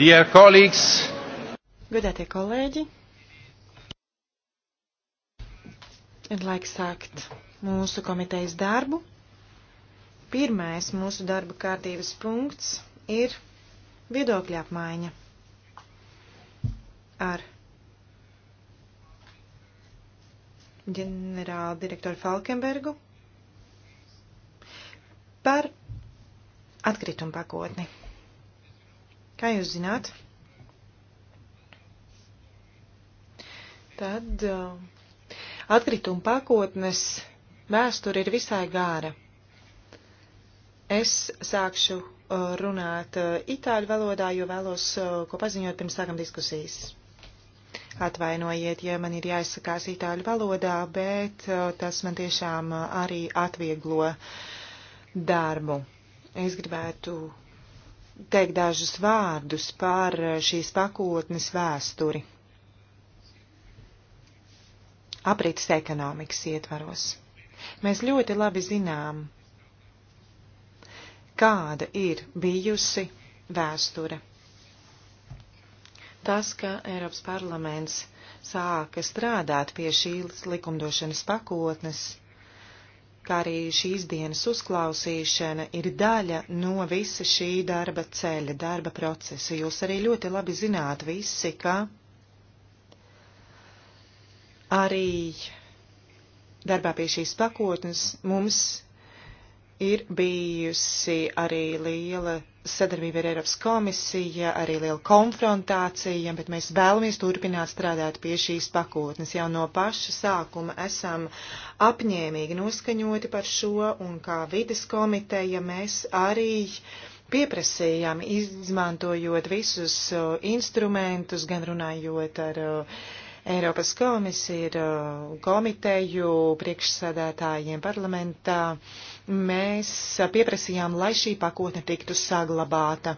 Dear colleagues, Godātie kolēģi, ir laiks sākt mūsu komitejas darbu. Pirmais mūsu darba kārtības punkts ir viedokļa apmaiņa ar ģenerāla direktoru Falkenbergu par atkritumu pakotni. Kā jūs zināt? Tad uh, atkrituma pakotnes vēsture ir visai gāra. Es sākšu uh, runāt uh, itāļu valodā, jo vēlos uh, ko paziņot pirms sākam diskusijas. Atvainojiet, ja man ir jāizsakās itāļu valodā, bet uh, tas man tiešām uh, arī atvieglo darbu. Es gribētu teikt dažus vārdus par eh, šīs pakotnes vēsturi. Aprits ekonomikas ietvaros. Mēs ļoti labi zinām, kāda ir bijusi vēsture. Tas, ka Eiropas parlaments sāka strādāt pie šīs likumdošanas pakotnes, kā arī šīs dienas uzklausīšana ir daļa no visa šī darba ceļa, darba procesa. Jūs arī ļoti labi zināt visi, ka arī darbā pie šīs pakotnes mums ir bijusi arī liela sadarbība ar Eiropas komisiju, arī liela konfrontācija, bet mēs vēlamies turpināt strādāt pie šīs pakotnes. Jau no paša sākuma esam apņēmīgi noskaņoti par šo, un kā vides komiteja mēs arī pieprasījām, izmantojot visus instrumentus, gan runājot ar uh, Eiropas komisija ir uh, komiteju priekšsēdētājiem parlamentā. Mēs uh, pieprasījām, lai šī pakotne tiktu saglabāta.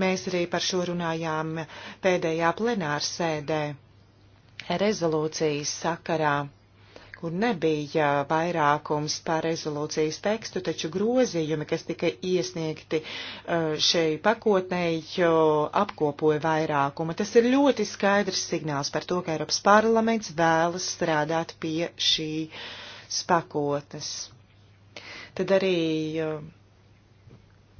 Mēs arī par šo runājām pēdējā plenārsēdē rezolūcijas sakarā kur nebija vairākums pār rezolūcijas tekstu, taču grozījumi, kas tika iesniegti eh, šai pakotnēji, apkopoja vairākumu. Tas ir ļoti skaidrs signāls par to, ka Eiropas parlaments vēlas strādāt pie šīs pakotnes. Tad arī eh,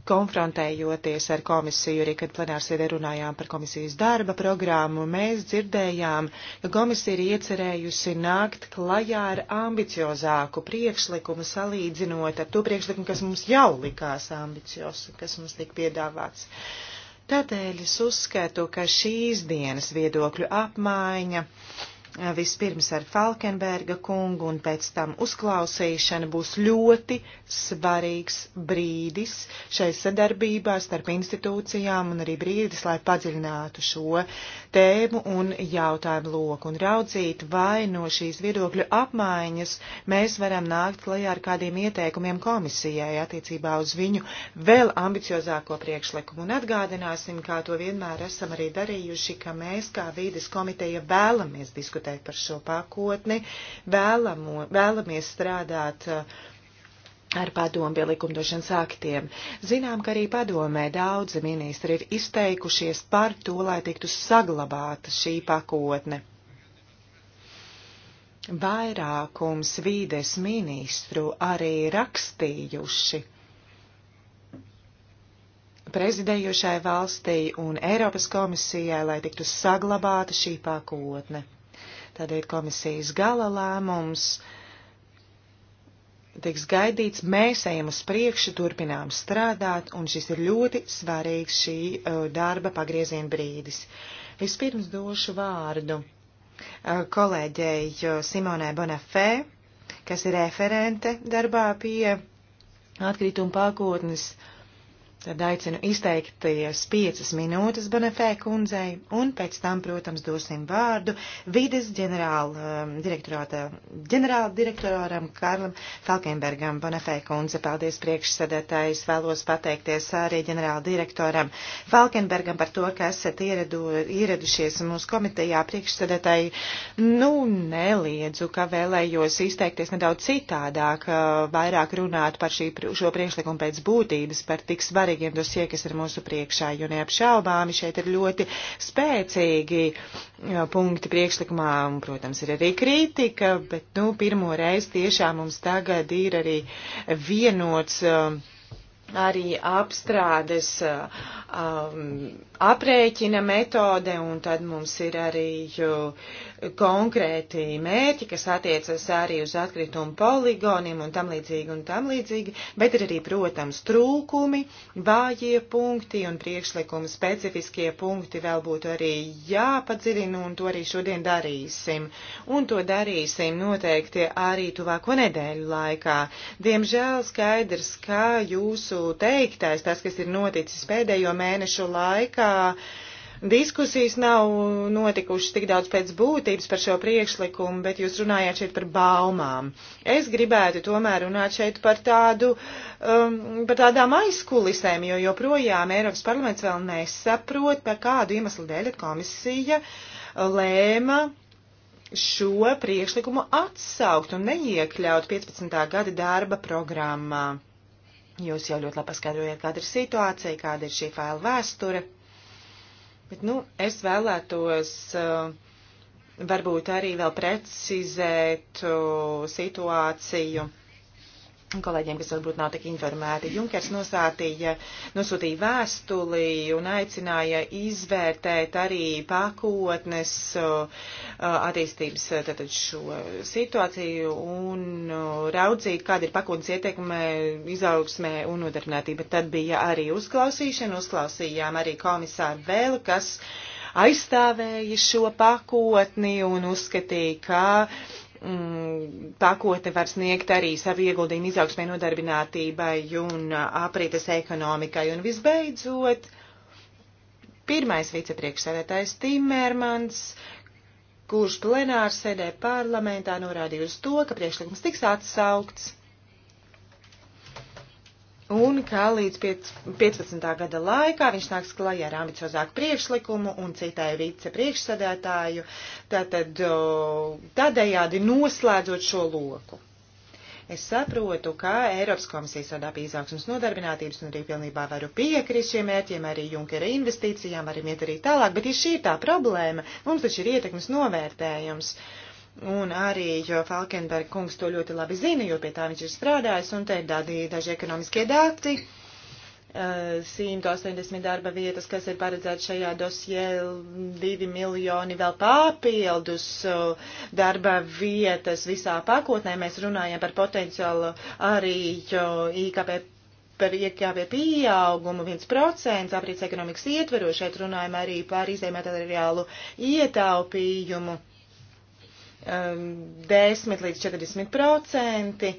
konfrontējoties ar komisiju, arī kad plenārsēdē runājām par komisijas darba programmu, mēs dzirdējām, ka komisija ir iecerējusi nākt klajā ar ambiciozāku priekšlikumu salīdzinot ar to priekšlikumu, kas mums jau likās ambiciozu, kas mums tika piedāvāts. Tādēļ es uzskatu, ka šīs dienas viedokļu apmaiņa vispirms ar Falkenberga kungu un pēc tam uzklausīšana būs ļoti svarīgs brīdis šai sadarbībā starp institūcijām un arī brīdis, lai padziļinātu šo tēmu un jautājumu loku un raudzīt, vai no šīs viedokļu apmaiņas mēs varam nākt klajā ar kādiem ieteikumiem komisijai attiecībā uz viņu vēl ambiciozāko priekšlikumu. Un atgādināsim, kā to vienmēr esam arī darījuši, ka mēs kā vīdes komiteja vēlamies diskutēt par šo pakotni, vēlamo, vēlamies strādāt uh, ar padomu pie likumdošanas aktiem. Zinām, ka arī padomē daudzi ministri ir izteikušies par to, lai tiktu saglabāta šī pakotne. Vairākums vīdes ministru arī rakstījuši prezidējošai valstī un Eiropas komisijai, lai tiktu saglabāta šī pakotne. Tādēļ komisijas gala lēmums uh, tiks gaidīts, mēs ejam uz priekšu, turpinām strādāt, un šis ir ļoti svarīgs šī uh, darba pagrieziena brīdis. Vispirms došu vārdu uh, kolēģei Simonai Bonafē, kas ir referente darbā pie atkrituma pakotnes uh, Tad aicinu izteikties piecas minūtes Benefē kundzei, un pēc tam, protams, dosim vārdu vides ģenerāla um, direktorāta, ģenerāla direktoram Karlam Falkenbergam. Benefē kundze, paldies priekšsēdētājs, vēlos pateikties arī ģenerāla direktoram Falkenbergam par to, ka esat ieredu, ieradušies mūsu komitejā priekšsēdētāji. Nu, neliedzu, ka vēlējos izteikties nedaudz citādāk, uh, vairāk runāt par šī, šo priekšlikumu pēc būtības, par tik svarīgu svarīgiem dosie, kas ir mūsu priekšā, jo neapšaubāmi šeit ir ļoti spēcīgi punkti priekšlikumā, un, protams, ir arī kritika, bet, nu, pirmo reizi tiešām mums tagad ir arī vienots arī apstrādes um, aprēķina metode, un tad mums ir arī konkrēti mērķi, kas attiecas arī uz atkritumu poligoniem un tam līdzīgi un tam līdzīgi, bet ir arī, protams, trūkumi, vājie punkti un priekšlikumi specifiskie punkti vēl būtu arī jāpadziļina un to arī šodien darīsim. Un to darīsim noteikti arī tuvāko nedēļu laikā. Diemžēl skaidrs, ka jūsu teiktais, tas, kas ir noticis pēdējo mēnešu laikā, uh, Diskusijas nav notikušas tik daudz pēc būtības par šo priekšlikumu, bet jūs runājāt šeit par baumām. Es gribētu tomēr runāt šeit par, tādu, um, par tādām aizkulisēm, jo joprojām Eiropas parlaments vēl nesaprot, par kādu iemeslu dēļ komisija lēma šo priekšlikumu atsaukt un neiekļaut 15. gada darba programmā. Jūs jau ļoti labi paskaidrojat, kāda ir situācija, kāda ir šī faila vēsture. Bet, nu, es vēlētos uh, varbūt arī vēl precizēt uh, situāciju kolēģiem, kas varbūt nav tik informēti. Junkers nosātīja, nosūtīja vēstuli un aicināja izvērtēt arī pakotnes attīstības tātad šo situāciju un raudzīt, kāda ir pakotnes ieteikume izaugsmē un nodarbinātība. Tad bija arī uzklausīšana, uzklausījām arī komisāru vēl, kas aizstāvēja šo pakotni un uzskatīja, ka mm, pakotne var sniegt arī savu ieguldījumu izaugsmē nodarbinātībai un aprītas ekonomikai. Un visbeidzot, pirmais vicepriekšsēdētājs Timermans, kurš plenārsēdē parlamentā norādīja uz to, ka priekšlikums tiks atsaukts un kā līdz 15. gada laikā viņš nāks klajā ar ambiciozāku priekšlikumu un citai vicepriekšsēdētāju, tātad tādējādi noslēdzot šo loku. Es saprotu, ka Eiropas komisija strādā pie izaugsmas nodarbinātības un arī pilnībā varu piekrist šiem mērķiem, arī Junkera investīcijām varam iet arī tālāk, bet ja šī ir tā problēma, mums taču ir ietekmes novērtējums. Uh, Un arī Falkenberga kungs to ļoti labi zina, jo pie tā viņš ir strādājis, un te ir tādi daži ekonomiskie dati. 180 eh, darba vietas, kas ir paredzēts šajā dosjē, 2 miljoni vēl papildus eh, darba vietas visā pakotnē. Mēs runājam par potenciālu arī IKP par iekļāvie pieaugumu 1%, aprīts ekonomikas ietveru, šeit runājam arī par izēmētā reālu ietaupījumu 10 um, līdz 40 procenti.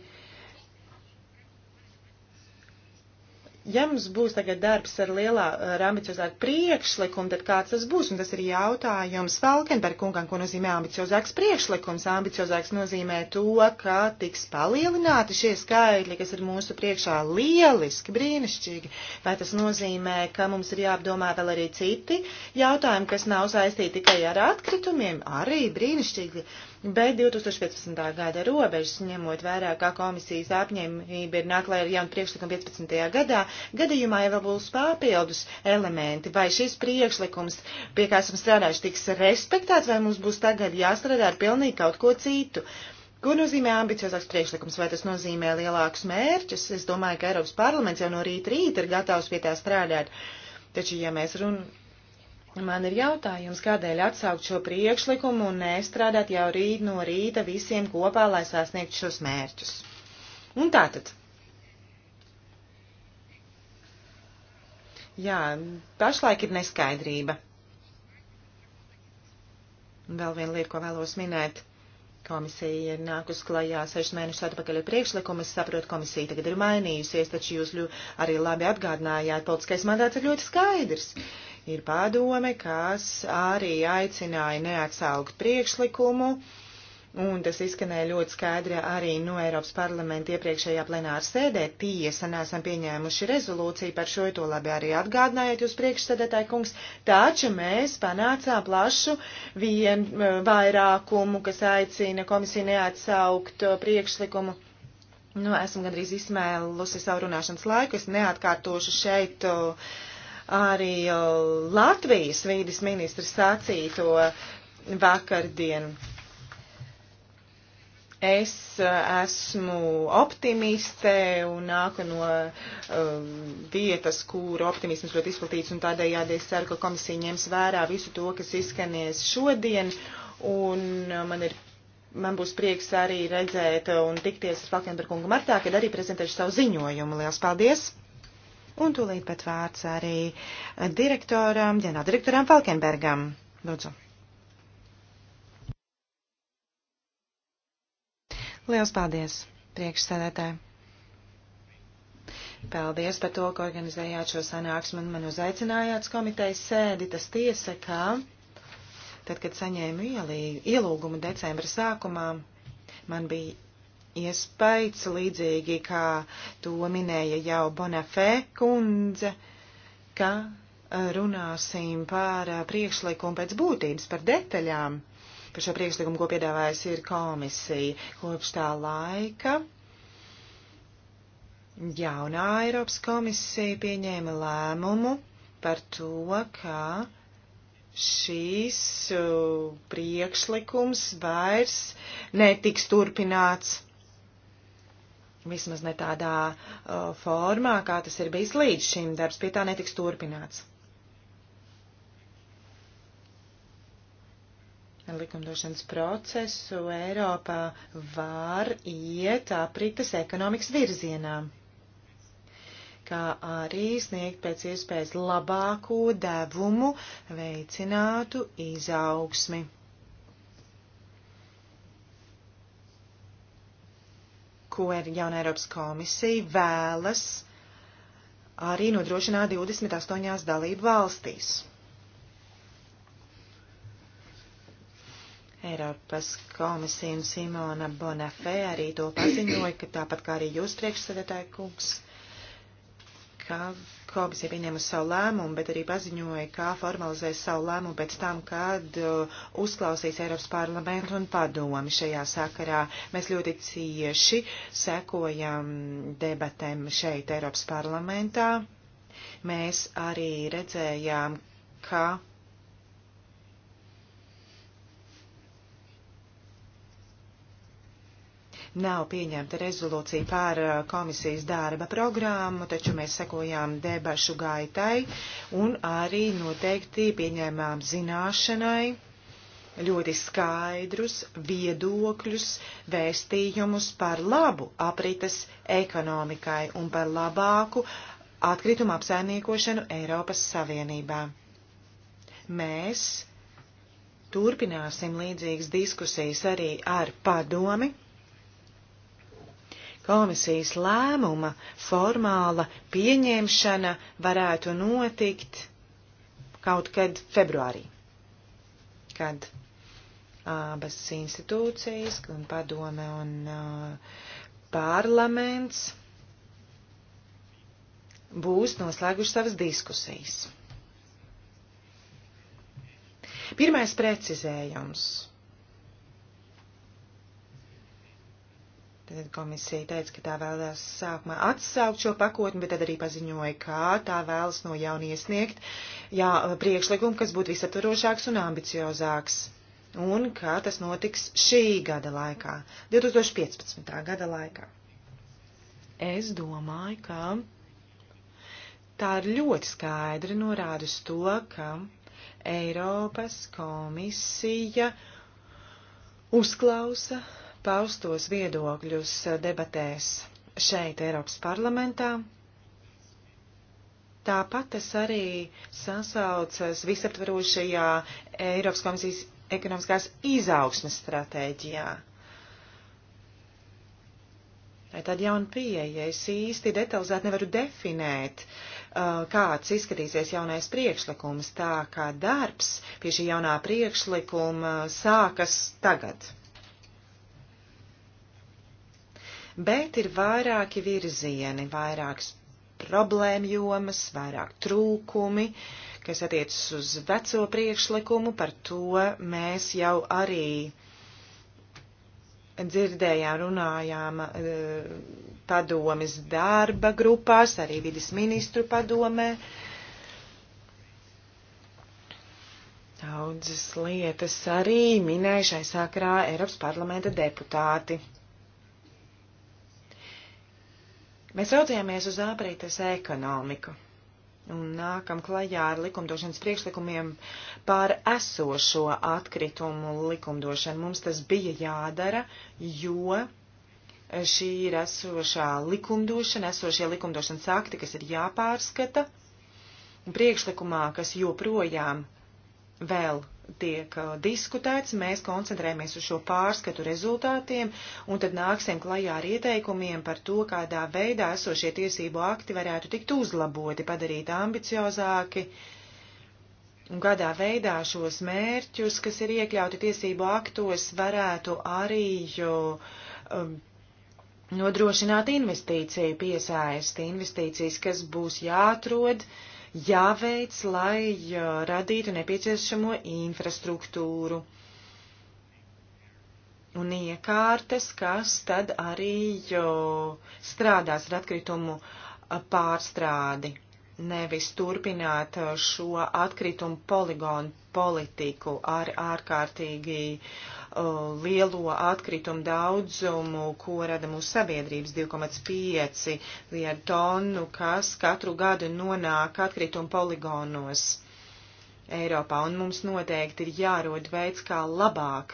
Ja mums būs tagad darbs ar lielā, ar ambiciozāku priekšlikumu, tad kāds tas būs? Un tas ir jautājums Falkenbergam, ko nozīmē ambiciozāks priekšlikums. Ambiciozāks nozīmē to, ka tiks palielināti šie skaitļi, kas ir mūsu priekšā lieliski, brīnišķīgi. Vai tas nozīmē, ka mums ir jāapdomā vēl arī citi jautājumi, kas nav saistīti tikai ar atkritumiem? Arī brīnišķīgi. Uh, bet 2015. gada robežas, ņemot vērā, kā komisijas apņēmība ir nāklē ar jaunu priekšlikumu 15. gadā, gadījumā jau būs papildus elementi, vai šis priekšlikums, pie kā esam strādājuši, tiks respektēts, vai mums būs tagad jāstrādā ar pilnīgi kaut ko citu. Ko nozīmē ambiciozāks priekšlikums, vai tas nozīmē lielākus mērķus? Es domāju, ka Eiropas parlaments jau no rīta rīta ir gatavs pie tā strādāt. Taču, ja mēs runājam Man ir jautājums, kādēļ atsaukt šo priekšlikumu un nestrādāt jau rīt no rīta visiem kopā, lai sasniegtu šos mērķus. Un tātad. Jā, pašlaik ir neskaidrība. Vēl viena lieta, ko vēlos minēt. Komisija ir nākus klajā sešas mēnešus atpakaļ ar priekšlikumu. Es saprotu, komisija tagad ir mainījusies, taču jūs arī labi atgādinājāt, politiskais mandāts ir ļoti skaidrs. Uh, ir padome, kas arī aicināja neatsaukt priekšlikumu, un tas izskanēja ļoti skaidri arī no Eiropas parlamenta iepriekšējā plenāra sēdē. Tiesa nesam pieņēmuši rezolūciju par šo, to labi arī atgādinājāt jūs priekšsēdētāji kungs, taču mēs panācām plašu vien eh, vairākumu, kas aicina komisiju neatsaukt eh, priekšlikumu. Nu, esmu gandrīz izsmēlusi savu runāšanas laiku, es neatkārtošu šeit uh, arī Latvijas vīdes ministrs sacīto vakardien. Es e, esmu optimiste un nāku no um, vietas, kur optimisms ļoti izplatīts, un tādējādi es ceru, ka komisija ņems vērā visu to, kas izskanies šodien, un e, man ir man būs prieks arī redzēt un tikties ar Falkenbergu un Martā, kad arī prezentēšu savu ziņojumu. Lielas paldies! un tūlīt pat vārds arī direktoram, ģenerāldirektoram Falkenbergam. Lūdzu. Liels paldies, priekšsēdētāji! Paldies par to, ka organizējāt šo sanāksmu un man uzaicinājāt komitejas sēdi. Tas tiesa, ka tad, kad saņēmu ielī, ielūgumu decembra sākumā, man bija iespējas, līdzīgi kā to minēja jau Bonafē kundze, ka eh, runāsim par eh, priekšlikumu pēc būtības, par detaļām. Par šo priekšlikumu, ko piedāvājusi ir komisija kopš tā laika. Jaunā Eiropas komisija pieņēma lēmumu par to, ka šīs eh, priekšlikums vairs netiks turpināts Vismaz ne tādā uh, formā, kā tas ir bijis līdz šim. Darbs pie tā netiks turpināts. likumdošanas procesu Eiropā var iet aprites ekonomikas virzienā, kā arī sniegt pēc iespējas labāko devumu veicinātu izaugsmi. ko ir jauna Eiropas komisija vēlas arī nodrošināt 28 dalību valstīs. Eiropas komisija un Simona Bonafē arī to paziņoja, ka tāpat kā arī jūs priekšsēdētāji kungs, ka Komisija pieņēma savu lēmumu, bet arī paziņoja, kā formalizēs savu lēmumu pēc tam, kad uh, uzklausīs Eiropas parlamentu un padomi šajā sakarā. Mēs ļoti cieši sekojam debatēm šeit Eiropas parlamentā. Mēs arī redzējām, ka nav pieņemta rezolūcija pār uh, komisijas darba programmu, taču mēs sekojām debašu gaitai un arī noteikti pieņēmām zināšanai ļoti skaidrus viedokļus, vēstījumus par labu aprites ekonomikai un par labāku atkritumu apsaimniekošanu Eiropas Savienībā. Mēs turpināsim līdzīgas diskusijas arī ar padomi komisijas lēmuma formāla pieņemšana varētu notikt kaut kad februārī, kad abas institūcijas, un padome un uh, parlaments būs noslēguši savas diskusijas. Pirmais precizējums Tad komisija teica, ka tā vēlējās sākumā atsaukt šo pakotni, bet tad arī paziņoja, kā tā vēlas no jauna iesniegt jā, priekšlikumu, kas būtu visaturošāks un ambiciozāks. Un kā tas notiks šī gada laikā, 2015. gada laikā. Es domāju, ka tā ir ļoti skaidri norāda uz to, ka Eiropas komisija uzklausa paustos viedokļus debatēs šeit, Eiropas parlamentā. Tāpat tas arī sasaucas visaptvarošajā Eiropas komisijas ekonomiskās izaugsmes stratēģijā. Vai tāda jauna pieeja? Es īsti detalizēti nevaru definēt, uh, kāds izskatīsies jaunais priekšlikums, tā kā darbs pie šī jaunā priekšlikuma sākas tagad. bet ir vairāki virzieni, vairākas problēma jomas, vairāk trūkumi, kas attiecas uz veco priekšlikumu, par to mēs jau arī dzirdējām, runājām eh, padomis darba grupās, arī vidas ministru padomē. Daudzas lietas arī minējušai sakrā Eiropas parlamenta deputāti. Mēs raudzījāmies uz aprītes ekonomiku un nākam klajā ar likumdošanas priekšlikumiem par esošo atkritumu likumdošanu. Mums tas bija jādara, jo šī ir esošā likumdošana, esošie likumdošanas akti, kas ir jāpārskata. Priekšlikumā, kas joprojām vēl tiek uh, diskutēts, mēs koncentrējamies uz šo pārskatu rezultātiem un tad nāksim klajā ar ieteikumiem par to, kādā veidā esošie tiesību akti varētu tikt uzlaboti, padarīt ambiciozāki un kādā veidā šos mērķus, kas ir iekļauti tiesību aktos, varētu arī jo, uh, um, nodrošināt investīciju piesaisti, investīcijas, kas būs jāatrod. Uh, jāveic, lai radītu nepieciešamo infrastruktūru un iekārtas, kas tad arī strādās ar atkritumu pārstrādi. Nevis turpināt šo atkritumu poligonu politiku ar ārkārtīgi uh, Uh, lielo atkritumu daudzumu, ko rada mūsu sabiedrības 2,5 miljardu tonu, kas katru gadu nonāk atkritumu poligonos Eiropā. Un mums noteikti ir jārod veids, kā labāk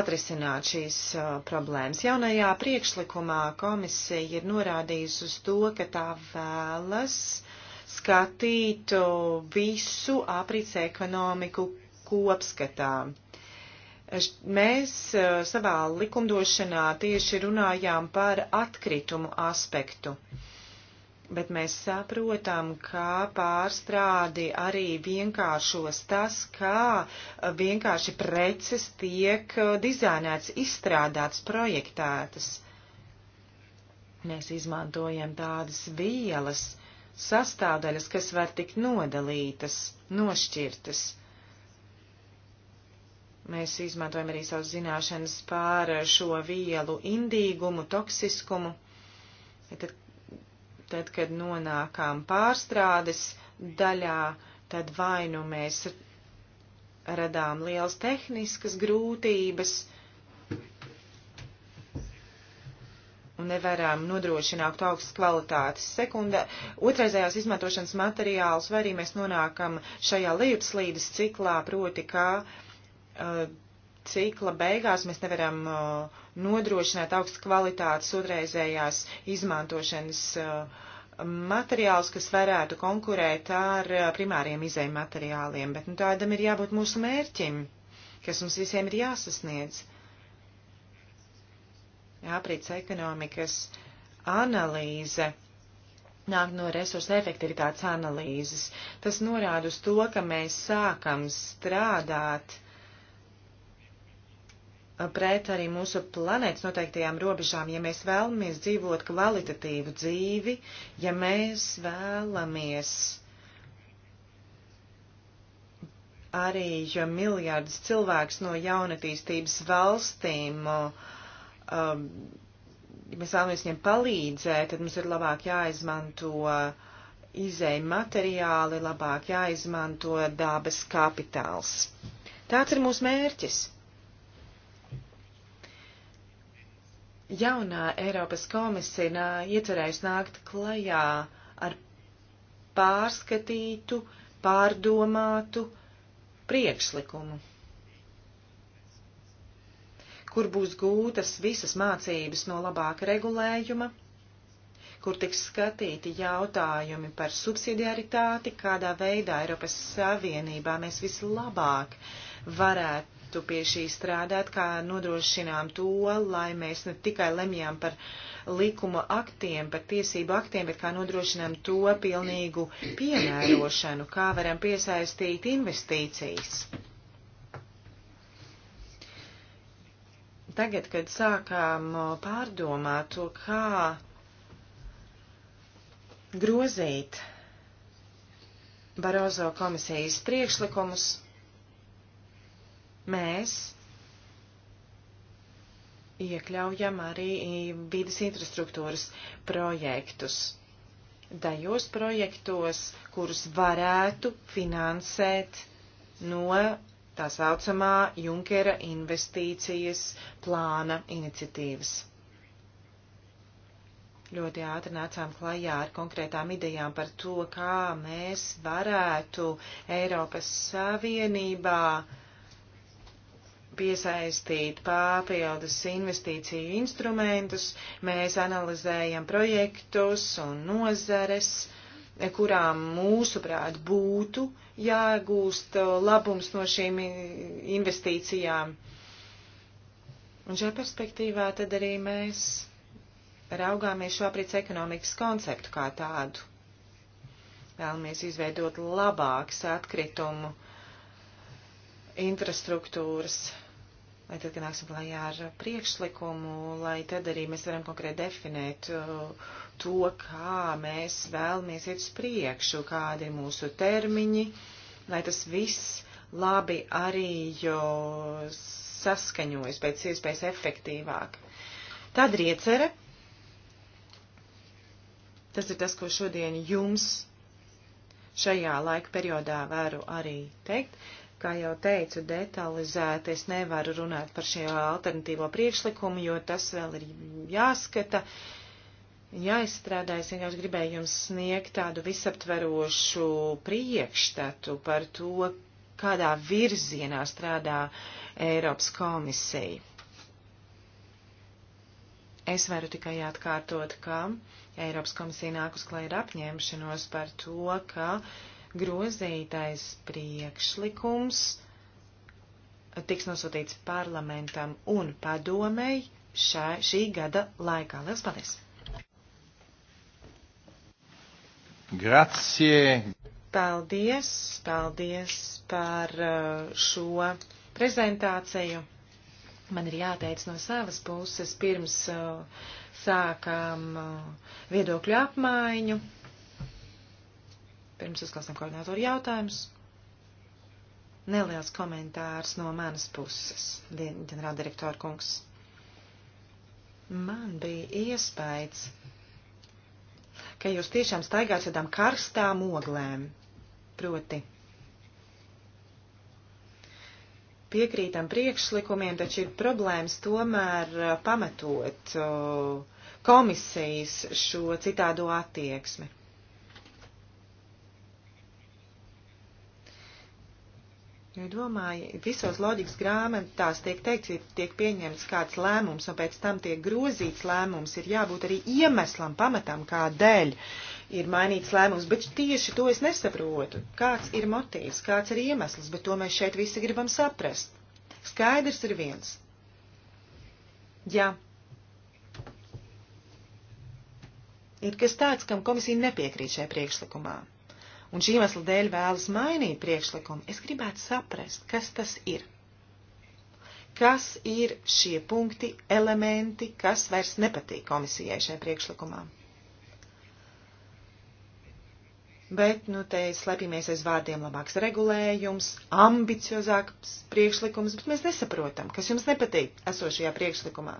atrisināt šīs uh, problēmas. Jaunajā priekšlikumā komisija ir norādījusi uz to, ka tā vēlas skatīt uh, visu aprits ekonomiku kopskatā. Mēs eh, savā likumdošanā tieši runājām par atkritumu aspektu, bet mēs saprotam, ka pārstrādi arī vienkāršos tas, kā vienkārši preces tiek eh, dizainēts, izstrādāts, projektētas. Mēs izmantojam tādas vielas, sastāvdaļas, kas var tikt nodalītas, nošķirtas Mēs izmantojam arī savas zināšanas pār šo vielu indīgumu, toksiskumu. Tad, tad kad nonākām pārstrādes daļā, tad vai nu mēs radām liels tehniskas grūtības un nevaram nodrošināt augstas kvalitātes sekunda, otraizējās izmantošanas materiāls, vai arī mēs nonākam šajā lietas slīdes ciklā, proti kā uh, Eh, cikla beigās mēs nevaram eh, nodrošināt augstu kvalitātes otrreizējās izmantošanas eh, materiāls, kas varētu konkurēt ar primāriem izējuma materiāliem, bet nu, tādam ir jābūt mūsu mērķim, kas mums visiem ir jāsasniedz. Aprīts ekonomikas analīze nāk no resursa efektivitātes analīzes. Tas norāda uz to, ka mēs sākam strādāt pret arī mūsu planētas noteiktajām robežām, ja mēs vēlamies dzīvot kvalitatīvu dzīvi, ja mēs vēlamies arī miljārdus cilvēkus no jaunatīstības valstīm, um, ja mēs vēlamies viņiem palīdzēt, tad mums ir labāk jāizmanto izēja materiāli, labāk jāizmanto dabas kapitāls. Tāds ir mūsu mērķis. Jaunā Eiropas komisija iecerējusi nākt klajā ar pārskatītu, pārdomātu priekšlikumu, kur būs gūtas visas mācības no labāka regulējuma, kur tiks skatīti jautājumi par subsidiaritāti, kādā veidā Eiropas Savienībā mēs vislabāk varētu varētu pie šī strādāt, kā nodrošinām to, lai mēs ne tikai lemjām par likuma aktiem, par tiesību aktiem, bet kā nodrošinām to pilnīgu piemērošanu, kā varam piesaistīt investīcijas. Tagad, kad sākām pārdomāt to, kā grozīt Barozo komisijas priekšlikumus, mēs iekļaujam arī vidas infrastruktūras projektus. Dajos projektos, kurus varētu finansēt no tā saucamā Junkera investīcijas plāna iniciatīvas. Ļoti ātri nācām klajā ar konkrētām idejām par to, kā mēs varētu Eiropas Savienībā uh, piesaistīt papildus investīciju instrumentus, mēs analizējam projektus un nozares, kurām mūsuprāt būtu jāgūst labums no šīm investīcijām. Un šajā perspektīvā tad arī mēs raugāmies šo aprits ekonomikas konceptu kā tādu. Vēlamies izveidot labāks atkritumu uh, infrastruktūras, lai tad, kad nāksim klajā ar priekšlikumu, lai tad arī mēs varam konkrēti definēt uh, to, kā mēs vēlamies iet uz priekšu, kādi ir mūsu termiņi, lai tas viss labi arī saskaņojas pēc iespējas efektīvāk. Tad riecere. Tas ir tas, ko šodien jums šajā laika periodā varu arī teikt. Kā jau teicu, detalizēti es nevaru runāt par šo alternatīvo priekšlikumu, jo tas vēl ir jāskata, jāizstrādā. Es vienkārši gribēju jums sniegt tādu visaptverošu priekšstatu par to, kādā virzienā strādā Eiropas komisija. Es varu tikai atkārtot, ka Eiropas komisija nāk uz klāja ar apņēmšanos par to, ka uh, grozītais priekšlikums tiks nosūtīts parlamentam un padomei šā, šī gada laikā. Lielas paldies! Grazie! Paldies, paldies par uh, šo prezentāciju. Man ir jāteic no savas puses pirms uh, sākām uh, viedokļu apmaiņu. Pirms uzklāsim koordinātoru jautājumus. Neliels komentārs no manas puses, ģenerāldirektora kungs. Man bija iespējas, ka jūs tiešām staigājat tādām karstām oglēm. Proti, piekrītam priekšlikumiem, taču ir problēmas tomēr uh, pamatot uh, komisijas šo citādo attieksmi. Jo domāju, visos loģikas grāmatās tiek teikts, ja tiek pieņemts kāds lēmums un pēc tam tiek grozīts lēmums, ir jābūt arī iemeslam, pamatam, kādēļ ir mainīts lēmums, bet tieši to es nesaprotu. Kāds ir motīvs, kāds ir iemesls, bet to mēs šeit visi gribam saprast. Skaidrs ir viens. Jā. Ir kas tāds, kam komisija nepiekrīt šajā priekšlikumā un šī iemesla dēļ vēlas mainīt priekšlikumu. Es gribētu saprast, kas tas ir. Kas ir šie punkti, elementi, kas vairs nepatīk komisijai šajā priekšlikumā? Bet, nu, te slepjamies aiz vārdiem labāks regulējums, ambiciozāks priekšlikums, bet mēs nesaprotam, kas jums nepatīk esošajā priekšlikumā.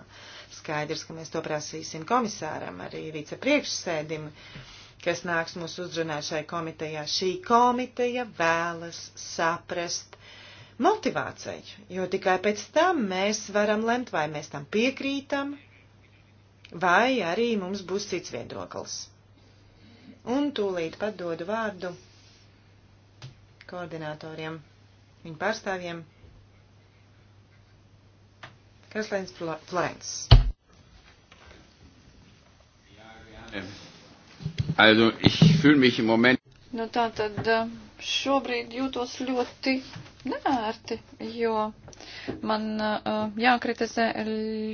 Skaidrs, ka mēs to prasīsim komisāram, arī vicepriekšsēdim. Uh, kas nāks mūsu uzrunāt šai komitejā. Šī komiteja vēlas saprast motivāciju, jo tikai pēc tam mēs varam lemt, vai mēs tam piekrītam, vai arī mums būs cits viedoklis. Un tūlīt pat dodu vārdu koordinatoriem, viņu pārstāvjiem. Kreslēns Florence. Jā, jā. Also, ich fühle mich im Moment. Nu, tā tad eh, šobrīd jūtos ļoti neērti, jo man uh, jākritizē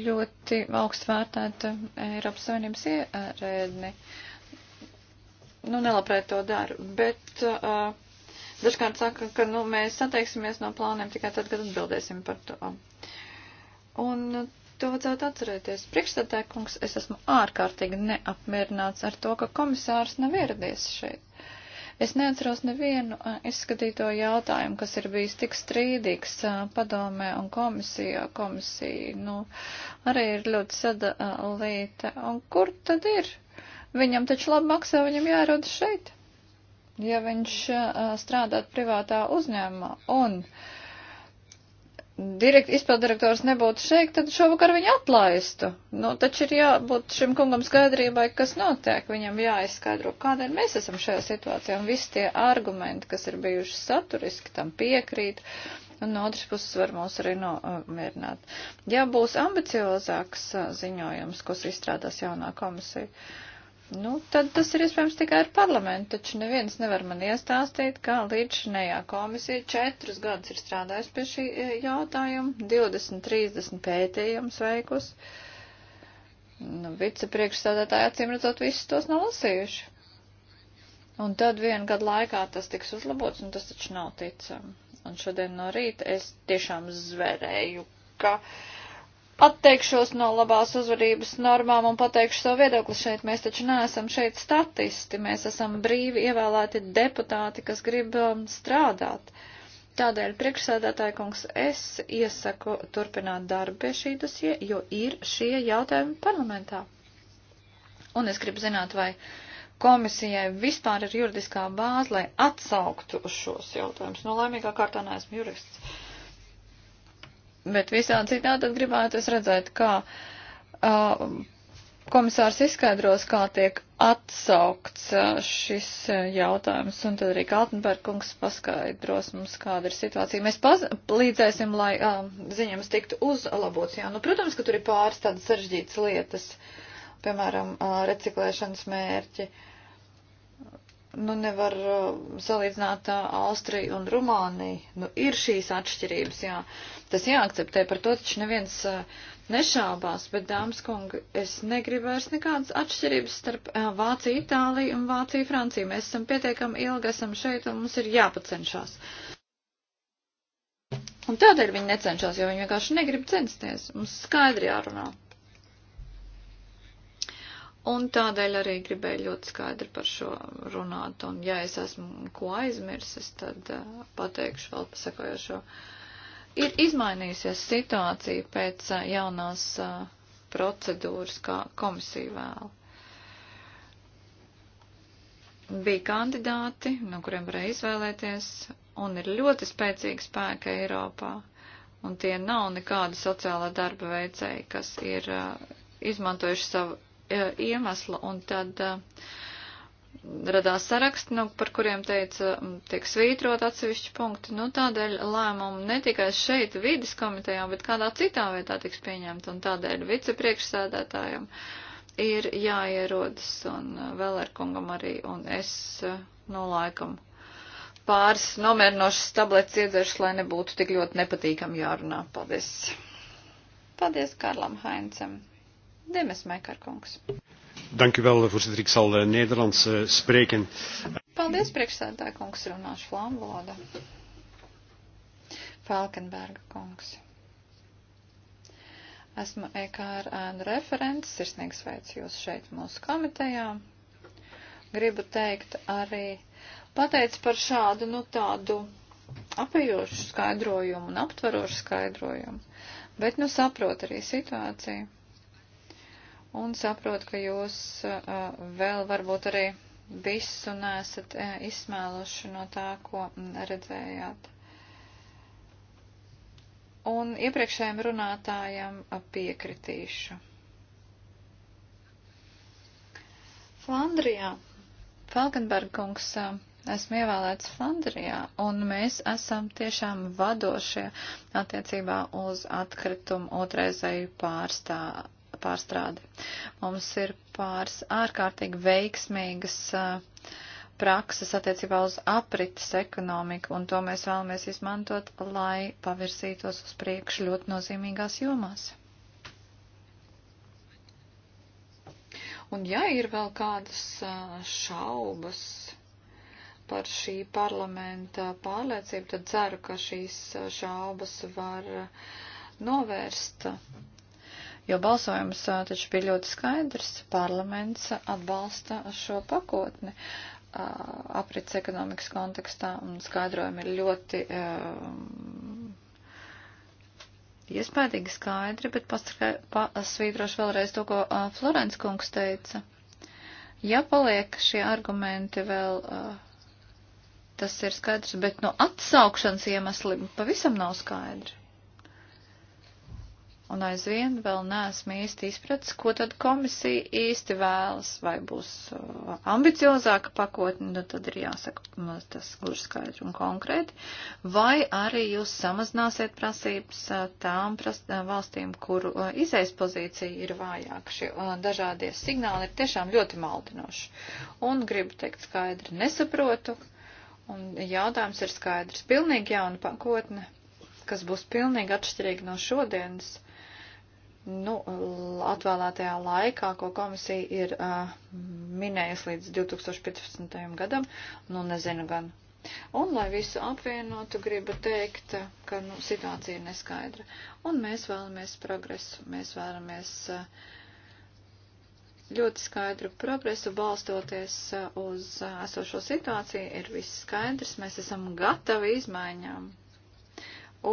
ļoti augstu vērtēta eh, Eiropas Savienības ierēdni. Nu, nelabprāt to daru, bet uh, dažkārt saka, ka nu, mēs atteiksimies no plāniem tikai tad, kad atbildēsim par to. Un To vajadzētu atcerēties. Priekšstādāja kungs, es esmu ārkārtīgi neapmierināts ar to, ka komisārs nav ieradies šeit. Es neatceros nevienu izskatīto jautājumu, kas ir bijis tik strīdīgs padomē un komisijā. Komisija, nu, arī ir ļoti sadalīta. Un kur tad ir? Viņam taču labi maksā, viņam jārod šeit, ja viņš strādāt privātā uzņēmumā. Un, uh, direkt, izpildirektors nebūtu šeit, tad šovakar viņu atlaistu. Nu, taču ir jābūt šim kungam skaidrībai, kas notiek. Viņam jāizskaidro, kādēļ mēs esam šajā situācijā. Un visi tie argumenti, kas ir bijuši saturiski, tam piekrīt. Un no otras puses var mūs arī nomierināt. Ja būs ambiciozāks uh, ziņojums, ko izstrādās jaunā komisija, uh, Nu, tad tas ir iespējams tikai ar parlamentu, taču neviens nevar man iestāstīt, kā līdzinējā komisija četrus gadus ir strādājusi pie šī e, jautājuma, 20-30 pētījums veikus. Nu, vicepriekšstādātāji acīm redzot visus tos nav lasījuši. Un tad vienu gadu laikā tas tiks uzlabots, un tas taču nav ticami. Un šodien no rīta es tiešām zverēju, ka. Uh, atteikšos no labās uzvedības normām un pateikšu savu viedokli šeit. Mēs taču neesam šeit statisti, mēs esam brīvi ievēlēti deputāti, kas grib um, strādāt. Tādēļ, priekšsēdētāji kungs, es iesaku turpināt darbu pie šī dosie, jo ir šie jautājumi parlamentā. Un es gribu zināt, vai komisijai vispār ir juridiskā bāze, lai atsauktu uz šos jautājumus. Nu, laimīgā kārtā neesmu jurists. Bet visādi citādi tad gribētu es redzēt, kā uh, komisārs izskaidros, kā tiek atsaukts uh, šis jautājums, un tad arī Kaltenbergs paskaidros mums, kāda ir situācija. Mēs palīdzēsim, lai uh, ziņams tiktu uzlabots. Jā, nu, protams, ka tur ir pāris tādas sarežģītas lietas, piemēram, uh, reciklēšanas mērķi. Uh, nu nevar uh, salīdzināt uh, Austriju un Rumāniju. Nu, ir šīs atšķirības, jā. Tas jāakceptē, par to taču neviens uh, nešābās, bet, dāmas kungi, es negribu vairs nekādas atšķirības starp uh, Vāciju, Itāliju un Vāciju, Franciju. Mēs esam pietiekami ilgi, esam šeit un mums ir jāpacenšās. Un tādēļ viņi necenšas, jo viņi vienkārši negrib censties. Mums skaidri jārunā. Un tādēļ arī gribēju ļoti skaidri par šo runāt. Un ja es esmu ko aizmirsis, tad uh, pateikšu vēl pasakojošo. Ir izmainījusies situācija pēc uh, jaunās uh, procedūras, kā komisija vēl. Bija kandidāti, no kuriem varēja izvēlēties, un ir ļoti spēcīgi spēki Eiropā. Un tie nav nekādi sociālā darba veicēji, kas ir uh, izmantojuši savu E, iemesla, un tad e, radās saraksti, nu, par kuriem teica, tiek svītrot atsevišķi punkti. Nu, tādēļ lēmumu ne tikai šeit vidas komitejā, bet kādā citā vietā tiks pieņemt, un tādēļ vicepriekšsēdētājiem ir jāierodas, un e, Vēlērkungam arī, un es, nu, laikam pāris nomierinošas tabletes iedzeršu, lai nebūtu tik ļoti nepatīkam jārunā. Paldies! Paldies Karlam Haincem! Demes Maikarkungs. Dank u wel, voorzitter. Ik zal uh, Nederlands uh, spreken. Paldies, priekšsēdētāj, kungs, runāšu flāmu valodā. Falkenberga kungs. Esmu EKR ēnu referents, sirsnīgs veids jūs šeit mūsu komitejā. Gribu teikt arī pateic par šādu, nu tādu apējošu skaidrojumu un aptvarošu skaidrojumu. Bet, nu, saprot arī situāciju un saprotu, ka jūs vēl varbūt arī visu nesat izsmēluši no tā, ko redzējāt. Un iepriekšējiem runātājiem piekritīšu. Flandrijā, Falkenberga kungs, esmu ievēlēts Flandrijā, un mēs esam tiešām vadošie attiecībā uz atkritumu otrreizēju pārstāvu pārstrādi. Mums ir pāris ārkārtīgi veiksmīgas uh, prakses attiecībā uz aprites ekonomiku, un to mēs vēlamies izmantot, lai pavirzītos uz priekšu ļoti nozīmīgās jomās. Un ja ir vēl kādas uh, šaubas par šī parlamenta pārliecību, tad ceru, ka šīs uh, šaubas var novērst jo balsojums taču bija ļoti skaidrs. Parlaments atbalsta šo pakotni aprits ekonomikas kontekstā un skaidrojumi ir ļoti iespējīgi skaidri, bet pasvītrošu vēlreiz to, ko Florence kungs teica. Ja paliek šie argumenti vēl, tas ir skaidrs, bet no atsaukšanas iemesli pavisam nav skaidri un aizvien vēl neesmu īsti izpratis, ko tad komisija īsti vēlas, vai būs uh, ambiciozāka pakotne, nu tad ir jāsaka nu, tas gluži skaidri un konkrēti, vai arī jūs samazināsiet prasības uh, tām pras, uh, valstīm, kuru izējas pozīcija ir vājāka. Šie dažādie signāli ir tiešām ļoti maldinoši. Un gribu teikt skaidri, nesaprotu. Un jautājums ir skaidrs. Pilnīgi jauna pakotne, kas būs pilnīgi atšķirīga no šodienas nu, atvēlētajā laikā, ko komisija ir uh, minējusi līdz 2015. gadam, nu nezinu gan. Un, lai visu apvienotu, gribu teikt, ka nu, situācija ir neskaidra. Un mēs vēlamies progresu, mēs vēlamies uh, ļoti skaidru progresu balstoties uh, uz uh, esošo situāciju. Ir viss skaidrs, mēs esam gatavi izmaiņām.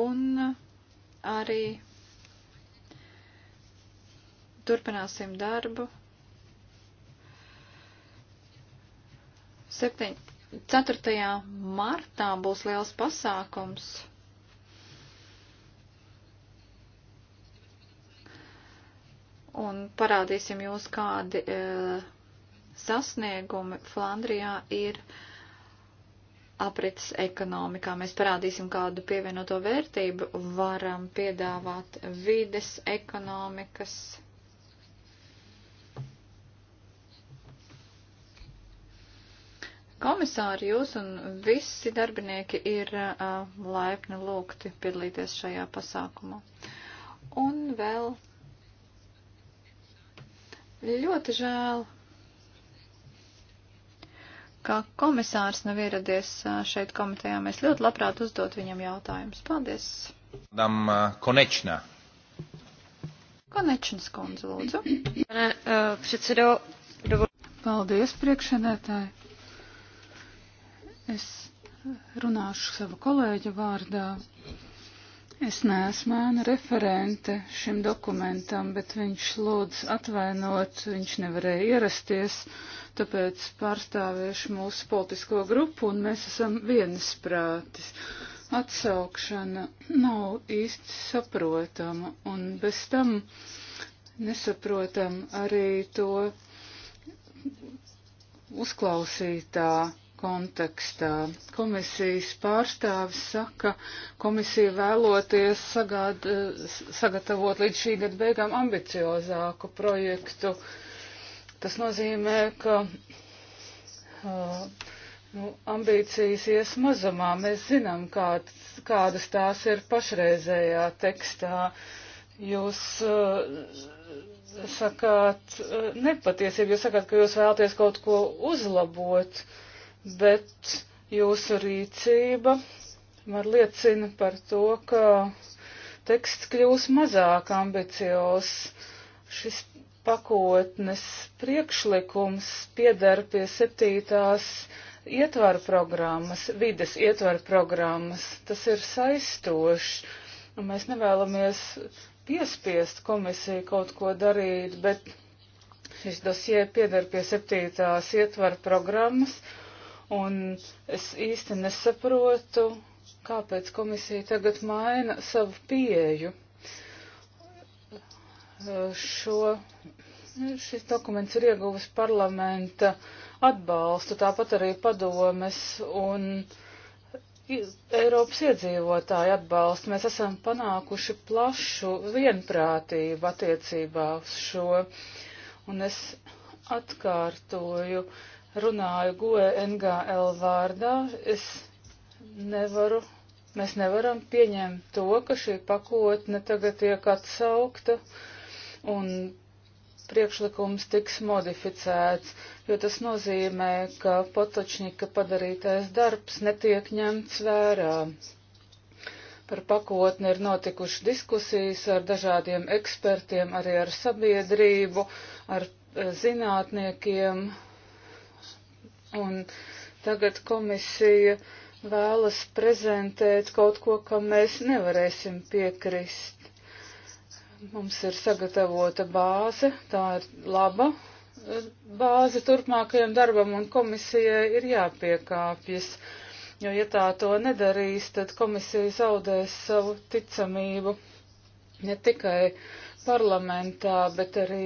Un uh, arī Turpināsim darbu. 7. 4. martā būs liels pasākums. Un parādīsim jūs, kādi e, sasniegumi Flandrijā ir aprits ekonomikā. Mēs parādīsim, kādu pievienoto vērtību varam piedāvāt vides ekonomikas Komisāri jūs un visi darbinieki ir uh, laipni lūgti piedalīties šajā pasākumā. Un vēl ļoti žēl, ka komisārs nav ieradies šeit komitejā. Mēs ļoti labprāt uzdot viņam jautājumus. Paldies! Dam Konečna. Konečnas kundze, lūdzu. Paldies, priekšsēdētāji. Es runāšu savu kolēģu vārdā. Es neesmu ēna referente šim dokumentam, bet viņš lūdz atvainot, viņš nevarēja ierasties, tāpēc pārstāviešu mūsu politisko grupu un mēs esam viensprātis atsaukšana nav īsti saprotama, un bez tam nesaprotam arī to uzklausītā kontekstā. Komisijas pārstāvis saka, komisija vēloties sagād, sagatavot līdz šī gada beigām ambiciozāku projektu. Tas nozīmē, ka uh, nu, ambīcijas ies mazumā. Mēs zinām, kād, kādas tās ir pašreizējā tekstā. Jūs uh, sakāt uh, nepatiesību, jūs sakāt, ka jūs vēlaties kaut ko uzlabot. Uh, bet jūsu rīcība var liecina par to, ka teksts kļūs mazāk ambiciozs. Šis pakotnes priekšlikums piedar pie septītās ietvaru programmas, vides ietvaru programmas. Tas ir saistošs, un mēs nevēlamies piespiest komisiju kaut ko darīt, bet šis dosie piedar pie septītās ietvaru programmas, Un es īsti nesaprotu, kāpēc komisija tagad maina savu pieeju. Šo, šis dokuments ir ieguvis parlamenta atbalstu, tāpat arī padomes un Eiropas iedzīvotāju atbalstu. Mēs esam panākuši plašu vienprātību attiecībā uz šo. Un es atkārtoju, uh, runāju GOE NGL vārdā, es nevaru, mēs nevaram pieņemt to, ka šī pakotne tagad tiek atsaukta un priekšlikums tiks modificēts, jo tas nozīmē, ka potočnika padarītais darbs netiek ņemts vērā. Par pakotni ir notikuši diskusijas ar dažādiem ekspertiem, arī ar sabiedrību, ar eh, zinātniekiem, Un tagad komisija vēlas prezentēt kaut ko, kam mēs nevarēsim piekrist. Mums ir sagatavota bāze, tā ir laba eh, bāze turpmākajam darbam, un komisijai ir jāpiekāpjas, jo, ja tā to nedarīs, tad komisija zaudēs savu ticamību ne tikai parlamentā, bet arī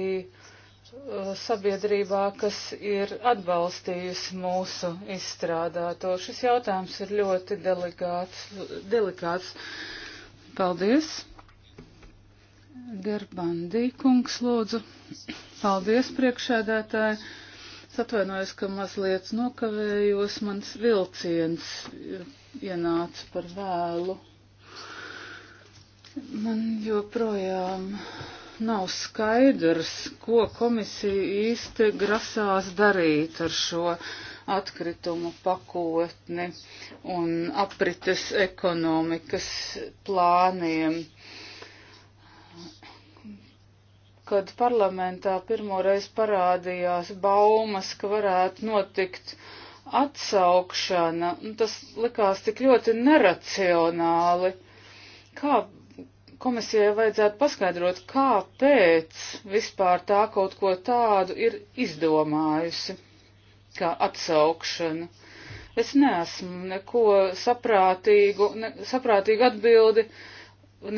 sabiedrībā, kas ir atbalstījusi mūsu izstrādāto. Šis jautājums ir ļoti delikāts. delikāts. Paldies! Gerbandī kungs lūdzu. Paldies priekšēdētāji. Es atvainojos, ka mazliet nokavējos. Mans vilciens ienāca par vēlu. Man joprojām nav skaidrs, ko komisija īsti grasās darīt ar šo atkritumu pakotni un aprites ekonomikas plāniem. Kad parlamentā pirmoreiz parādījās baumas, ka varētu notikt atsaukšana, tas likās tik ļoti neracionāli. Kā komisijai vajadzētu paskaidrot, kāpēc vispār tā kaut ko tādu ir izdomājusi, kā atsaukšana. Es neesmu neko saprātīgu, ne, saprātīgu atbildi,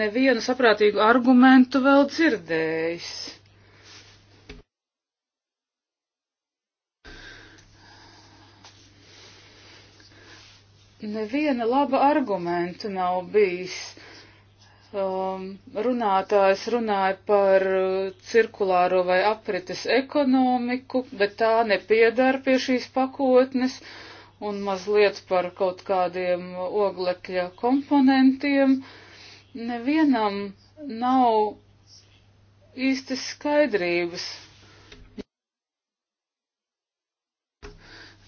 nevienu saprātīgu argumentu vēl dzirdējis. Neviena laba argumenta nav bijis um, runātājs runāja par uh, cirkulāro vai aprites ekonomiku, bet tā nepiedara pie šīs pakotnes un mazliet par kaut kādiem oglekļa komponentiem. Nevienam nav īsti skaidrības.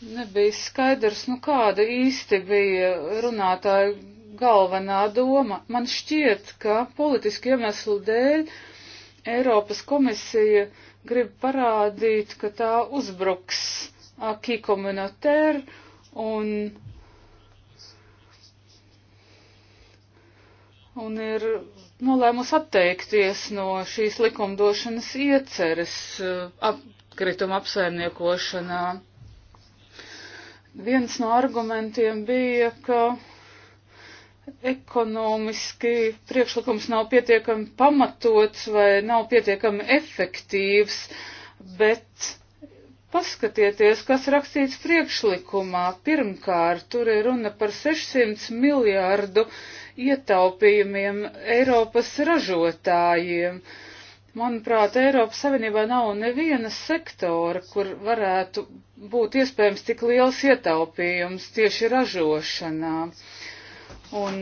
Nebija skaidrs, nu kāda īsti bija runātāja galvenā doma. Man šķiet, ka politiski iemeslu dēļ Eiropas komisija grib parādīt, ka tā uzbruks akī komunitēr un, un ir nolēmusi atteikties no šīs likumdošanas ieceres uh, apkrituma apsaimniekošanā. Viens no argumentiem bija, ka ekonomiski priekšlikums nav pietiekami pamatots vai nav pietiekami efektīvs, bet paskatieties, kas rakstīts priekšlikumā. Pirmkārt, tur ir runa par 600 miljārdu ietaupījumiem Eiropas ražotājiem. Manuprāt, Eiropas Savienībā nav neviena sektora, kur varētu būt iespējams tik liels ietaupījums tieši ražošanā. Uh, Un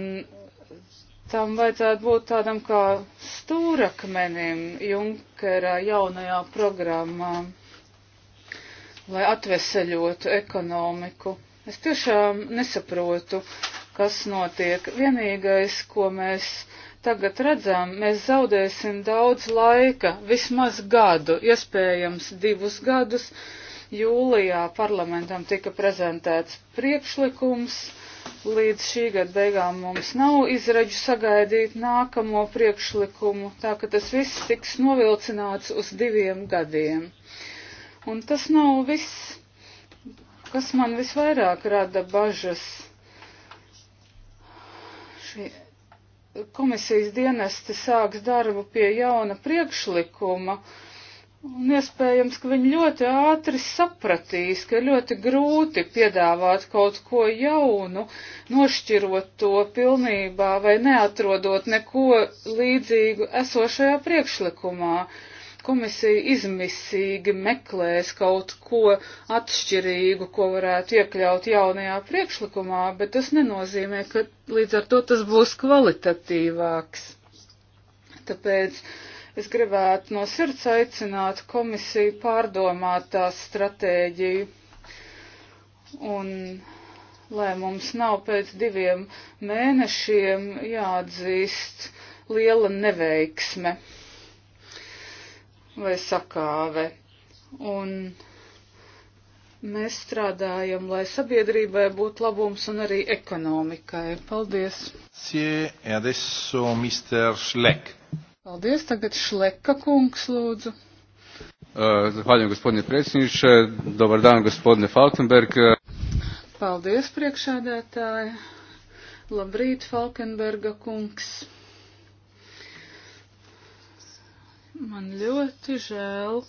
tam vajadzētu būt tādam kā stūrakmenim Junkera jaunajā programmā, lai atveseļotu ekonomiku. Es tiešām nesaprotu, kas notiek. Vienīgais, ko mēs tagad redzam, mēs zaudēsim daudz laika, vismaz gadu, iespējams divus gadus. Jūlijā parlamentam tika prezentēts priekšlikums līdz šī gada beigām mums nav izraģu sagaidīt nākamo priekšlikumu, tā ka tas viss tiks novilcināts uz diviem gadiem. Un tas nav viss, kas man visvairāk rada bažas. Šie komisijas dienesti sāks darbu pie jauna priekšlikuma, uh, Un iespējams, ka viņi ļoti ātri sapratīs, ka ļoti grūti piedāvāt kaut ko jaunu, nošķirot to pilnībā vai neatrodot neko līdzīgu esošajā priekšlikumā. Komisija izmisīgi meklēs kaut ko atšķirīgu, ko varētu iekļaut jaunajā priekšlikumā, bet tas nenozīmē, ka līdz ar to tas būs kvalitatīvāks. Tāpēc Es gribētu no sirds aicināt komisiju pārdomāt tās stratēģiju. Un lai mums nav pēc diviem mēnešiem jāatzīst liela neveiksme vai sakāve. Un mēs strādājam, lai sabiedrībai būtu labums un arī ekonomikai. Paldies! Sie, e adesso, Mr. Schleck. Paldies, tagad Šleka kungs lūdzu. Э, Zahvaljujem, gospodine predsjedniče. Dobar dan, gospodine Falkenberg. Paldies, priekšādētāji. Labrīt, Falkenberga kungs. Man ļoti žēl.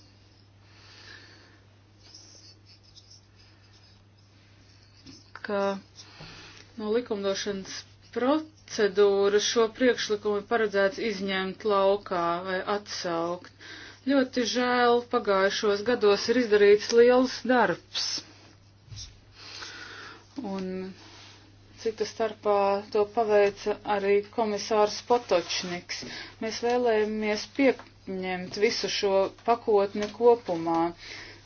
ka no likumdošanas proc procedūru šo priekšlikumu ir paredzēts izņemt laukā vai atsaukt. Ļoti žēl, pagājušos gados ir izdarīts liels darbs. Un cita starpā to paveica arī komisārs Potočniks. Mēs vēlējāmies pieņemt visu šo pakotni kopumā.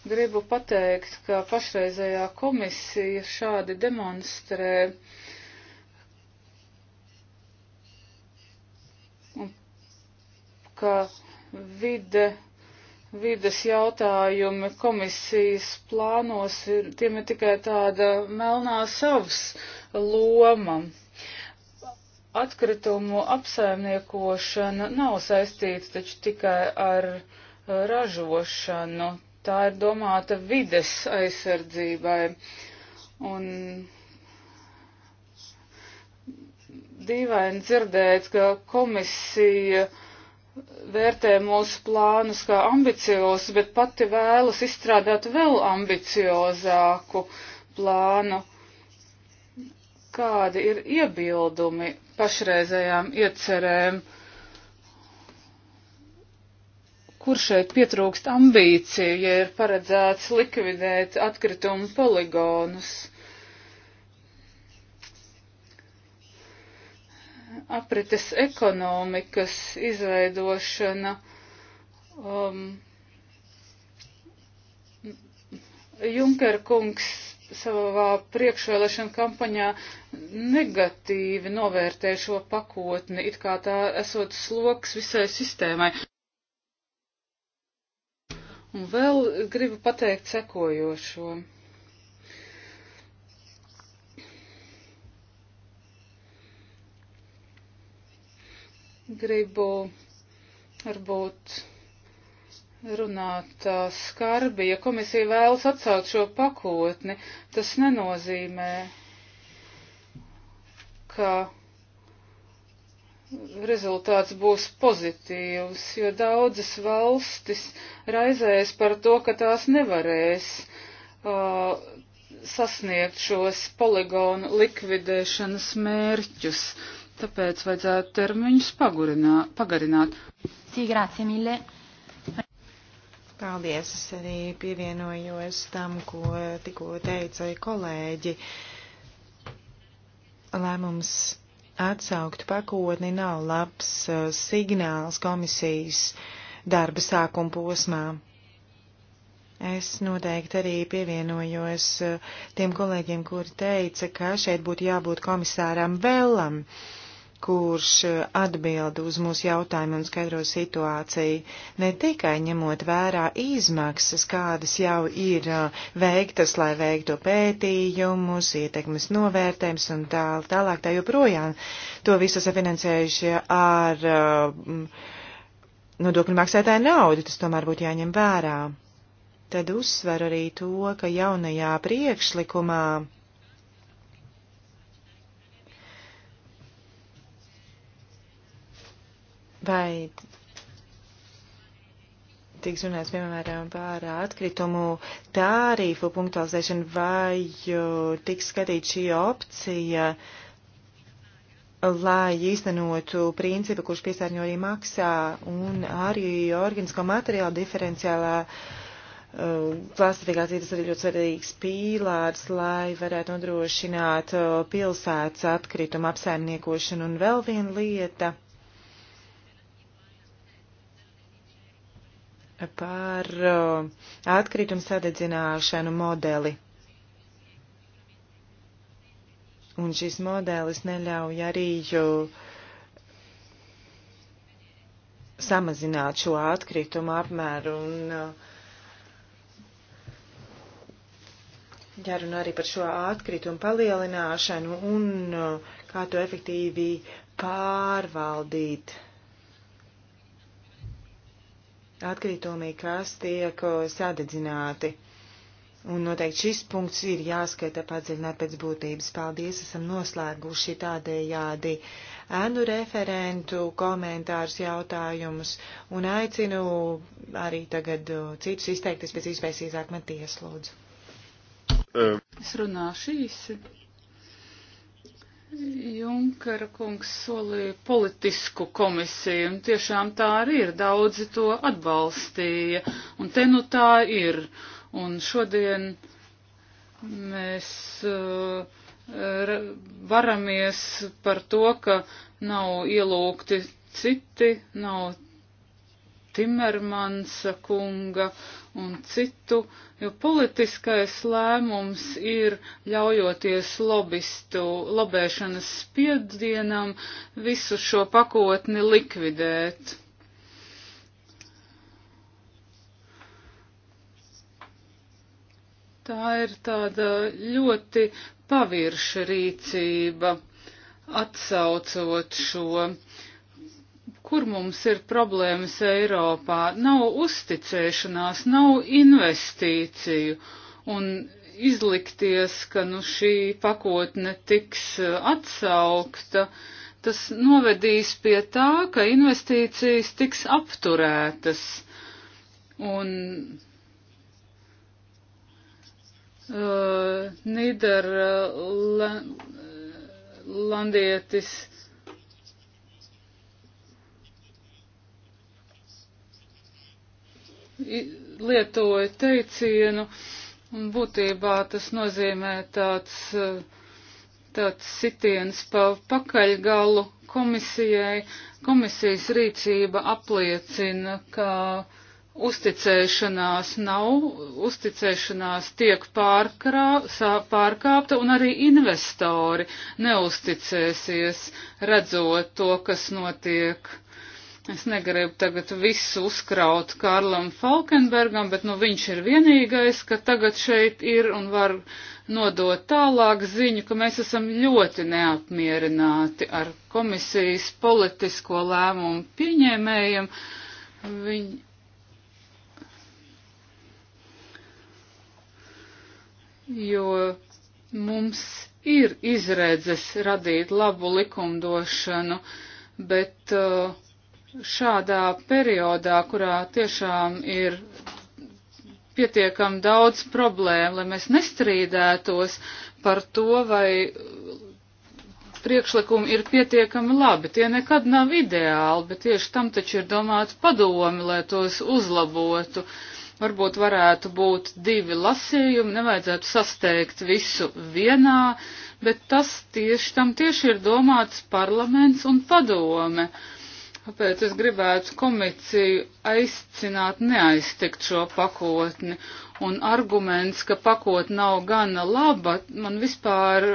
Gribu pateikt, ka pašreizējā komisija šādi demonstrē uh, ka vide, vides jautājumi komisijas plānos ir, tiem ir tikai tāda melnā savs loma. Atkritumu apsaimniekošana nav saistīta taču tikai ar eh, ražošanu. Tā ir domāta vides aizsardzībai. Un dīvaini dzirdēt, ka komisija uh, vērtē mūsu plānus kā ambiciozus, bet pati vēlas izstrādāt vēl ambiciozāku plānu. Kādi ir iebildumi pašreizējām iecerēm? Kur šeit pietrūkst ambīciju, ja ir paredzēts likvidēt atkritumu poligonus? aprites ekonomikas izveidošana um, Junker kungs savā priekšvēlēšana kampaņā negatīvi novērtē šo pakotni, it kā tā esot sloks visai sistēmai. Un vēl gribu pateikt sekojošo. Gribu varbūt runāt uh, skarbi, ja komisija vēlas atsaukt šo pakotni, tas nenozīmē, ka rezultāts būs pozitīvs, jo daudzas valstis raizējas par to, ka tās nevarēs uh, sasniegt šos poligonu likvidēšanas mērķus. Uh, Tāpēc vajadzētu termiņus pagarināt. Sī, grācie, mīļie. Paldies, es arī pievienojos tam, ko tikko teica kolēģi. Lēmums atsaukt pakotni nav labs uh, signāls komisijas darba sākuma posmā. Es noteikti arī pievienojos uh, tiem kolēģiem, kuri teica, ka šeit būtu jābūt komisāram Vēlam. Uh, kurš e, atbild uz mūsu jautājumu un skaidro situāciju, ne tikai ņemot vērā izmaksas, kādas jau ir e, veiktas, lai veiktu pētījumus, ietekmes novērtējums un tā, tālāk, tā joprojām. To visu safinansējuši ar e, nodokļu maksātāju naudu, tas tomēr būtu jāņem vērā. Tad uzsver arī to, ka jaunajā priekšlikumā Vai tiks runāts, piemēram, par atkritumu tārīfu punktualizēšanu, vai tiks skatīt šī opcija, lai īstenotu principu, kurš piesārņo arī maksā, un arī organisko materiālu diferenciālā uh, klasifikācija, tas arī ļoti svarīgs pīlārs, lai varētu nodrošināt uh, pilsētas atkritumu apsaimniekošanu. Un vēl viena lieta par atkritumu sadedzināšanu modeli. Un šis modelis neļauj arī samazināt šo atkritumu apmēru un uh, jārunā arī par šo atkritumu palielināšanu un kā to efektīvi pārvaldīt atkritumi, kas tiek sadedzināti. Un noteikti šis punkts ir jāskata padziļināt pēc būtības. Paldies, esam noslēguši tādējādi ēnu referentu komentārus jautājumus un aicinu arī tagad citus izteikties pēc iespējas īsāk man tieslūdzu. Es runāšu īsi. Junkara kungs solīja politisku komisiju, un tiešām tā arī ir. Daudzi to atbalstīja, un te nu tā ir. Un šodien mēs uh, varamies par to, ka nav ielūgti citi, nav Timermansa kunga, un citu, jo politiskais lēmums ir, ļaujoties lobistu lobēšanas spiedienam, visu šo pakotni likvidēt. Tā ir tāda ļoti pavirša rīcība, atsaucot šo uh, kur mums ir problēmas Eiropā. Nav uzticēšanās, nav investīciju un izlikties, ka nu šī pakotne tiks eh, atsaukta, tas novedīs pie tā, ka investīcijas tiks apturētas. Un uh, eh, Nīderlandietis. Uh, lietoja teicienu, un būtībā tas nozīmē tāds, tāds sitiens pa pakaļgalu komisijai. Komisijas rīcība apliecina, ka uzticēšanās nav, uzticēšanās tiek pārkrā, pārkāpta un arī investori neusticēsies, redzot to, kas notiek Es negribu tagad visu uzkraut Karlam Falkenbergam, bet nu viņš ir vienīgais, ka tagad šeit ir un var nodot tālāk ziņu, ka mēs esam ļoti neapmierināti ar komisijas politisko lēmumu pieņēmējiem. Viņ... Jo mums ir izredzes radīt labu likumdošanu, bet uh, šādā periodā, kurā tiešām ir pietiekam daudz problēmu, lai mēs nestrīdētos par to, vai priekšlikumi ir pietiekami labi. Tie nekad nav ideāli, bet tieši tam taču ir domāts padomi, lai tos uzlabotu. Varbūt varētu būt divi lasījumi, nevajadzētu sasteigt visu vienā, bet tas tieši tam tieši ir domāts parlaments un padome. Uh, Tāpēc es gribētu komisiju aizcināt, neaiztikt šo pakotni. Un arguments, ka pakotne nav gana laba, man vispār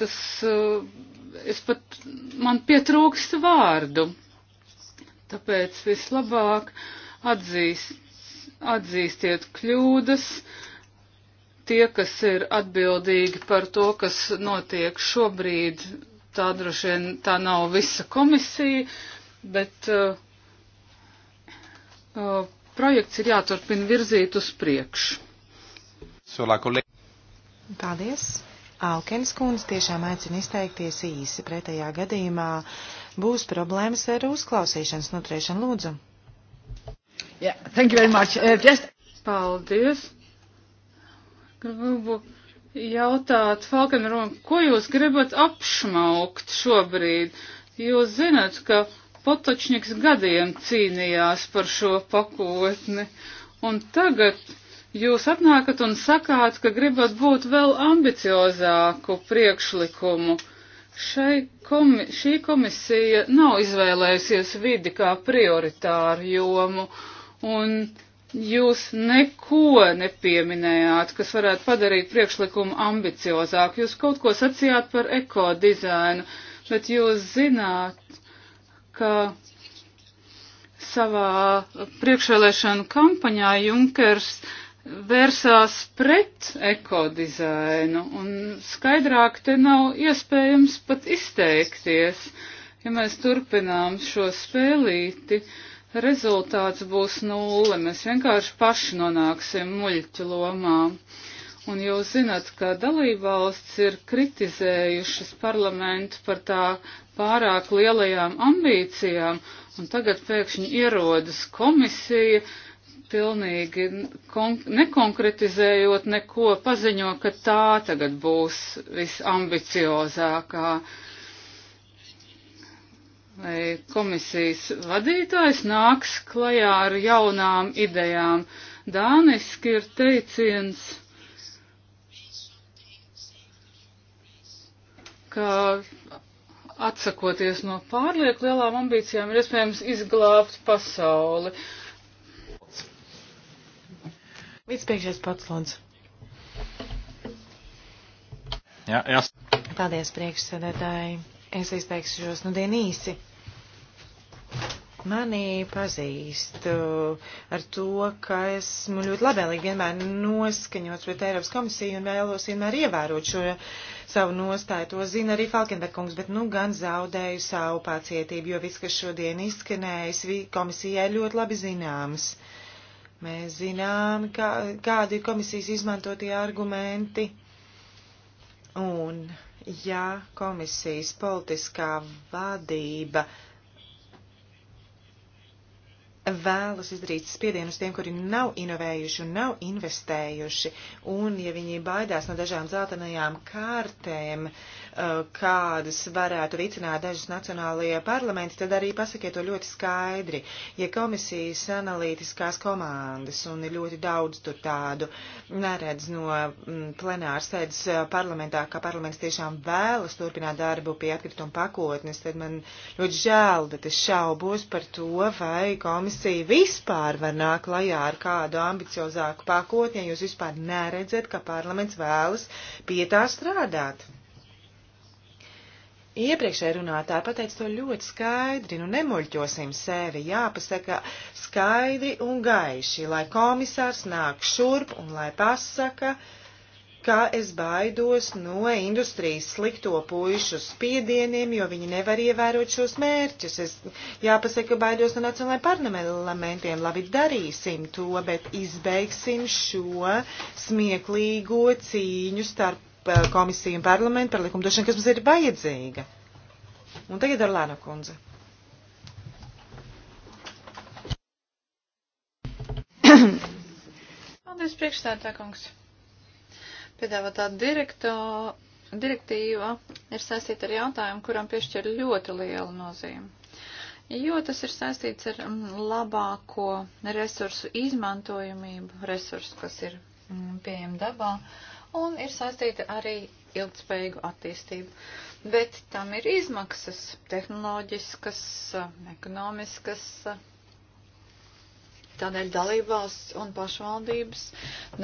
tas, eh, es pat, man pietrūkst vārdu. Tāpēc vislabāk atzīst, atzīstiet kļūdas. Tie, kas ir atbildīgi par to, kas notiek šobrīd, tā droši vien tā nav visa komisija, bet uh, uh, projekts ir jāturpina virzīt uz priekšu. Paldies! Alkens kundze tiešām aicina izteikties īsi, pretējā gadījumā būs problēmas ar uzklausīšanas noturēšanu lūdzu. Yeah, thank you very much. Uh, just... Paldies! Gribu jautāt Falkenrom, ko jūs gribat apšmaukt šobrīd? Jūs zinat, ka Potočņiks gadiem cīnījās par šo pakotni, un tagad jūs atnākat un sakāt, ka gribat būt vēl ambiciozāku priekšlikumu. Šai komi šī komisija nav izvēlējusies vidi kā prioritāru jomu, un jūs neko nepieminējāt, kas varētu padarīt priekšlikumu ambiciozāku. Jūs kaut ko sacījāt par ekodizainu, bet jūs zināt, ka savā priekšvēlēšana kampaņā Junkers vērsās pret ekodizainu, un skaidrāk te nav iespējams pat izteikties. Ja mēs turpinām šo spēlīti, rezultāts būs nulle, mēs vienkārši paši nonāksim muļķu lomām. Un jūs zināt, ka dalībvalsts ir kritizējušas parlamentu par tā pārāk lielajām ambīcijām, un tagad pēkšņi ierodas komisija, pilnīgi nekonkretizējot neko, paziņo, ka tā tagad būs visambiciozākā. Vai komisijas vadītājs nāks klajā ar jaunām idejām? Dāniski ir teiciens ka atsakoties no pārlieku lielām ambīcijām, ir iespējams izglābt pasauli. Līdzpēkšējais pats lūdzu. Jā, jā. Paldies, priekšsēdētāji. Es izteikšu šos nu dienu īsi. Mani pazīst uh, ar to, ka esmu ļoti labēlīgi vienmēr noskaņots pret Eiropas komisiju un vēlos vienmēr ievērot šo savu nostāju. To zina arī Falkenberg kungs, bet nu gan zaudēju savu pacietību, jo viss, kas šodien izskanējis, komisijai ļoti labi zināms. Mēs zinām, kā, kādi ir komisijas izmantotie argumenti. Un, ja komisijas politiskā vadība vēlas izdarīt spiedienus tiem, kuri nav inovējuši un nav investējuši, un ja viņi baidās no dažām zeltainajām kārtēm, uh, Uh, kādas varētu ricināt dažas nacionālajie parlamenti, tad arī pasakiet to ļoti skaidri. Ja komisijas analītiskās komandas, un ir ļoti daudz tur tādu, neredz no mm, plenāras sēdes uh, parlamentā, ka parlaments tiešām vēlas turpināt darbu pie atkrituma pakotnes, tad man ļoti žēl, bet es šaubos par to, vai komisija vispār var nākt klajā ar kādu ambiciozāku pakotni, ja jūs vispār neredzat, ka parlaments vēlas pie tā strādāt. Iepriekšējā runātāja pateica to ļoti skaidri, nu nemuļķosim sevi, jāpasaka skaidri un gaiši, lai komisārs nāk šurp un lai pasaka, ka es baidos no industrijas slikto puišu spiedieniem, jo viņi nevar ievērot šos mērķus. Es jāpasaka, baidos no nacionālajiem parlamentiem, labi darīsim to, bet izbeigsim šo smieklīgo cīņu starp komisiju un parlamentu par likumdošanu, kas mums ir vajadzīga. Un tagad ar Lēnu kundze. Paldies, priekšstādā kungs. Piedāvātā direkto, direktīva ir saistīta ar jautājumu, kuram piešķir ļoti lielu nozīmi. Jo tas ir saistīts ar mm, labāko resursu izmantojamību, resursu, kas ir mm, pieejami dabā. Uh, un ir saistīta arī ilgspējīgu attīstību. Bet tam ir izmaksas tehnoloģiskas, ekonomiskas. Tādēļ dalībvalsts un pašvaldības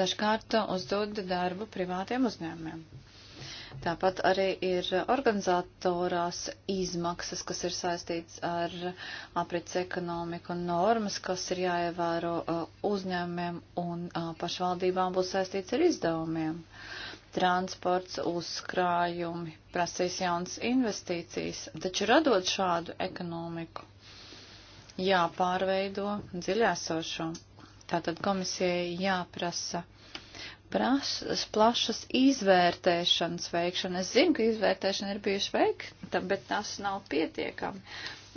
dažkārt uzdod darbu privātiem uzņēmumiem. Tāpat arī ir organizatorās izmaksas, kas ir saistīts ar aprits ekonomiku un normas, kas ir jāievēro uh, uzņēmumiem un uh, pašvaldībām būs saistīts ar izdevumiem. Transports, uzkrājumi prasīs jaunas investīcijas, taču radot šādu ekonomiku jāpārveido dziļāsošo. Tātad komisijai jāprasa prasas plašas izvērtēšanas veikšana. Es zinu, ka izvērtēšana ir bijusi veikta, bet tas nav pietiekami.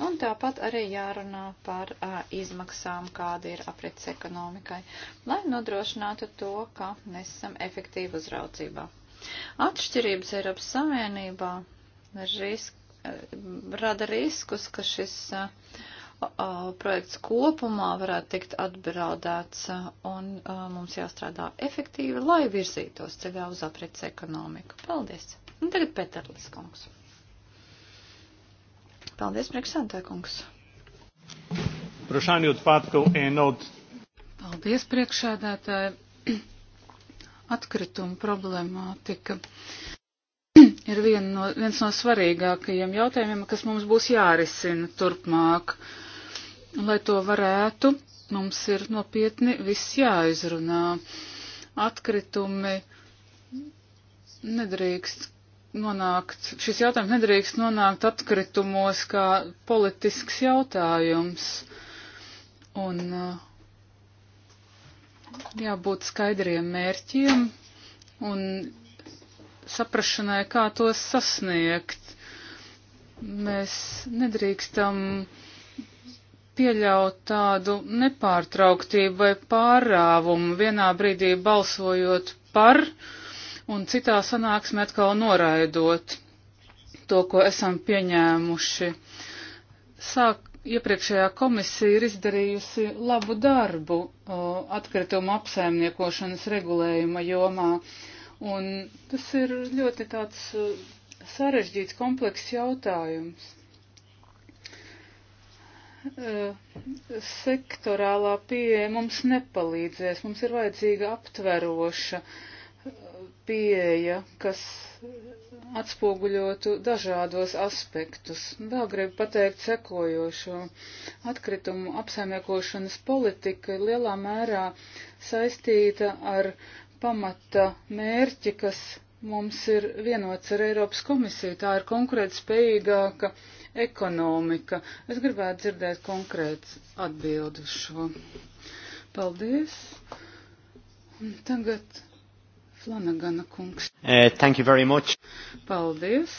Un tāpat arī jārunā par a, izmaksām, kāda ir aprits ekonomikai, lai nodrošinātu to, ka mēs esam efektīvi uzraudzībā. Atšķirības Eiropas Savienībā risk, a, rada riskus, ka šis. A, projekts kopumā varētu tikt atbraudēts un mums jāstrādā efektīvi, lai virzītos ceļā uz aprits ekonomiku. Paldies! Un tagad Peterlis kungs. Paldies, priekšsēdētāj kungs. Vprašanje odpadkov en od. Paldies, priekšsēdētāji. Atkrituma problemātika ir vien no, viens no svarīgākajiem jautājumiem, kas mums būs jārisina turpmāk. Uh, Lai to varētu, mums ir nopietni viss jāizrunā. Atkritumi nedrīkst nonākt, šis jautājums nedrīkst nonākt atkritumos kā politisks jautājums. Un uh, jābūt skaidriem mērķiem un saprašanai, kā tos sasniegt. Mēs nedrīkstam uh, pieļaut tādu nepārtrauktību vai pārāvumu, vienā brīdī balsojot par un citā sanāksmē atkal noraidot to, ko esam pieņēmuši. Sāk, iepriekšējā komisija ir izdarījusi labu darbu o, atkritumu apsaimniekošanas regulējuma jomā, un tas ir ļoti tāds sarežģīts komplekss jautājums. Eh, sektorālā pieeja mums nepalīdzēs. Mums ir vajadzīga aptveroša eh, pieeja, kas atspoguļotu dažādos aspektus. Vēl gribu pateikt sekojošo. Atkritumu apsaimniekošanas politika lielā mērā saistīta ar pamata mērķi, kas mums ir vienots ar Eiropas komisiju. Tā ir konkurētspējīgāka spējīgāka ekonomika. Es gribētu dzirdēt konkrēts atbildi uz šo. Paldies. Un tagad Flanagana kungs. Uh, thank you very much. Paldies.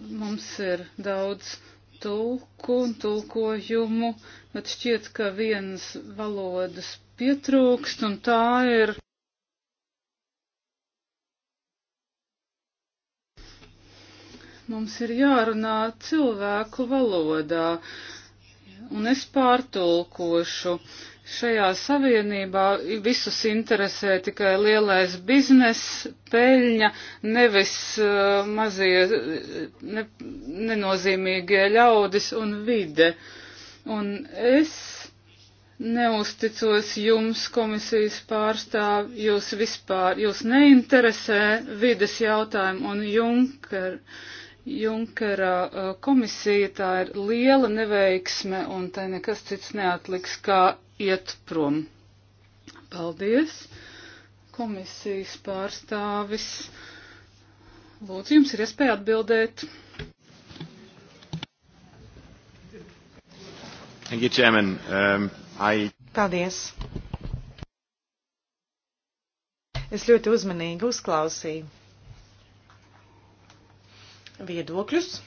Mums ir daudz tulku un tulkojumu, bet šķiet, ka vienas valodas pietrūkst, un tā ir mums ir jārunā cilvēku valodā, un es pārtulkošu. Šajā savienībā visus interesē tikai lielais biznes, peļņa, nevis uh, mazie, ne, nenozīmīgie ļaudis un vide. Un es neusticos jums, komisijas pārstāv, jūs vispār, jūs neinteresē vides jautājumu un Junker Junkera komisija tā ir liela neveiksme un tai nekas cits neatliks, kā iet prom. Paldies, komisijas pārstāvis. Lūdzu, jums ir iespēja atbildēt. Thank you, Chairman. Um, I... Paldies. Es ļoti uzmanīgi uzklausīju viedokļus,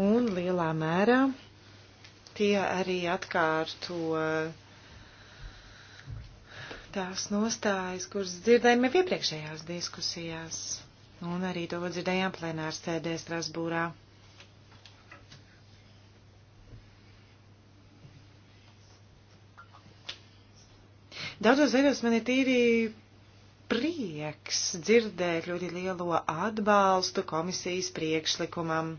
un lielā mērā tie arī atkārto tās nostājas, kuras dzirdējām jau iepriekšējās diskusijās, un arī to dzirdējām plenārs sēdē Strasbūrā. Daudzos veidos man ir tīri prieks dzirdēt ļoti lielo atbalstu komisijas priekšlikumam.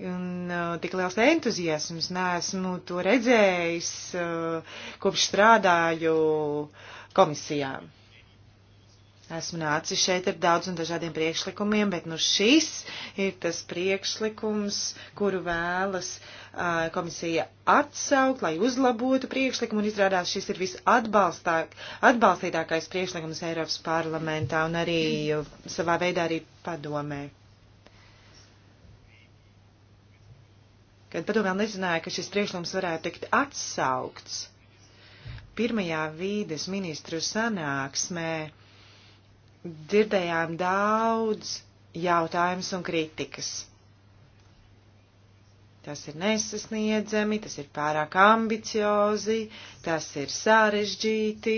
Un uh, tik liels entuziasms neesmu to redzējis, uh, kopš strādāju komisijām. Esmu nācis šeit ar daudz un dažādiem priekšlikumiem, bet nu šis ir tas priekšlikums, kuru vēlas uh, komisija atsaukt, lai uzlabotu priekšlikumu, un izrādās šis ir visatbalstītākais priekšlikums Eiropas parlamentā un arī savā veidā arī padomē. Kad padomē nezināja, ka šis priekšlikums varētu tikt atsaukts, pirmajā vīdes ministru sanāksmē Dzirdējām daudz jautājumus un kritikas. Tas ir nesasniedzami, tas ir pārāk ambiciozi, tas ir sarežģīti,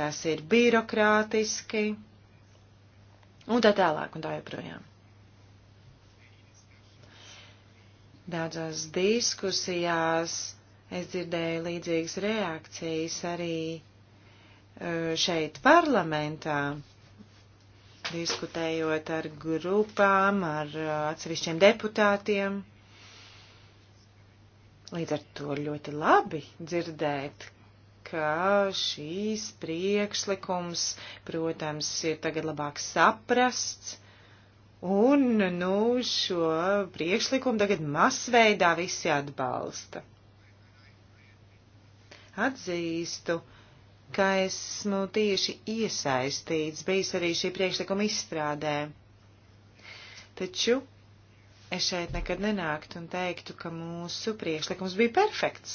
tas ir birokrātiski un tā tālāk un tā joprojām. Daudzās diskusijās es dzirdēju līdzīgas reakcijas arī eh, šeit parlamentā diskutējot ar grupām, ar uh, atsevišķiem deputātiem. Līdz ar to ļoti labi dzirdēt, ka šīs priekšlikums, protams, ir tagad labāk saprasts. Un, nu, šo priekšlikumu tagad masveidā visi atbalsta. Atzīstu, ka esmu tieši iesaistīts, bijis arī šī priekšlikuma izstrādē. Taču es šeit nekad nenāktu un teiktu, ka mūsu priekšlikums bija perfekts.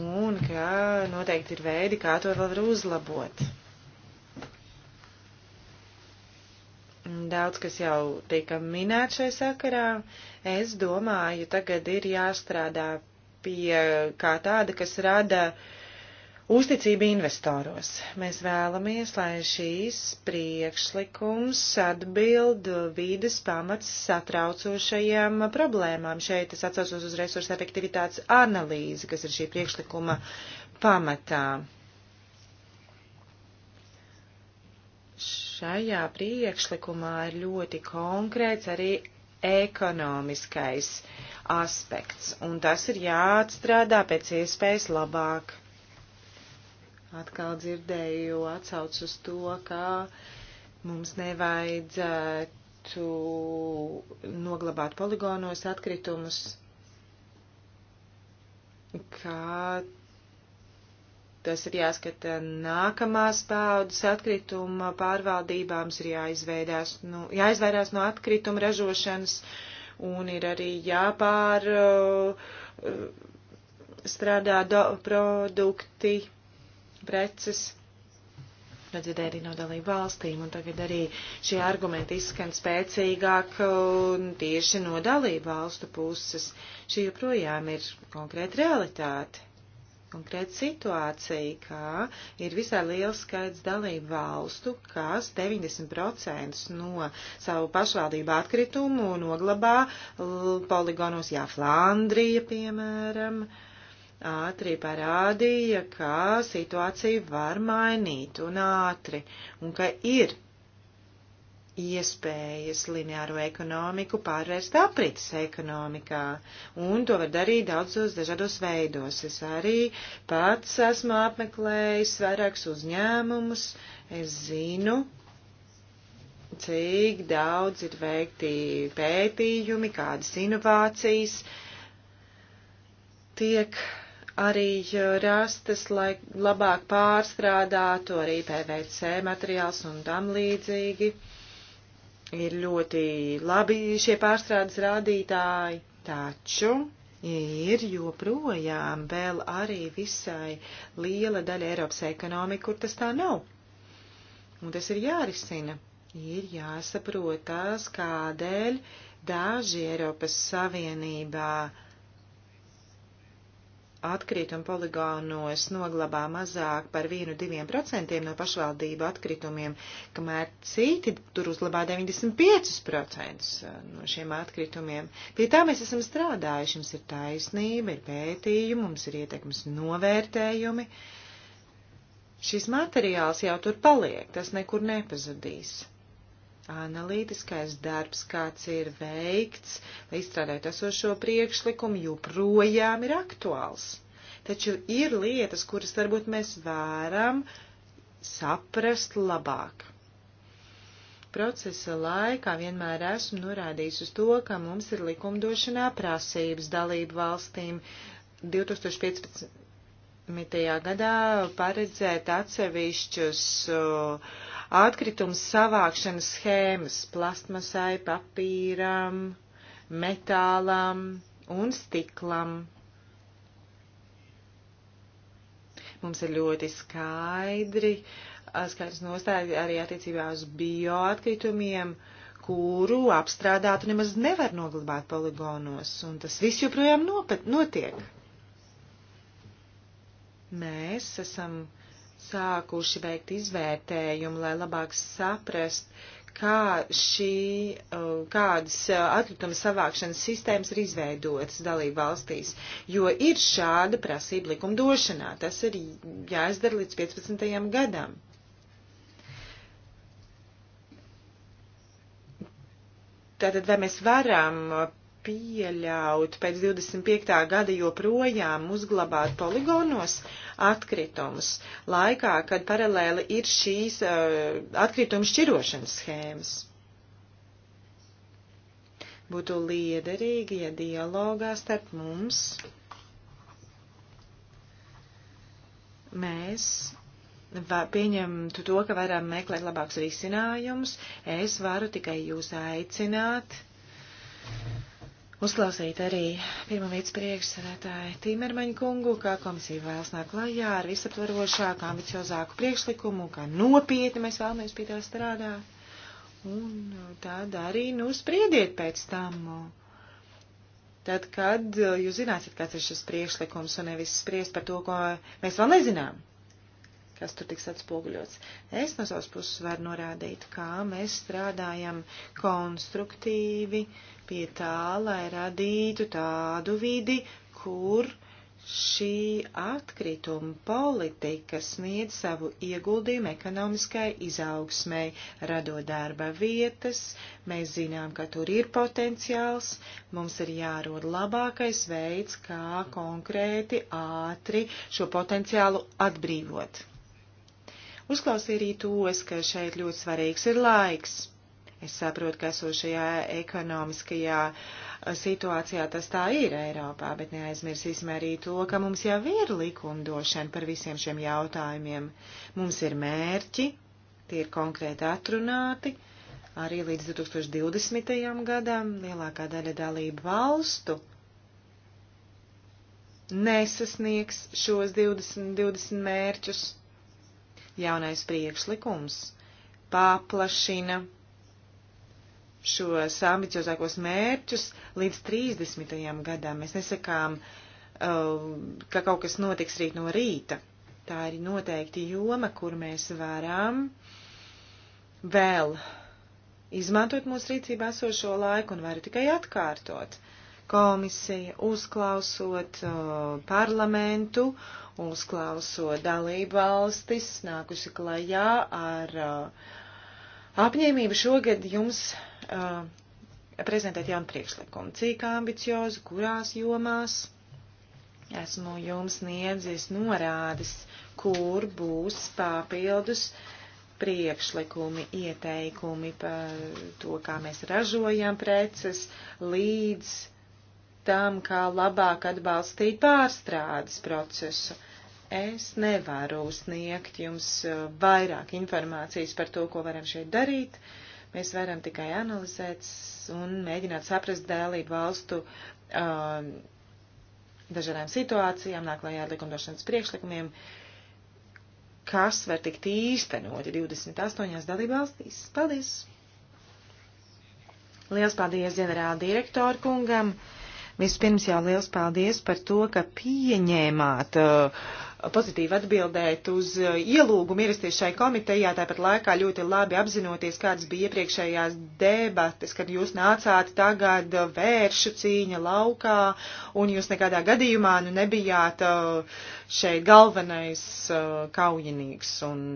Un ka noteikti ir veidi, kā to vēl var uzlabot. Daudz, kas jau tika minēts šai sakarā, es domāju, tagad ir jāstrādā pie kā tāda, kas rada uh, Uzticība investoros. Mēs vēlamies, lai šīs priekšlikums atbild vīdes pamats satraucošajām problēmām. Šeit es atsaucos uz resursu efektivitātes analīzi, kas ir šī priekšlikuma pamatā. Šajā priekšlikumā ir ļoti konkrēts arī ekonomiskais aspekts, un tas ir jāatstrādā pēc iespējas labāk atkal dzirdēju atsauc uz to, ka mums nevajadzētu noglabāt poligonos atkritumus, kā tas ir jāskata nākamās paudzes atkrituma pārvaldībām, ir jāizveidās, nu, jāizvairās no atkrituma ražošanas un ir arī jāpār uh, strādā do, produkti preces redzēt arī no dalību valstīm, un tagad arī šie argumenti izskan spēcīgāk tieši no dalību valstu puses. Šī joprojām ir konkrēta realitāte, konkrēta situācija, kā ir visai liels skaits dalību valstu, kas 90% no savu pašvaldību atkritumu noglabā poligonos, jā, Flandrija, piemēram, uh, ātri parādīja, ka situācija var mainīt un ātri, un ka ir iespējas lineāro ekonomiku pārvērst aprits ekonomikā, un to var darīt daudzos dažādos veidos. Es arī pats esmu apmeklējis vairākus uzņēmumus, es zinu, cik daudz ir veikti pētījumi, kādas inovācijas tiek arī eh, rastas, lai labāk pārstrādātu arī PVC materiāls un tam līdzīgi. Ir ļoti labi šie pārstrādes rādītāji, taču ir joprojām vēl arī visai liela daļa Eiropas ekonomika, kur tas tā nav. Un tas ir jārisina. Ir jāsaprot tās, kādēļ daži Eiropas Savienībā uh, atkritumu poligānos noglabā mazāk par 1-2% no pašvaldību atkritumiem, kamēr citi tur uzglabā 95% eh, no šiem atkritumiem. Pie tā mēs esam strādājuši, mums ir taisnība, ir pētījumi, mums ir ietekmes novērtējumi. Šis materiāls jau tur paliek, tas nekur nepazudīs analītiskais darbs, kāds ir veikts, lai izstrādātu esošo priekšlikumu, joprojām ir aktuāls. Taču ir lietas, kuras varbūt mēs varam saprast labāk. Procesa laikā vienmēr esmu norādījis uz to, ka mums ir likumdošanā prasības dalību valstīm 2015. gadā paredzēt atsevišķus uh, atkritums savākšanas schēmas plastmasai, papīram, metālam un stiklam. Mums ir ļoti skaidri, skaidrs nostāja arī attiecībā uz bioatkritumiem, kuru apstrādātu nemaz nevar noglabāt poligonos, un tas viss joprojām notiek. Mēs esam sākuši veikt izvērtējumu, lai labāk saprast, kā šī, uh, kādas uh, atkrituma savākšanas sistēmas ir izveidotas dalību valstīs, jo ir šāda prasība likumdošanā. Tas ir jāizdara līdz 15. gadam. Tātad, vai mēs varam pieļaut pēc 25. gada joprojām uzglabāt poligonos atkritumus laikā, kad paralēli ir šīs uh, atkritumu šķirošanas schēmas. Būtu liederīgi, ja dialogā starp mums mēs pieņemtu to, ka varam meklēt labāks risinājums. Es varu tikai jūs aicināt uzklausīt arī pirmā vietas priekšsēdētāju Timermaņu kungu, kā komisija vēlas nāk klajā ar visaptvarošāku, ambiciozāku priekšlikumu, kā nopietni mēs vēlamies pie tā strādāt. Un uh, tad arī, nu, spriediet pēc tam. Tad, kad uh, jūs zināsiet, kāds ir šis priekšlikums, un nevis spriest par to, ko mēs vēl nezinām kas tur tiks atspoguļots. Es no savas puses varu norādīt, kā mēs strādājam konstruktīvi pie tā, lai radītu tādu vidi, kur šī atkrituma politika sniedz savu ieguldījumu ekonomiskai izaugsmai, radot darba vietas, mēs zinām, ka tur ir potenciāls, mums ir jārod labākais veids, kā konkrēti ātri šo potenciālu atbrīvot. Uzklausīju arī tos, ka šeit ļoti svarīgs ir laiks. Es saprotu, ka esošajā ekonomiskajā situācijā tas tā ir Eiropā, bet neaizmirsīsim arī to, ka mums jau ir likumdošana par visiem šiem jautājumiem. Mums ir mērķi, tie ir konkrēti atrunāti, arī līdz 2020. gadam lielākā daļa dalību valstu nesasniegs šos 20, 20 mērķus. Jaunais priekšlikums paplašina šos ambiciozākos mērķus līdz 30. gadam. Mēs nesakām, uh, ka kaut kas notiks rīt no rīta. Tā ir noteikti joma, kur mēs varam vēl izmantot mūsu rīcībā esošo laiku un varu tikai atkārtot. Uh, komisija, uzklausot uh, parlamentu, uzklausot dalību valstis, nākusi klajā ar uh, apņēmību šogad jums uh, prezentēt jaunu priekšlikumu, cik ambiciozu, kurās jomās. Esmu jums sniedzis norādes, kur būs papildus priekšlikumi, ieteikumi par to, kā mēs ražojam preces, līdz tam, kā labāk atbalstīt pārstrādes procesu. Es nevaru sniegt jums uh, vairāk informācijas par to, ko varam šeit darīt. Mēs varam tikai analizēt un mēģināt saprast dēlību valstu uh, dažādām situācijām, nāk lai ar likumdošanas priekšlikumiem, kas var tikt īstenoti 28. dalībvalstīs. Paldies! Liels paldies ģenerāla direktoru kungam! Vispirms jau liels paldies par to, ka pieņēmāt uh, pozitīvi atbildēt uz uh, ielūgumu ierasties šai komitejā, tāpat laikā ļoti labi apzinoties, kādas bija iepriekšējās debates, kad jūs nācāt tagad uh, vēršu cīņa laukā, un jūs nekādā gadījumā nu, nebijāt uh, šeit galvenais kaujinīgs. Un,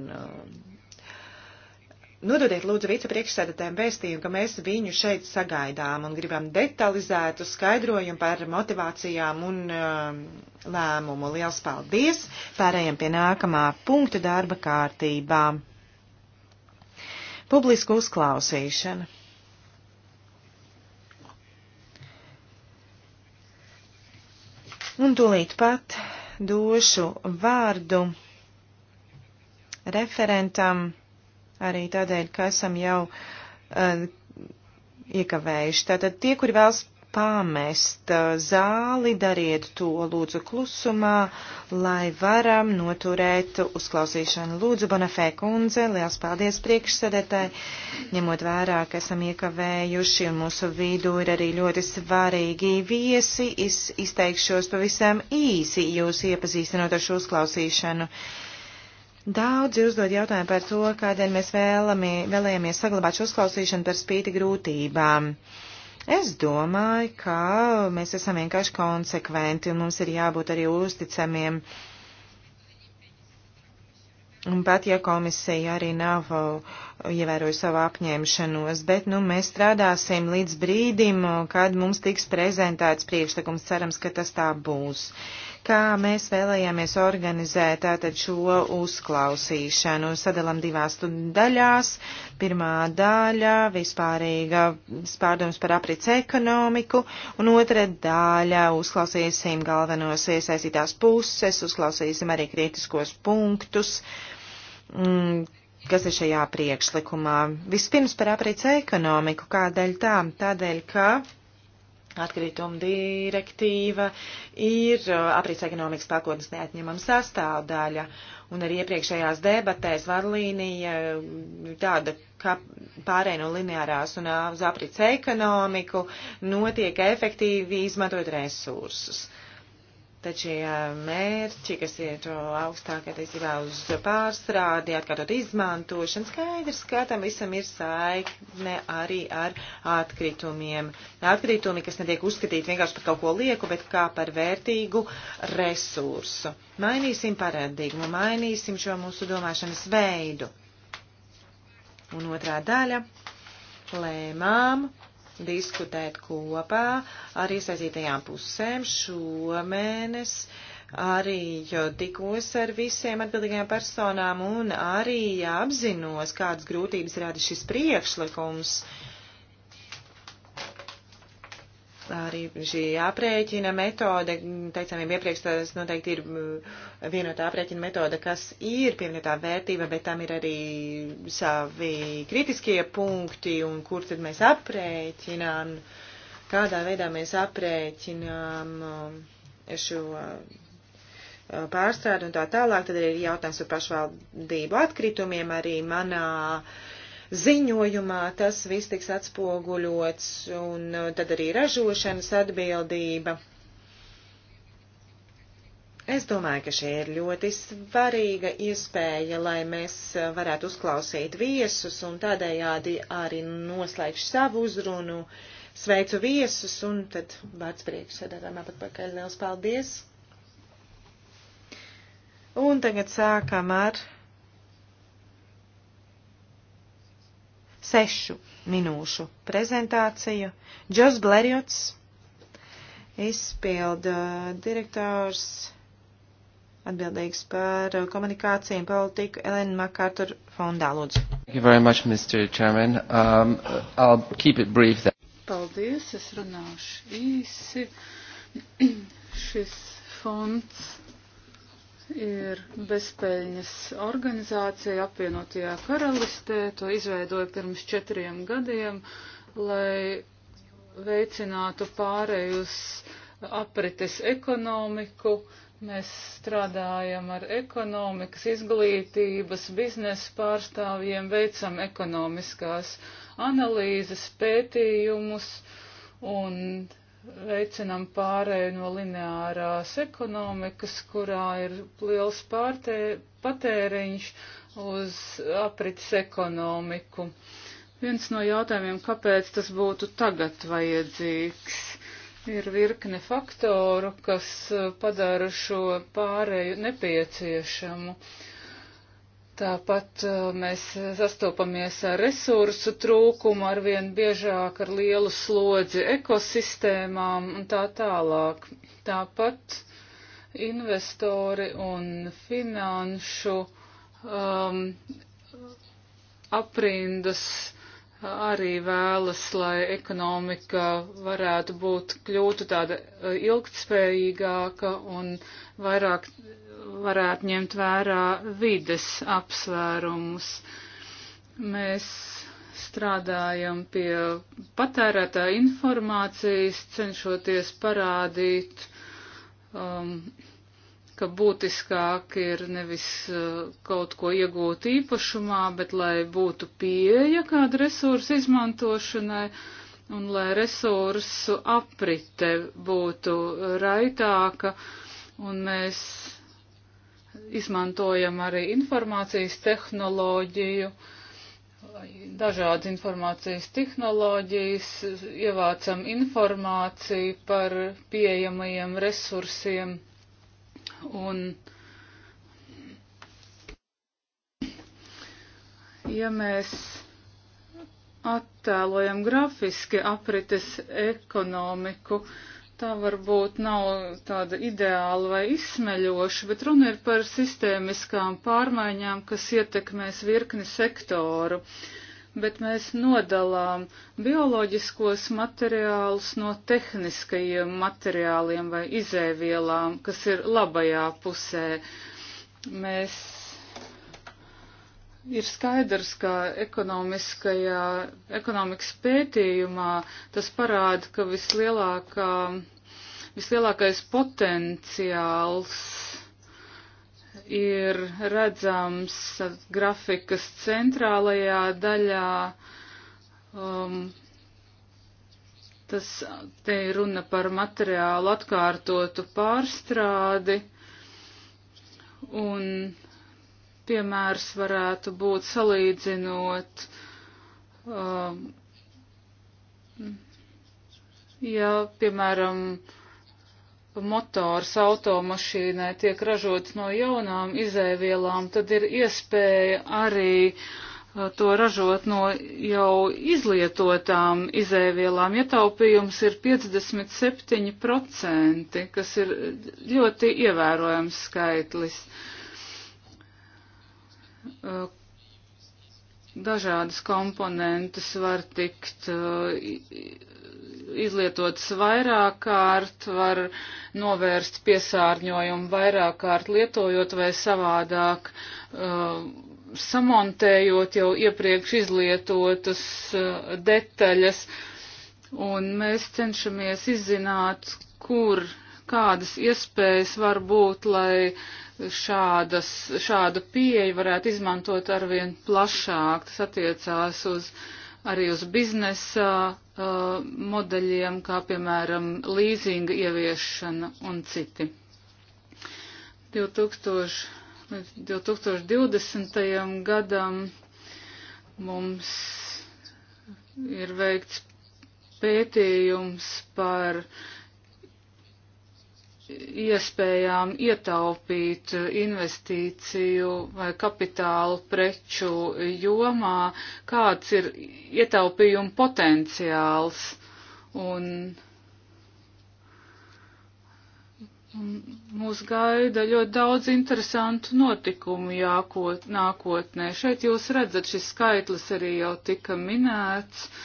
Nododiet lūdzu vicepriekšsēdētājiem vēstījumu, ka mēs viņu šeit sagaidām un gribam detalizētu skaidrojumu par motivācijām un um, lēmumu. Liels paldies! Pārējiem pie nākamā punkta darba kārtībā. Publisku uzklausīšana. Un tūlīt pat došu vārdu referentam Arī tādēļ, ka esam jau uh, iekavējuši. Tātad tie, kuri vēlas pamest eh, zāli, dariet to lūdzu klusumā, lai varam noturēt uzklausīšanu. Lūdzu, Bonafē kundze, liels paldies priekšsēdētāji, ņemot vērā, ka esam iekavējuši un mūsu vidū ir arī ļoti svarīgi viesi. Es izteikšos pavisam īsi jūs iepazīstinot ar šo uzklausīšanu. Uh, Daudzi uzdod jautājumu par to, kādēļ mēs vēlamie, vēlējāmies saglabāt šo uzklausīšanu par spīti grūtībām. Es domāju, ka mēs esam vienkārši konsekventi un mums ir jābūt arī uzticamiem. Un pat, ja komisija arī nav ievērojusi savu apņemšanos, bet, nu, mēs strādāsim līdz brīdim, kad mums tiks prezentēts priekšlikums, cerams, ka tas tā būs kā mēs vēlējāmies organizēt tātad šo uzklausīšanu. Sadalam divās daļās. Pirmā daļa - vispārīga spārdoms par aprits ekonomiku, un otra daļa - uzklausīsim galvenos iesaistītās puses, uzklausīsim arī kritiskos punktus. Mm, kas ir šajā priekšlikumā. Vispirms par aprīce ekonomiku. Kādēļ tā? Tādēļ, ka Atkrituma direktīva ir aprīts ekonomikas pakotnes neatņemama sastāvdaļa, un arī iepriekšējās debatēs vadlīnija tāda, kā pārēj no lineārās un uz aprīts ekonomiku notiek efektīvi izmantojot resursus. Uh, Taču šie mērķi, kas ir augstāk attiecībā uz pārstrādi, atkārtot izmantošanu, skaidrs, ka tam visam ir saikne arī ar atkritumiem. Atkritumi, kas netiek uzskatīti vienkārši par kaut ko lieku, bet kā par vērtīgu resursu. Mainīsim paradigmu, mainīsim šo mūsu domāšanas veidu. Un otrā daļa lēmām diskutēt kopā ar iesaistītajām pusēm šomēnes. Arī tikos ar visiem atbildīgajām personām un arī apzinos, kādas grūtības rada šis priekšlikums. Uh, arī šī aprēķina metode, teicām jau iepriekš, tas noteikti ir mm, vienotā aprēķina metode, kas ir pievienotā vērtība, bet tam ir arī savi kritiskie punkti un kur tad mēs aprēķinām, kādā veidā mēs aprēķinām mm, šo mm, pārstrādu un tā tālāk. Tad arī ir jautājums par pašvaldību atkritumiem arī manā. Uh, ziņojumā tas viss tiks atspoguļots, un uh, tad arī ražošanas atbildība. Es domāju, ka šī ir ļoti svarīga iespēja, lai mēs uh, varētu uzklausīt viesus un tādējādi arī noslēgšu savu uzrunu. Sveicu viesus un tad vārds priekšsēdētājiem atpakaļ. Liels paldies! Un tagad sākam ar sešu minūšu prezentāciju. Džos Blerjots, izpilda direktors, atbildīgs par komunikāciju un politiku, Elena MacArthur fondā, lūdzu. Thank you very much, Mr. Chairman. Um, I'll keep it brief. Then. Paldies, es runāšu īsi. Šis fonds ir bezpēļņas organizācija apvienotajā karalistē. To izveidoja pirms četriem gadiem, lai veicinātu pārējus aprites ekonomiku. Mēs strādājam ar ekonomikas, izglītības, biznesa pārstāvjiem, veicam ekonomiskās analīzes, pētījumus un veicinam pārēju no lineārās ekonomikas, kurā ir liels pārtē, patēriņš, uz aprits ekonomiku. Viens no jautājumiem, kāpēc tas būtu tagad vajadzīgs, ir virkne faktoru, kas padara šo pārēju nepieciešamu. Uh, Tāpat uh, mēs sastopamies ar resursu trūkumu, arvien biežāk ar lielu slodzi ekosistēmām un tā tālāk. Tāpat investori un finanšu um, aprindas arī vēlas, lai ekonomika varētu būt kļūtu tāda uh, ilgtspējīgāka un vairāk varētu ņemt vērā vides apsvērumus. Mēs strādājam pie patērētā informācijas, cenšoties parādīt, um, ka būtiskāk ir nevis uh, kaut ko iegūt īpašumā, bet lai būtu pieeja kāda resursa izmantošanai un lai resursu aprite būtu raitāka. Un mēs izmantojam arī informācijas tehnoloģiju, dažādas informācijas tehnoloģijas, ievācam informāciju par pieejamajiem resursiem un ja mēs attēlojam grafiski aprites ekonomiku, uh, tā varbūt nav tāda ideāla vai izsmeļoša, bet runa ir par sistēmiskām pārmaiņām, kas ietekmēs virkni sektoru. Bet mēs nodalām bioloģiskos materiālus no tehniskajiem materiāliem vai izēvielām, kas ir labajā pusē. Mēs ir skaidrs, ka ekonomiskajā, ekonomikas pētījumā tas parāda, ka vislielākā, vislielākais potenciāls ir redzams grafikas centrālajā daļā. Um, tas te ir runa par materiālu atkārtotu pārstrādi un piemērs varētu būt salīdzinot, um, ja, piemēram, motors automašīnai tiek ražots no jaunām izēvielām, tad ir iespēja arī uh, to ražot no jau izlietotām izēvielām. Ietaupījums ir 57%, kas ir ļoti ievērojams skaitlis. Uh, Eh, dažādas komponentes var tikt eh, izlietotas vairāk kārt, var novērst piesārņojumu vairāk kārt lietojot vai savādāk eh, samontējot jau iepriekš izlietotas detaļas. Un mēs cenšamies izzināt, kur kādas iespējas var būt, lai uh, šādas, šādu pieeju varētu izmantot arvien plašāk. Tas attiecās uz, arī uz biznesa uh, modeļiem, kā piemēram līzinga ieviešana un citi. 2000, 2020. gadam mums ir veikts pētījums par uh, iespējām ietaupīt investīciju vai kapitālu preču jomā, kāds ir ietaupījuma potenciāls. Un mūs gaida ļoti daudz interesantu notikumu jākot, nākotnē. Šeit jūs redzat, šis skaitlis arī jau tika minēts. Uh,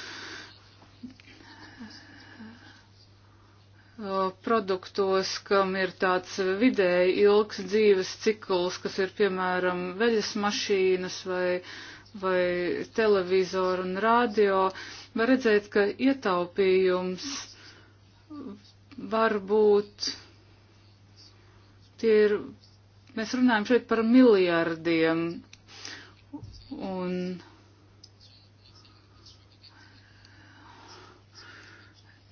Uh, produktos, kam ir tāds vidēji ilgs dzīves cikls, kas ir piemēram veļas mašīnas vai, vai televizoru un radio, var redzēt, ka ietaupījums var būt, tie ir, mēs runājam šeit par miljardiem. Un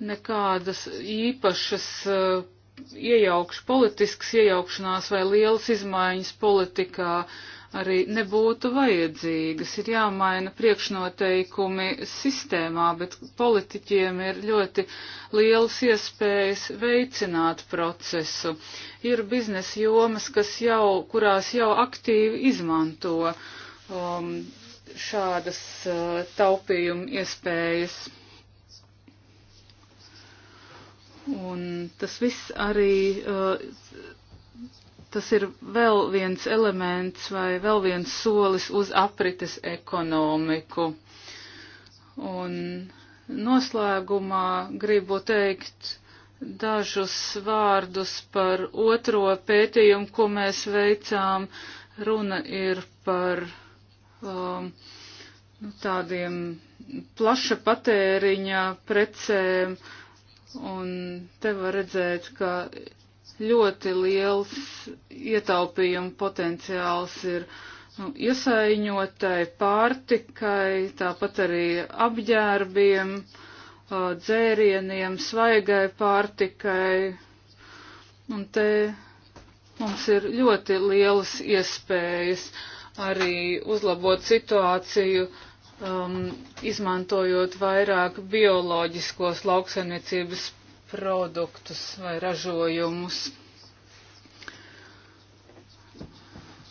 nekādas īpašas uh, iejaukš, politiskas iejaukšanās vai lielas izmaiņas politikā arī nebūtu vajadzīgas. Ir jāmaina priekšnoteikumi sistēmā, bet politiķiem ir ļoti lielas iespējas veicināt procesu. Ir biznesa jomas, kas jau, kurās jau aktīvi izmanto um, šādas uh, taupījuma iespējas. Un tas viss arī, uh, tas ir vēl viens elements vai vēl viens solis uz aprites ekonomiku. Un noslēgumā gribu teikt dažus vārdus par otro pētījumu, ko mēs veicām. Runa ir par um, nu, tādiem plaša patēriņa precēm Un te var redzēt, ka ļoti liels ietaupījuma potenciāls ir nu, iesaiņotai pārtikai, tāpat arī apģērbiem, dzērieniem, svaigai pārtikai. Un te mums ir ļoti lielas iespējas arī uzlabot situāciju um, izmantojot vairāk bioloģiskos lauksaimniecības produktus vai ražojumus.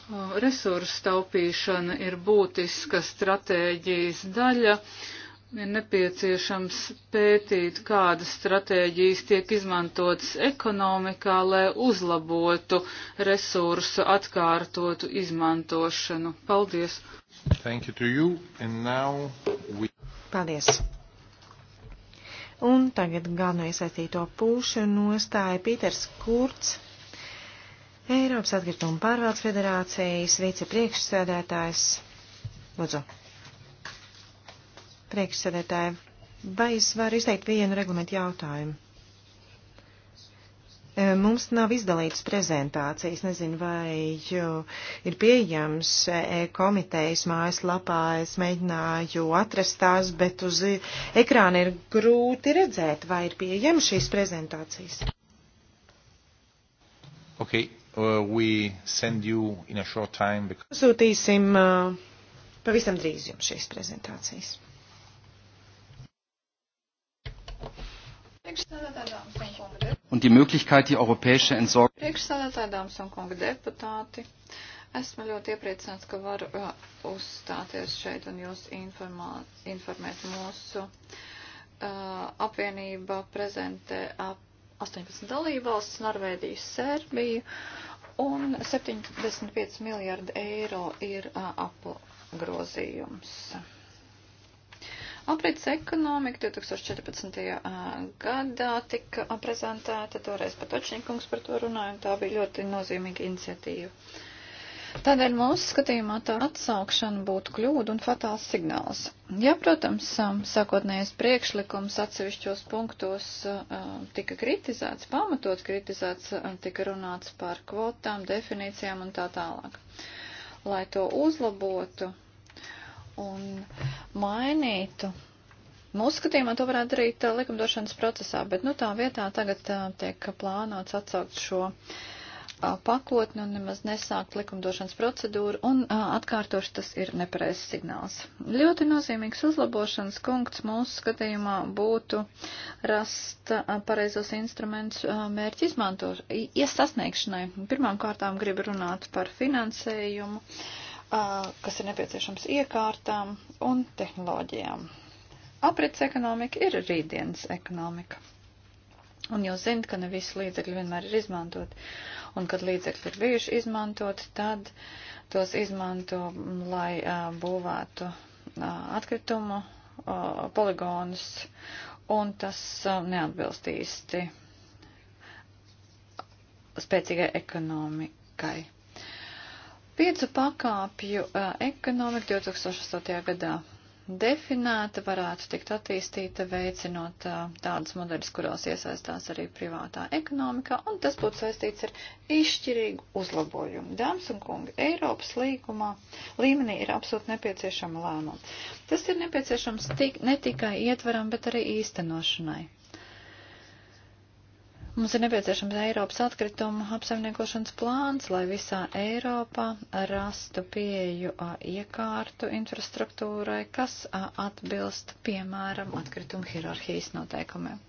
Uh, resursu taupīšana ir būtiska stratēģijas daļa. Uh, ir nepieciešams pētīt, kādas stratēģijas tiek izmantotas ekonomikā, lai uzlabotu resursu atkārtotu izmantošanu. Paldies! Thank you to you, and now we... Paldies! Un tagad galveno iesaistīto pušu nostāja Pīters Kurts, Eiropas atkrituma pārvaldes federācijas vicepriekšsēdētājs. Lūdzu! Priekšsēdētāji, vai es varu izteikt vienu reglamentu jautājumu? E, mums nav izdalītas prezentācijas, nezinu, vai ir pieejams e komitejas mājaslapā. Es mēģināju atrast tās, bet uz ekrāna ir grūti redzēt, vai ir pieejams šīs prezentācijas. Okay. Uh, we send you in a short time. Because... Sūtīsim uh, pavisam drīz jums šīs prezentācijas. un die Möglichkeit, die europäische Entsorgung. Priekšsādātājs un kunga deputāti, esmu ļoti iepriecināts, ka varu uh, uzstāties šeit un jūs informā, informēt mūsu uh, apvienība prezentē ap 18 dalībvalsts, Norvēģiju, Serbiju un 75 miljārdi eiro ir uh, apgrozījums. Aprits ekonomika 2014. gadā tika prezentēta, toreiz pat Očņikungs par to runāja, un tā bija ļoti nozīmīga iniciatīva. Tādēļ mūsu skatījumā tā atsaukšana būtu kļūda un fatāls signāls. Ja, protams, sākotnējais priekšlikums atsevišķos punktos tika kritizēts, pamatot kritizēts, tika runāts par kvotām, definīcijām un tā tālāk. Lai to uzlabotu, un mainītu. Mūsu skatījumā to varētu darīt eh, likumdošanas procesā, bet nu, tā vietā tagad eh, tiek plānots atsaukt šo eh, pakotni un nemaz nesākt likumdošanas procedūru, un atkārtoši tas ir nepareizs signāls. Ļoti nozīmīgs uzlabošanas punkts mūsu skatījumā būtu rast pareizos instrumentus mērķi izmantošanai, iesasniegšanai. Pirmām kārtām gribu runāt par finansējumu. Uh, kas ir nepieciešams iekārtām un tehnoloģijām. Aprits ekonomika ir rītdienas ekonomika. Un jūs zinat, ka ne visi līdzekļi vienmēr ir izmantot. Un kad līdzekļi ir bijuši izmantot, tad tos izmanto, mm, lai uh, būvētu uh, atkritumu uh, poligonus, un tas uh, neatbilst īsti spēcīgai ekonomikai. Piecu pakāpju ekonomika 2008. gadā definēta varētu tikt attīstīta, veicinot tādas modeļas, kurās iesaistās arī privātā ekonomikā, un tas būtu saistīts ar izšķirīgu uzlabojumu. Dāmas un kungi, Eiropas līgumā līmenī ir absolūti nepieciešama lēmuma. Tas ir nepieciešams tik, ne tikai ietveram, bet arī īstenošanai. Mums ir nepieciešams Eiropas atkritumu apsaimniekošanas plāns, lai visā Eiropā rastu pieju iekārtu infrastruktūrai, kas atbilst, piemēram, atkritumu hierarhijas noteikumiem.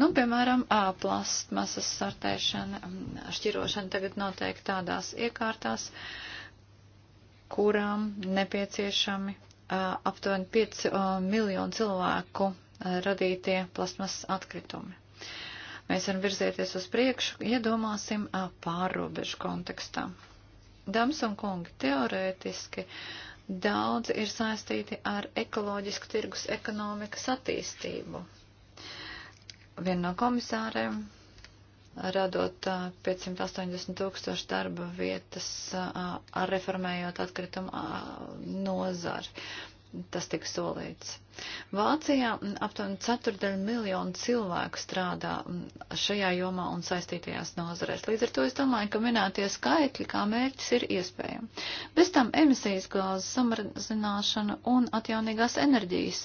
Nu, piemēram, plastmasas sortēšana, šķirošana tagad noteikti tādās iekārtās, kurām nepieciešami aptuveni 5 miljonu cilvēku radītie plasmasas atkritumi. Mēs varam virzēties uz priekšu, iedomāsim pārrobežu kontekstā. Dams un kungi, teorētiski daudz ir saistīti ar ekoloģisku tirgus ekonomikas attīstību. Viena no komisāriem, radot 580 tūkstošu darba vietas, reformējot atkritumu nozari tas tika solīts. Vācijā aptuveni ceturdaļu miljonu cilvēku strādā šajā jomā un saistītajās nozarēs. Līdz ar to es domāju, ka minētie skaitļi kā mērķis ir iespējami. Bez tam emisijas gāzes samazināšana un atjaunīgās enerģijas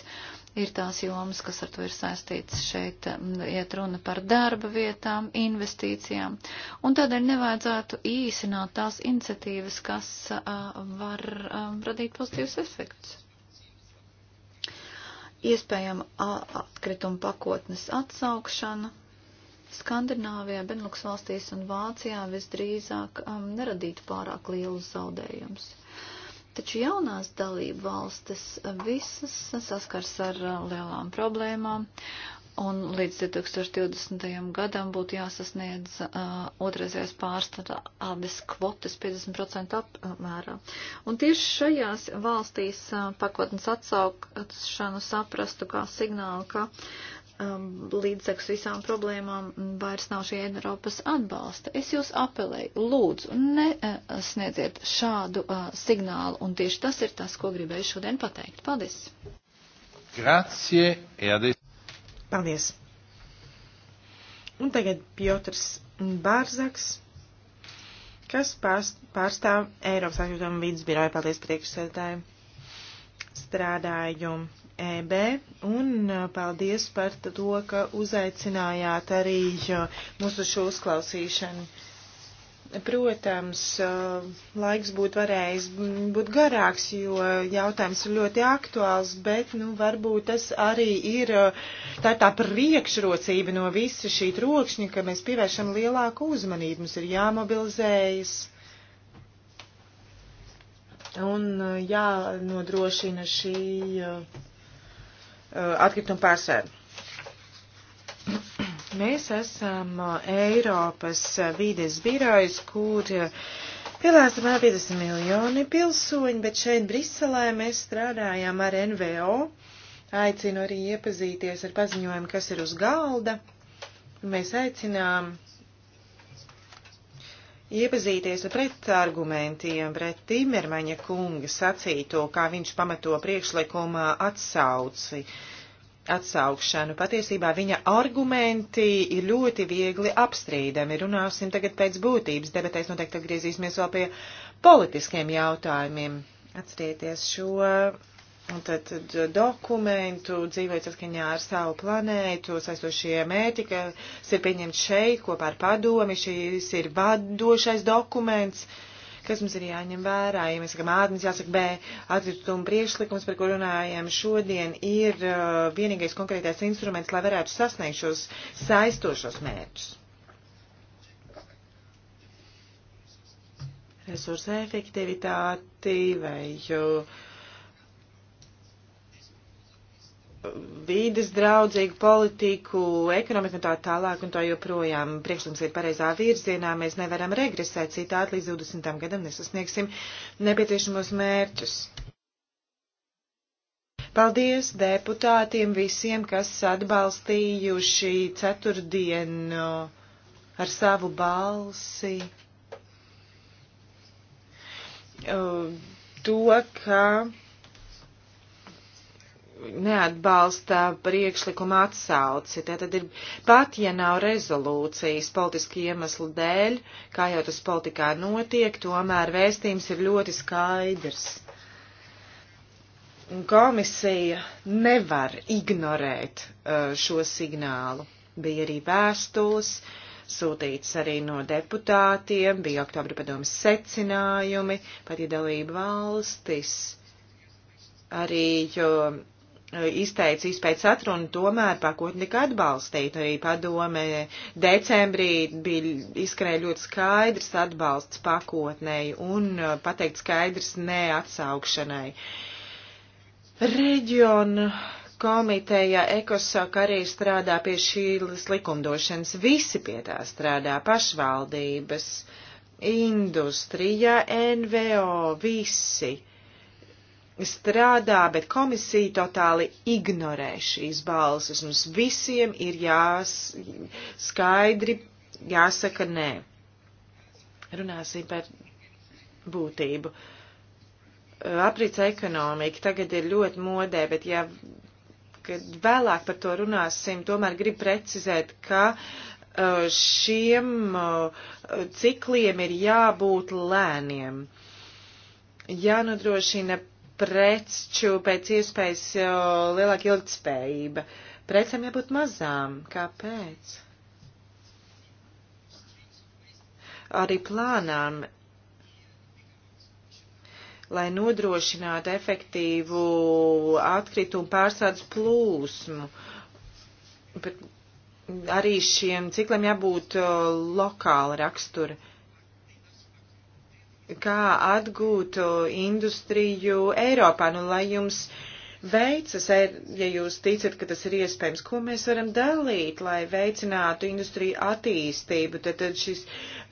ir tās jomas, kas ar to ir saistīts. Šeit iet runa par darba vietām, investīcijām, un tādēļ nevajadzētu īsināt tās iniciatīvas, kas uh, var um, radīt pozitīvus efektus iespējama atkrituma pakotnes atsaukšana. Skandināvijā, Benelux valstīs un Vācijā visdrīzāk um, neradītu pārāk lielus zaudējumus. Taču jaunās dalību valstis uh, visas saskars ar uh, lielām problēmām, Un līdz 2020. gadam būtu jāsasniedz uh, otrreizējais pārstāvis kvotas 50% apmērā. Un tieši šajās valstīs uh, pakotnes atsaukšanu saprastu kā signālu, ka um, līdzeks visām problēmām mm, vairs nav šī Eiropas atbalsta. Es jūs apelēju, lūdzu, nesniedziet uh, šādu uh, signālu, un tieši tas ir tas, ko gribēju šodien pateikt. Paldies! Grazie, e adesso. Paldies! Un tagad Piotrs Bārzaks, kas pārstāv Eiropas aizjūtama vidas biroja, paldies priekšsēdētāju, strādāju EB, un uh, paldies par to, ka uzaicinājāt arī uh, mūsu šo uzklausīšanu. Protams, uh, laiks būtu varējis būt garāks, jo jautājums ir ļoti aktuāls, bet, nu, varbūt tas arī ir uh, tā, tā priekšrocība no visa šī trokšņa, ka mēs pievēršam lielāku uzmanību, mums ir jāmobilizējas un uh, jānodrošina šī atkrituma pārsēra. Mēs esam Eiropas vīdes birojs, kur pilās vēl 50 miljoni pilsoņi, bet šeit Briselē mēs strādājām ar NVO. Aicinu arī iepazīties ar paziņojumu, kas ir uz galda. Mēs aicinām iepazīties ar pretargumentiem pret Timermaņa kunga sacīto, kā viņš pamato priekšlikuma atsauci. Uh, atsaukšanu. Patiesībā viņa argumenti ir ļoti viegli apstrīdami. Runāsim tagad pēc būtības. Debatēs noteikti atgriezīsimies vēl pie politiskiem jautājumiem. Atcerieties šo tad, tad, dokumentu, dzīvojot saskaņā ar savu planētu, saistošie mērķi, kas ir pieņemts šeit kopā ar padomi. Šis ir vadošais dokuments. Uh, kas mums ir jāņem vērā. Ja mēs sakam A, mums jāsaka B, atkrituma priekšlikums, par ko runājam šodien, ir uh, vienīgais konkrētais instruments, lai varētu sasniegt šos saistošos mērķus. Resursa efektivitāti vai jau. Uh, vīdes draudzīgu politiku, ekonomiku un tā tālāk un tā joprojām. Priekšlikums ir pareizā virzienā, mēs nevaram regresēt citādi līdz 20. gadam nesasniegsim nepieciešamos mērķus. Paldies deputātiem visiem, kas atbalstījuši ceturtdienu ar savu balsi. Uh, to, ka neatbalsta priekšlikuma atsauci. Tātad ir pat, ja nav rezolūcijas politiski iemeslu dēļ, kā jau tas politikā notiek, tomēr vēstījums ir ļoti skaidrs. Komisija nevar ignorēt uh, šo signālu. Bija arī vēstules, sūtīts arī no deputātiem, bija oktobra padomas secinājumi, pat iedalība valstis arī jo, izteica izpēc atrunu, tomēr pakotnika atbalstīt. Arī padome decembrī bija izskrēja ļoti skaidrs atbalsts pakotnei un uh, pateikt skaidrs neatsaukšanai. Reģiona komiteja ECOSOC arī strādā pie šīs likumdošanas. Visi pie tā strādā pašvaldības, industrija, NVO, visi strādā, bet komisija totāli ignorē šīs balsas. Mums visiem ir jās, skaidri jāsaka nē. Runāsim par būtību. Aprits ekonomika tagad ir ļoti modē, bet ja kad vēlāk par to runāsim, tomēr grib precizēt, ka šiem cikliem ir jābūt lēniem jānodrošina preču pēc iespējas lielāka ilgtspējība. Precēm jābūt mazām. Kāpēc? Arī plānām, lai nodrošinātu efektīvu atkritumu pārsādes plūsmu. Bet arī šiem cikliem jābūt lokāla rakstura. Uh, kā atgūt industriju Eiropā, nu lai jums veicas, ja jūs ticat, ka tas ir iespējams, ko mēs varam dalīt, lai veicinātu industriju attīstību, tad, tad šis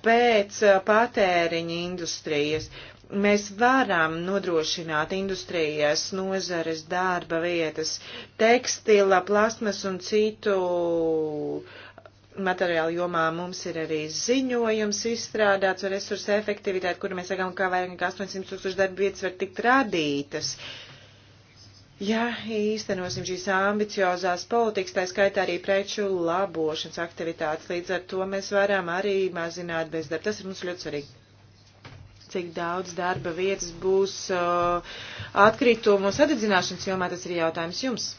pēc patēriņa industrijas. Mēs varam nodrošināt industrijas, nozares, darba vietas, tekstila, plasmas un citu uh, materiāla jomā mums ir arī ziņojums izstrādāts ar resursu efektivitāti, kur mēs sakām, ka vairāk nekā 800 tūkstoši darba vietas var tikt radītas. Ja īstenosim šīs ambiciozās politikas, tā skaitā arī preču labošanas aktivitātes, līdz ar to mēs varam arī mazināt bezdarbu. Tas ir mums ļoti svarīgi. Cik daudz darba vietas būs uh, atkritumu sadedzināšanas jomā, tas ir jautājums jums.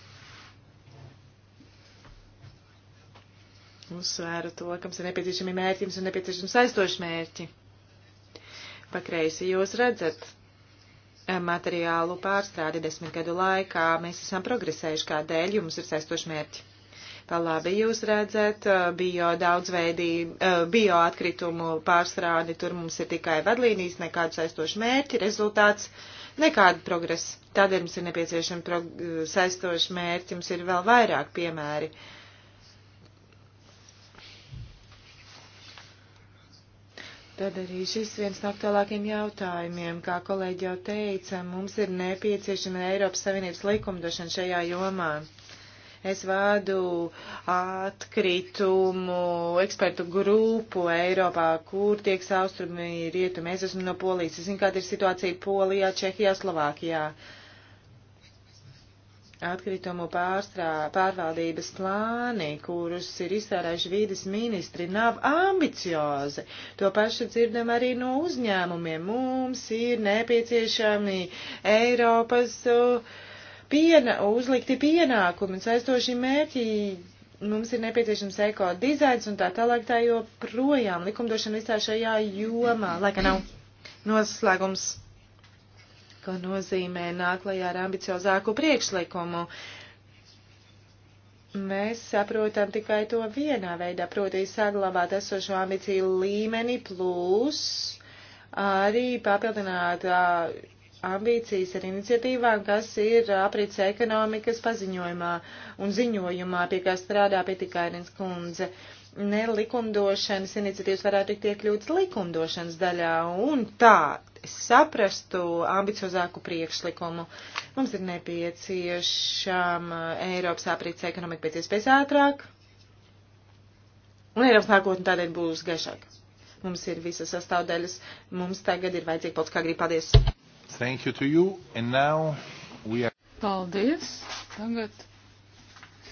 uzsvēru to, ka mums ir nepieciešami mērķi, mums ir nepieciešami saistoši mērķi. Pakreisi jūs redzat eh, materiālu pārstrādi desmit gadu laikā, mēs esam progresējuši, kādēļ jums ir saistoši mērķi. Tā labi jūs redzat, eh, bio daudzveidību, eh, bio atkritumu pārstrādi, tur mums ir tikai vadlīnijas, nekādu saistošu mērķi, rezultāts, nekāda progresa. Tādēļ mums ir nepieciešami saistoši mērķi, mums ir vēl vairāk piemēri. Uh, Tad arī šis viens no aktuālākiem jautājumiem, kā kolēģi jau teica, mums ir nepieciešama Eiropas Savienības likumdošana šajā jomā. Es vādu atkritumu ekspertu grupu Eiropā, kur tiek saustrumi rietumi. Es esmu no Polijas. Es zinu, kāda ir situācija Polijā, Čehijā, Slovākijā. Uh, atkritumu pārstrā, pārvaldības plāni, kurus ir izstrādājuši vīdes ministri, nav ambiciozi. To pašu dzirdam arī no uzņēmumiem. Mums ir nepieciešami Eiropas piena, uzlikti pienākumi un saistoši mērķi. Mums ir nepieciešams eko dizains un tā tālāk tā joprojām likumdošana visā šajā jomā, lai ka nav noslēgums ko nozīmē nāklajā ar ambiciozāku priekšlikumu. Mēs saprotam tikai to vienā veidā, proti saglabāt esošo ambiciju līmeni plus arī papildināt ambīcijas ar iniciatīvām, kas ir aprits ekonomikas paziņojumā un ziņojumā, pie kā strādā Pitikainins kundze. Nelikumdošanas iniciatīvas varētu tikt iekļūtas likumdošanas daļā, un tā saprastu ambiciozāku priekšlikumu. Mums ir nepieciešama Eiropas aprīts ekonomika pēc iespējas ātrāk, un Eiropas nākotne tādēļ būs gaišāka. Mums ir visas sastāvdaļas, mums tagad ir vajadzīga politiskā grība. Paldies! Thank you to you, and now we are... Paldies! Tagad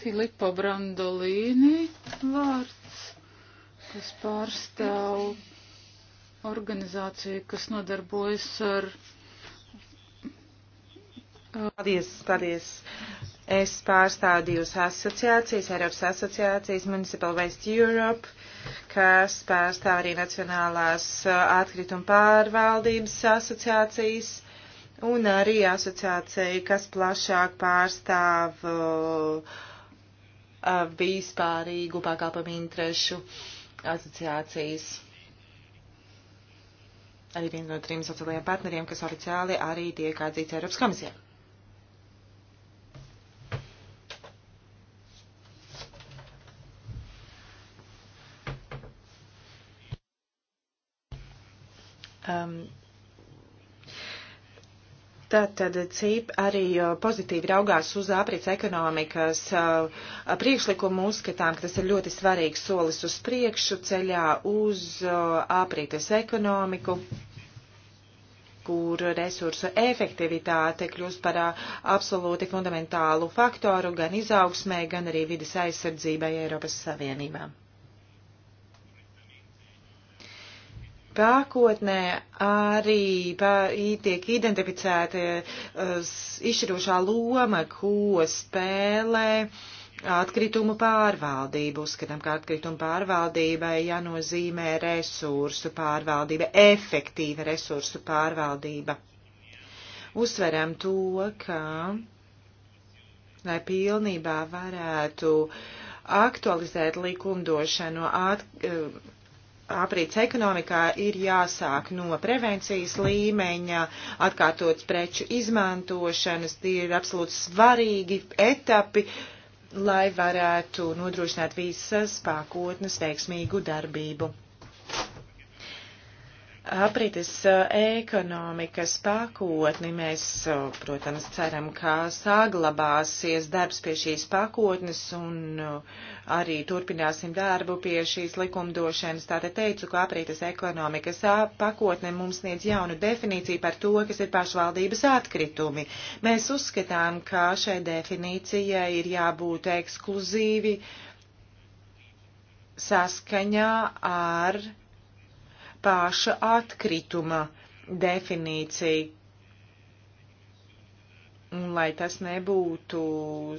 Filippo Brandolīni vārds, kas pārstāv. Thank you organizācija, kas nodarbojas ar. Uh, paldies, paldies. Es pārstāvu divas asociācijas, Eiropas asociācijas Municipal Waste Europe, kas pārstāv arī Nacionālās uh, atkrituma pārvaldības asociācijas un arī asociācija, kas plašāk pārstāv uh, uh vispārīgu pakalpojumu interešu asociācijas arī viens no trim sociālajiem partneriem, kas oficiāli arī tiek atzīts Eiropas komisijā. Um, Tātad CIP arī pozitīvi raugās uz aprits ekonomikas priekšlikumu, uzskatām, ka tas ir ļoti svarīgs solis uz priekšu ceļā uz aprites ekonomiku kur resursu efektivitāte kļūst par absolūti fundamentālu faktoru gan izaugsmē, gan arī vidas aizsardzībai Eiropas Savienībā. Pākotnē arī pā, tiek identificēta uh, izšķirošā loma, ko spēlē atkritumu pārvaldību. Uzskatām, ka atkritumu pārvaldībai jānozīmē resursu pārvaldība, efektīva resursu pārvaldība. Uzsveram to, ka, lai pilnībā varētu aktualizēt likumdošanu, at, uh, aprīts ekonomikā ir jāsāk no prevencijas līmeņa, atkārtot preču izmantošanas, tie ir absolūti svarīgi etapi, lai varētu nodrošināt visas pakotnes veiksmīgu darbību aprites ekonomikas pakotni. Mēs, protams, ceram, ka saglabāsies darbs pie šīs pakotnes un arī turpināsim darbu pie šīs likumdošanas. Tātad teicu, ka aprites ekonomikas pakotne mums sniedz jaunu definīciju par to, kas ir pašvaldības atkritumi. Mēs uzskatām, ka šai definīcijai ir jābūt ekskluzīvi saskaņā ar paša atkrituma definīcija, un lai tas nebūtu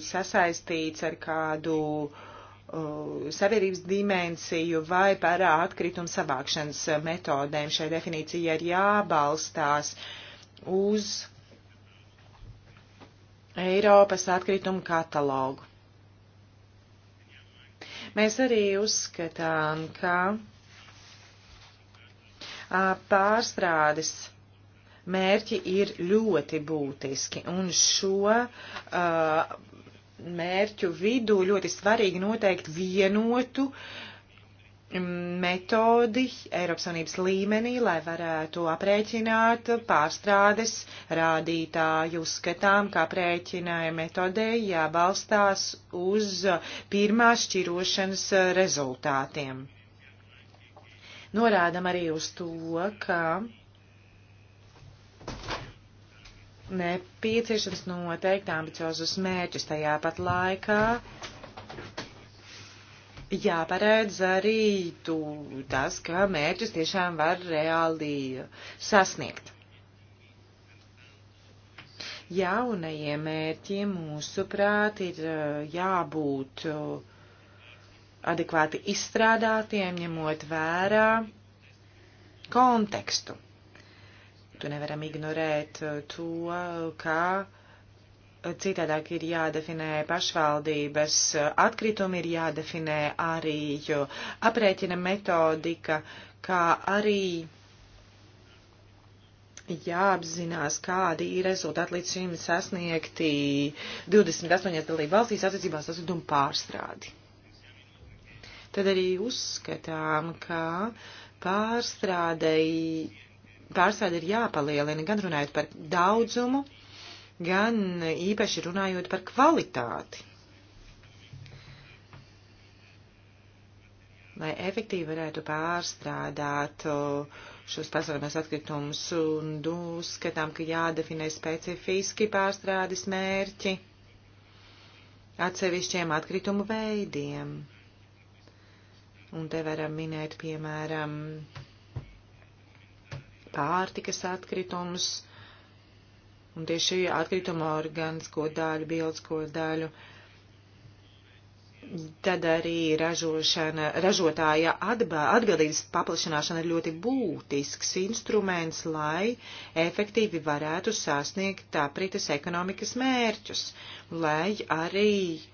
sasaistīts ar kādu uh, sabiedrības dimensiju vai par atkritumu savākšanas metodēm. Šai definīcijai ir jābalstās uz Eiropas atkritumu katalogu. Mēs arī uzskatām, ka pārstrādes mērķi ir ļoti būtiski, un šo uh, mērķu vidū ļoti svarīgi noteikt vienotu metodi Eiropas Savienības līmenī, lai varētu aprēķināt pārstrādes rādītāju. Uzskatām, ka aprēķināja metodē jābalstās uz pirmās šķirošanas rezultātiem. Norādam arī uz to, ka nepieciešams noteikt ambiciozus mērķus tajā pat laikā. Jāparedz arī tu, tas, ka mērķus tiešām var reāli sasniegt. Jaunajiem mērķiem mūsuprāt ir eh, jābūt uh, adekvāti izstrādātiem, ņemot vērā kontekstu. Tu nevaram ignorēt uh, to, uh, kā uh, citādāk ir jādefinē pašvaldības atkritumi, ir jādefinē arī aprēķina metodika, kā arī jāapzinās, kādi ir rezultāti līdz šim sasniegti 28 dalību valstīs attiecībās atkritumu pārstrādi tad arī uzskatām, ka pārstrādei, pārstrāde ir jāpalielina, gan runājot par daudzumu, gan īpaši runājot par kvalitāti. Lai efektīvi varētu pārstrādāt šos pasaules atkritumus un uzskatām, ka jādefinē specifiski pārstrādes mērķi atsevišķiem atkritumu veidiem Un te varam minēt, piemēram, pārtikas atkritumus un tieši atkrituma organisko daļu, bioloģisko daļu. Tad arī ražošana, ražotāja atbā, atbildības paplašināšana ir ļoti būtisks instruments, lai efektīvi varētu sasniegt aprites ekonomikas mērķus, lai arī uh,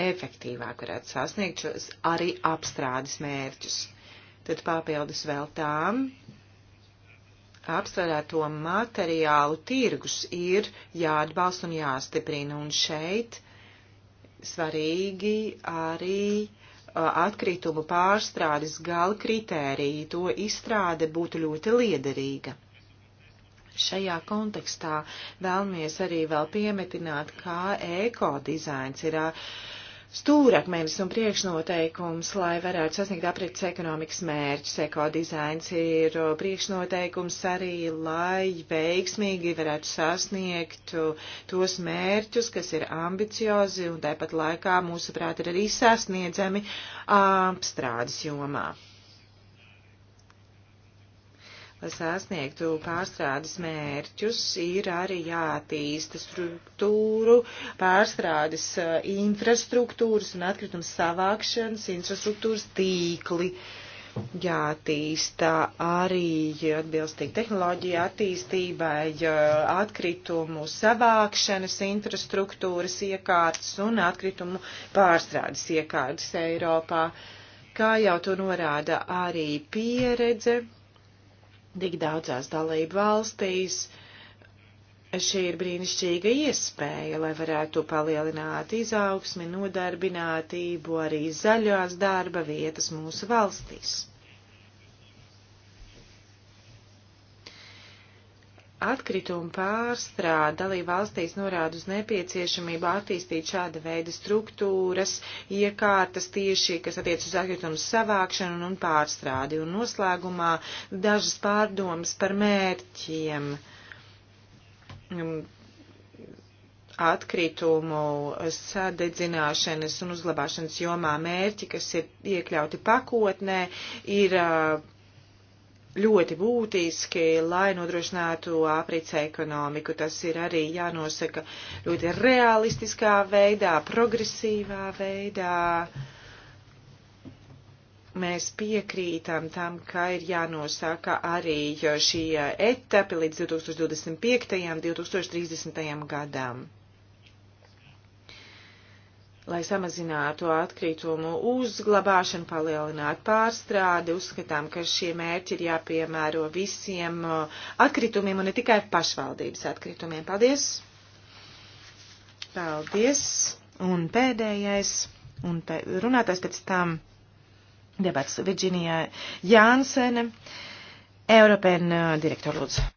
efektīvāk varētu sasniegt šos arī apstrādes mērķus. Tad papildus vēl tām apstrādāto materiālu tirgus ir jāatbalsta un jāstiprina, un šeit svarīgi arī atkritumu pārstrādes gala kritērija, to izstrāde būtu ļoti liederīga. Šajā kontekstā vēlamies arī vēl piemetināt, kā ekodizains ir stūrakmenis un priekšnoteikums, lai varētu sasniegt aprits ekonomikas mērķus. Ekodizains ir priekšnoteikums arī, lai veiksmīgi varētu sasniegt tos mērķus, kas ir ambiciozi un tāpat laikā, mūsuprāt, ir arī sasniedzami apstrādes jomā lai sasniegtu pārstrādes mērķus, ir arī jātīsta struktūru, pārstrādes infrastruktūras un atkritums savākšanas infrastruktūras tīkli. Jātīsta arī atbilstīgi tehnoloģija attīstībai, atkritumu savākšanas infrastruktūras iekārtas un atkritumu pārstrādes iekārtas Eiropā. Kā jau to norāda arī pieredze, Tik daudzās dalību valstīs šī ir brīnišķīga iespēja, lai varētu palielināt izaugsmi, nodarbinātību, arī zaļās darba vietas mūsu valstīs. Atkritumu pārstrāde dalība valstīs norāda uz nepieciešamību attīstīt šāda veida struktūras, iekārtas tieši, kas attiec uz atkritumu savākšanu un pārstrādi. Un noslēgumā dažas pārdomas par mērķiem mm, atkritumu sadedzināšanas un uzglabāšanas jomā mērķi, kas ir iekļauti pakotnē, ir uh, ļoti būtiski, lai nodrošinātu aprīts ekonomiku. Tas ir arī jānosaka ļoti realistiskā veidā, progresīvā veidā. Mēs piekrītam tam, ka ir jānosaka arī šī etapi līdz 2025. un 2030. gadam lai samazinātu atkritumu uzglabāšanu, palielinātu pārstrādi. Uzskatām, ka šie mērķi ir jāpiemēro visiem uh, atkritumiem un ne tikai pašvaldības atkritumiem. Paldies! Paldies! Un pēdējais, un pē, runātājs pēc tam debats Virģinijā Jānsene, Eiropēna uh, direktora lūdzu.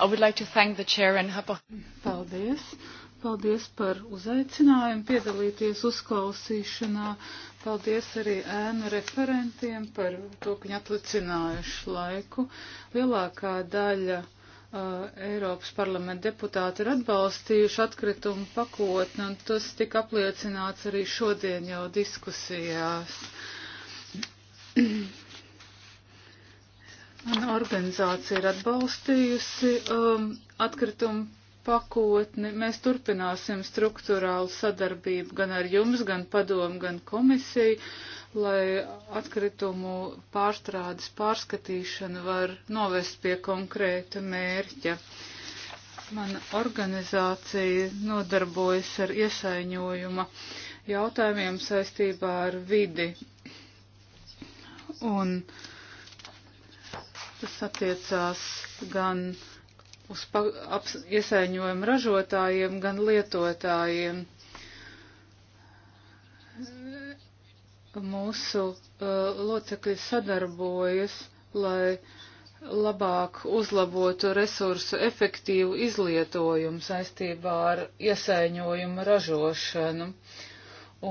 I would like to thank the chair and Paldies. Paldies par uzaicinājumu piedalīties uzklausīšanā. Paldies arī ēnu referentiem par to, ka viņi atlicinājuši laiku. Lielākā daļa uh, Eiropas parlamenta deputāti ir atbalstījuši atkritumu pakotni, un tas tika apliecināts arī šodien jau diskusijās. Mana organizācija ir atbalstījusi um, atkritumu pakotni. Mēs turpināsim struktūrālu sadarbību gan ar jums, gan padomu, gan komisiju, lai atkritumu pārstrādes pārskatīšana var novest pie konkrēta mērķa. Mana organizācija nodarbojas ar iesaiņojuma jautājumiem saistībā ar vidi. Un, uh, Tas attiecās gan uz pa, aps, iesaiņojumu ražotājiem, gan lietotājiem. Mūsu uh, locekļi sadarbojas, lai labāk uzlabotu resursu efektīvu izlietojumu saistībā ar iesaiņojumu ražošanu.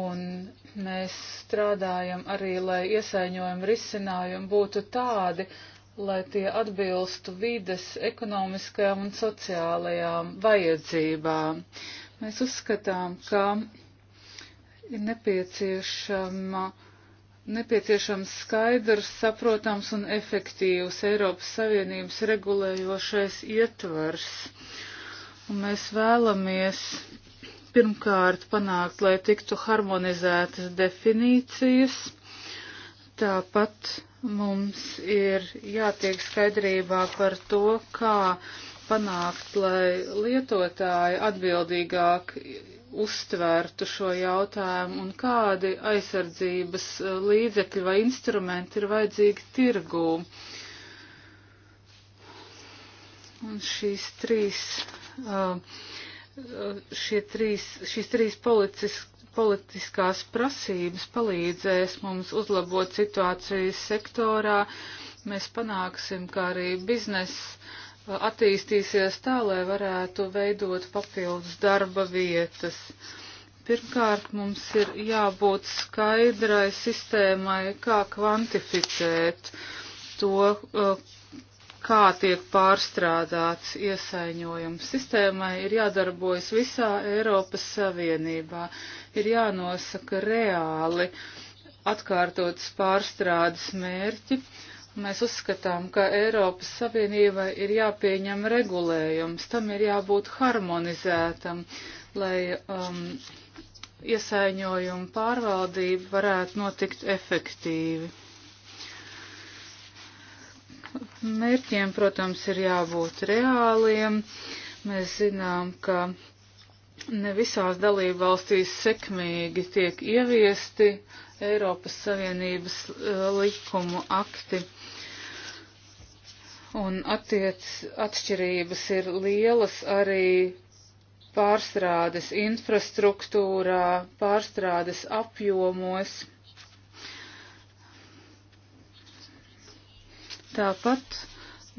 Un mēs strādājam arī, lai iesaiņojumu risinājumi būtu tādi, lai tie atbilstu vides, ekonomiskajām un sociālajām vajadzībām. Mēs uzskatām, ka ir nepieciešama, nepieciešams skaidrs, saprotams un efektīvs Eiropas Savienības regulējošais ietvars. Un mēs vēlamies pirmkārt panākt, lai tiktu harmonizētas definīcijas, tāpat Mums ir jātiek skaidrībā par to, kā panākt, lai lietotāji atbildīgāk uztvērtu šo jautājumu un kādi aizsardzības eh, līdzekļi vai instrumenti ir vajadzīgi tirgū. Un šīs trīs, eh, eh, šie trīs, šīs trīs policis, politiskās prasības palīdzēs mums uzlabot situācijas sektorā. Mēs panāksim, kā arī biznes uh, attīstīsies tā, lai varētu veidot papildus darba vietas. Pirmkārt, mums ir jābūt skaidrai sistēmai, kā kvantificēt to, uh, kā tiek pārstrādāts iesaiņojums. Sistēmai ir jādarbojas visā Eiropas Savienībā, ir jānosaka reāli atkārtotas pārstrādes mērķi. Mēs uzskatām, ka Eiropas Savienībai ir jāpieņem regulējums, tam ir jābūt harmonizētam, lai um, iesaiņojumu pārvaldība varētu notikt efektīvi. Mērķiem, protams, ir jābūt reāliem. Mēs zinām, ka ne visās dalību valstīs sekmīgi tiek ieviesti Eiropas Savienības eh, likumu akti. Un attiec, atšķirības ir lielas arī pārstrādes infrastruktūrā, pārstrādes apjomos. Tāpat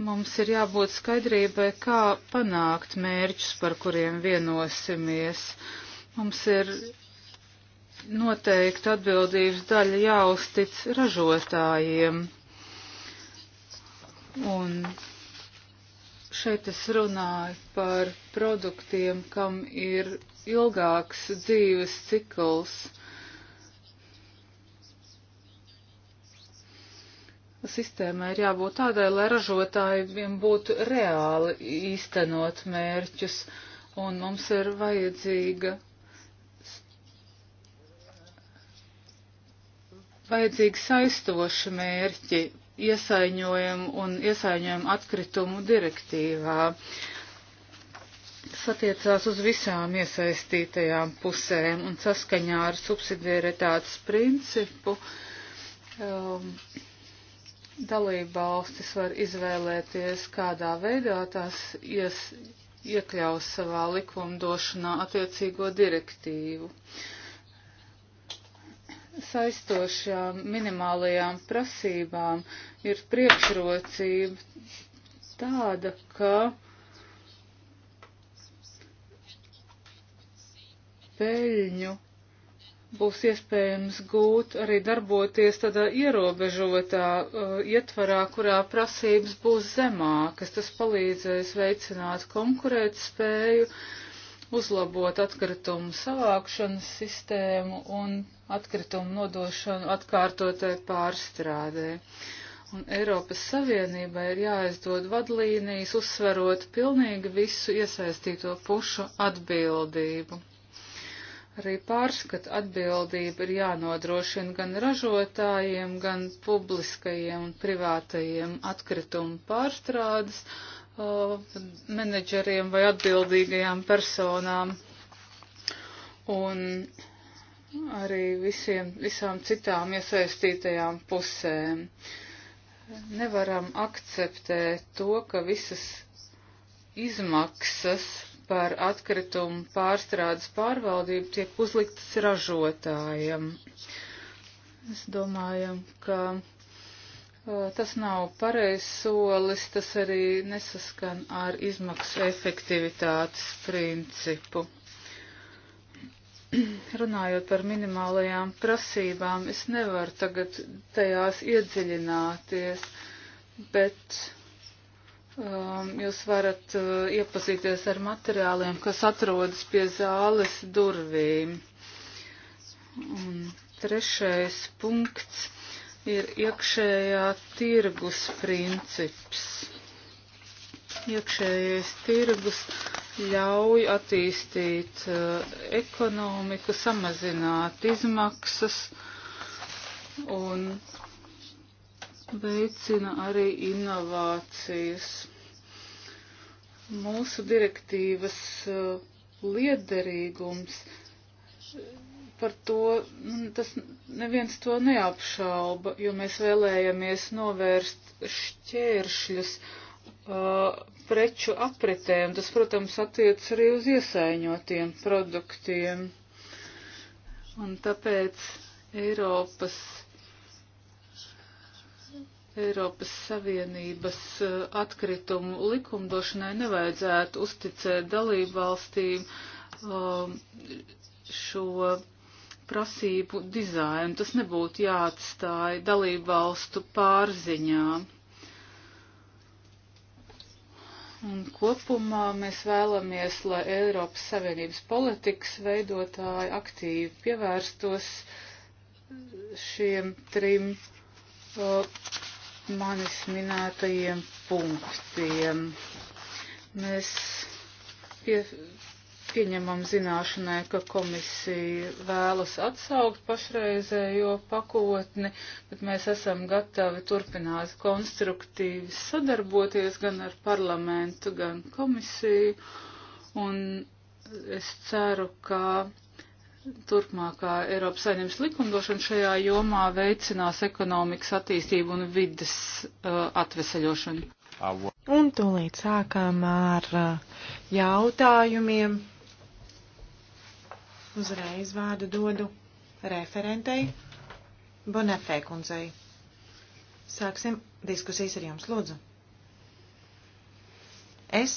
mums ir jābūt skaidrībai, kā panākt mērķus, par kuriem vienosimies. Mums ir noteikti atbildības daļa jāuztic ražotājiem. Un šeit es runāju par produktiem, kam ir ilgāks dzīves cikls. Sistēmai ir jābūt tādai, lai ražotājiem būtu reāli īstenot mērķus, un mums ir vajadzīga vajadzīgi saistoši mērķi iesaiņojumu un iesaiņojumu atkritumu direktīvā. Tas attiecās uz visām iesaistītajām pusēm un saskaņā ar subsidiaritātes principu. Um, dalība valstis var izvēlēties, kādā veidā tās ies, iekļaus savā likumdošanā attiecīgo direktīvu. Saistošām minimālajām prasībām ir priekšrocība tāda, ka peļņu būs iespējams gūt arī darboties tādā ierobežotā uh, ietvarā, kurā prasības būs zemākas. Tas palīdzēs veicināt konkurētspēju, uzlabot atkritumu savākšanas sistēmu un atkritumu nodošanu atkārtotai pārstrādē. Un Eiropas Savienībai ir jāizdod vadlīnijas, uzsverot pilnīgi visu iesaistīto pušu atbildību. Arī pārskata atbildība ir jānodrošina gan ražotājiem, gan publiskajiem un privātajiem atkritumu pārstrādes uh, menedžeriem vai atbildīgajām personām. Un arī visiem, visām citām iesaistītajām pusēm. Nevaram akceptēt to, ka visas izmaksas par atkritumu pārstrādes pārvaldību tiek uzliktas ražotājiem. Es domāju, ka tas nav pareizs solis, tas arī nesaskan ar izmaksu efektivitātes principu. Runājot par minimālajām prasībām, es nevaru tagad tajās iedziļināties, bet Um, jūs varat uh, iepazīties ar materiāliem, kas atrodas pie zāles durvīm. Un trešais punkts ir iekšējā tirgus princips. Iekšējais tirgus ļauj attīstīt uh, ekonomiku, samazināt izmaksas un veicina arī inovācijas. Mūsu direktīvas uh, liederīgums uh, par to, nu, tas neviens to neapšauba, jo mēs vēlējamies novērst šķēršļus uh, preču apretēm. Tas, protams, attiec arī uz iesaiņotiem produktiem. Un tāpēc Eiropas Eiropas Savienības eh, atkritumu likumdošanai nevajadzētu uzticēt dalībvalstīm um, šo prasību dizainu. Tas nebūtu jāatstāja dalībvalstu pārziņā. Un kopumā mēs vēlamies, lai Eiropas Savienības politikas veidotāji aktīvi pievērstos šiem trim uh, manis minētajiem punktiem. Mēs pie, pieņemam zināšanai, ka komisija vēlas atsaukt pašreizējo pakotni, bet mēs esam gatavi turpināt konstruktīvi sadarboties gan ar parlamentu, gan komisiju. Un es ceru, ka Turpmākā Eiropas saimnības likumdošana šajā jomā veicinās ekonomikas attīstību un vidas uh, atveseļošanu. Un tūlīt sākam ar uh, jautājumiem. Uzreiz vārdu dodu referentei Bonafē kundzei. Sāksim diskusijas ar jums, lūdzu. Es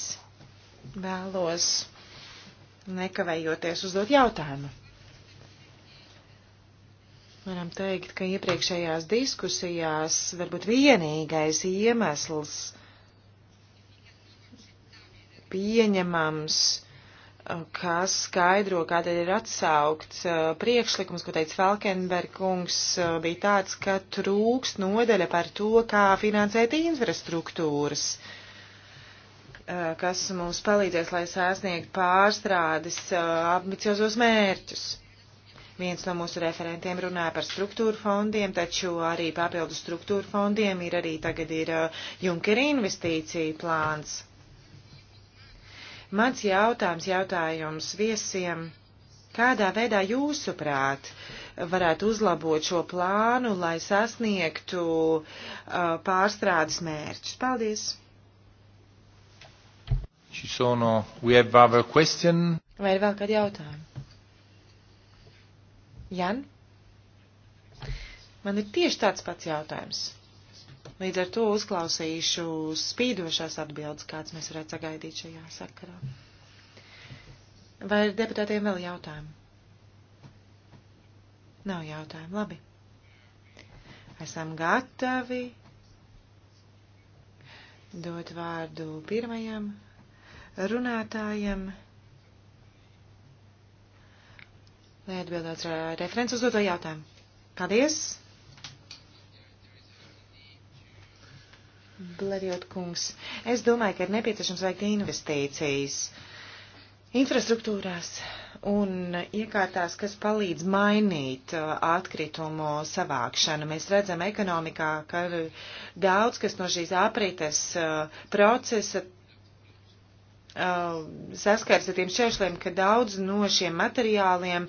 vēlos nekavējoties uzdot jautājumu. Varam teikt, ka iepriekšējās diskusijās varbūt vienīgais iemesls pieņemams, uh, kas skaidro, kādēļ ir atsaukts uh, priekšlikums, ko teica Falkenbergs, uh, bija tāds, ka trūkst nodeļa par to, kā finansēt infrastruktūras kas mums palīdzēs, lai sasniegtu pārstrādes ambiciozos mērķus. Viens no mūsu referentiem runāja par struktūru fondiem, taču arī papildu struktūru fondiem ir arī tagad ir uh, Junker investīcija plāns. Mans jautājums, jautājums viesiem, kādā veidā jūsuprāt varētu uzlabot šo plānu, lai sasniegtu uh, pārstrādes mērķus? Paldies! Ci sono, we have other question. Vai ir vēl kādi jautājumi? Jan? Man ir tieši tāds pats jautājums. Līdz ar to uzklausīšu spīdošās atbildes, kāds mēs varētu sagaidīt šajā sakarā. Vai ir deputātiem vēl jautājumi? Nav jautājumu, labi. Esam gatavi dot vārdu pirmajam runātājam. lai atbildētu uh, referents uzdoto jautājumu. Paldies! Bleriot kungs, es domāju, ka ir nepieciešams veikt investīcijas infrastruktūrās un iekārtās, kas palīdz mainīt uh, atkritumu savākšanu. Mēs redzam ekonomikā, ka daudz kas no šīs aprites uh, procesa Uh, saskars ar tiem šķēršļiem, ka daudz no šiem materiāliem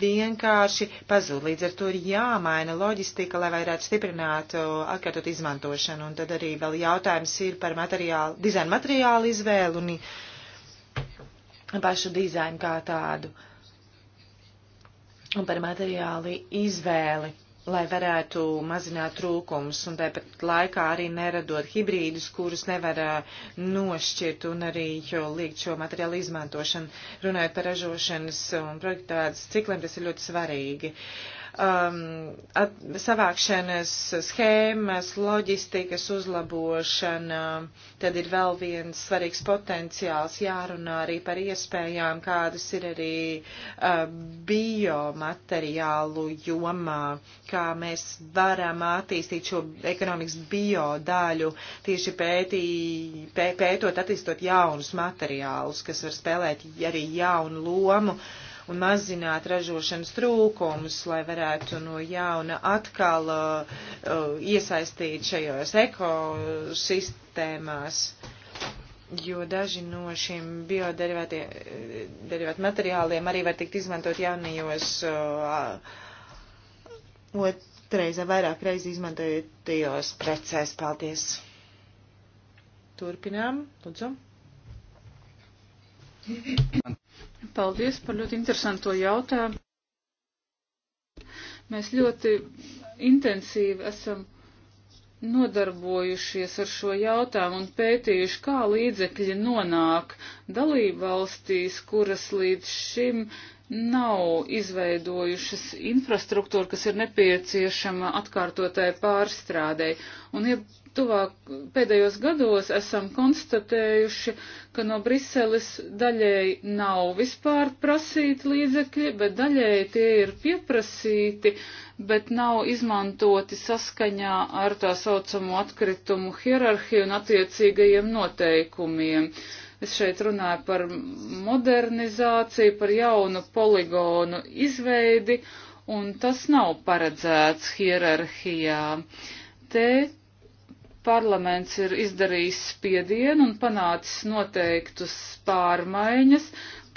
vienkārši pazūd. Līdz ar to ir jāmaina loģistika, lai varētu stiprināt uh, atkārtot izmantošanu. Un tad arī vēl jautājums ir par materiālu, dizaina materiālu izvēlu un pašu dizainu kā tādu. Un par materiālu izvēli lai varētu mazināt trūkumus un tāpat laikā arī neradot hibrīdus, kurus nevar nošķirt un arī liekt šo materiālu izmantošanu. Runājot par ražošanas un projektātas cikliem, tas ir ļoti svarīgi um, at, savākšanas schēmas, loģistikas uzlabošana, tad ir vēl viens svarīgs potenciāls jārunā arī par iespējām, kādas ir arī uh, biomateriālu jomā, kā mēs varam attīstīt šo ekonomikas biodaļu tieši pētī, pē, pētot, attīstot jaunus materiālus, kas var spēlēt arī jaunu lomu. Uh, un mazināt ražošanas trūkumus, lai varētu no jauna atkal uh, uh iesaistīt šajos ekosistēmās. Jo daži no šiem bioderivātu materiāliem arī var tikt izmantot jaunajos uh, otrreizē vairāk reizi izmantotajos precēs. Paldies! Turpinām, lūdzu. Paldies par ļoti interesanto jautājumu. Mēs ļoti intensīvi esam nodarbojušies ar šo jautājumu un pētījuši, kā līdzekļi nonāk dalību valstīs, kuras līdz šim uh, nav izveidojušas infrastruktūru, kas ir nepieciešama atkārtotai pārstrādei. Un, ja tuvāk pēdējos gados esam konstatējuši, ka no Briseles daļēji nav vispār prasīti līdzekļi, bet daļēji tie ir pieprasīti, bet nav izmantoti saskaņā ar tā saucamo atkritumu hierarhiju un attiecīgajiem noteikumiem. Uh, Es šeit runāju par modernizāciju, par jaunu poligonu izveidi, un tas nav paredzēts hierarhijā. Te parlaments ir izdarījis spiedienu un panācis noteiktus pārmaiņas,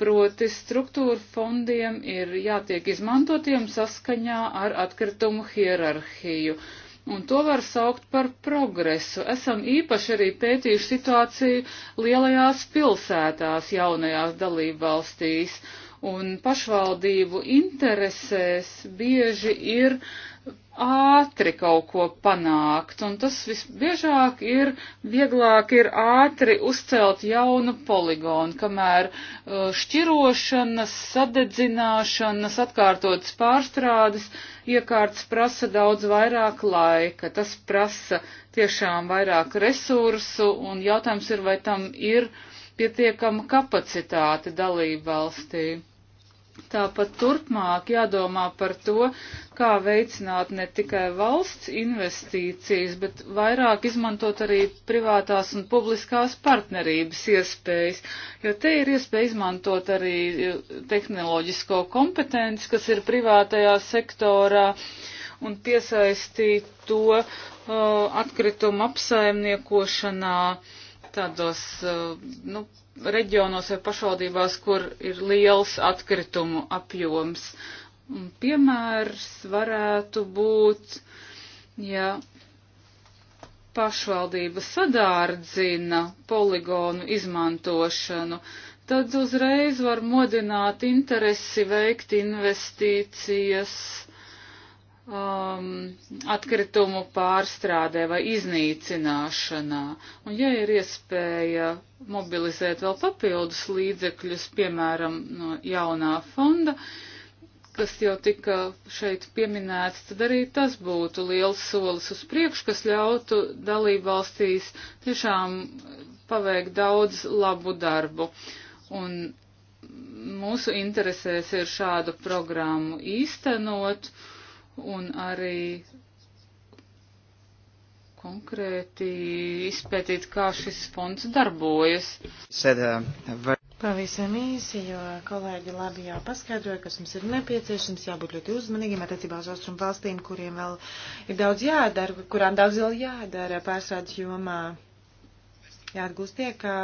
proti struktūra fondiem ir jātiek izmantotiem saskaņā ar atkritumu hierarhiju. Uh, Un to var saukt par progresu. Esam īpaši arī pētījuši situāciju lielajās pilsētās jaunajās dalībvalstīs. Un pašvaldību interesēs bieži ir ātri kaut ko panākt, un tas visbiežāk ir, vieglāk ir ātri uzcelt jaunu poligonu, kamēr uh, šķirošanas, sadedzināšanas, atkārtotas pārstrādes iekārtas prasa daudz vairāk laika, tas prasa tiešām vairāk resursu, un jautājums ir, vai tam ir pietiekama kapacitāte dalību valstī. Tāpat turpmāk jādomā par to, kā veicināt ne tikai valsts investīcijas, bet vairāk izmantot arī privātās un publiskās partnerības iespējas, jo te ir iespēja izmantot arī e, tehnoloģisko kompetenci, kas ir privātajā sektorā, un piesaistīt to uh, atkritumu apsaimniekošanā uh, tādos eh, nu, reģionos vai pašvaldībās, kur ir liels atkritumu apjoms. Un piemērs varētu būt, ja pašvaldība sadārdzina poligonu izmantošanu, tad uzreiz var modināt interesi veikt investīcijas um, atkritumu pārstrādē vai iznīcināšanā. Un ja ir iespēja mobilizēt vēl papildus līdzekļus, piemēram, no jaunā fonda, kas jau tika šeit pieminēts, tad arī tas būtu liels solis uz priekšu, kas ļautu dalībvalstīs tiešām paveikt daudz labu darbu. Un mūsu interesēs ir šādu programmu īstenot. Uh, un arī konkrēti izpētīt, kā šis fonds darbojas. Uh, Pavisam īsi, jo kolēģi labi jau paskaidroja, kas mums ir nepieciešams, jābūt ļoti uzmanīgiem attiecībā uz austrumu valstīm, kuriem vēl ir daudz jādara, kurām daudz vēl jādara pārstrādes jomā. Jāatgūst tie, kā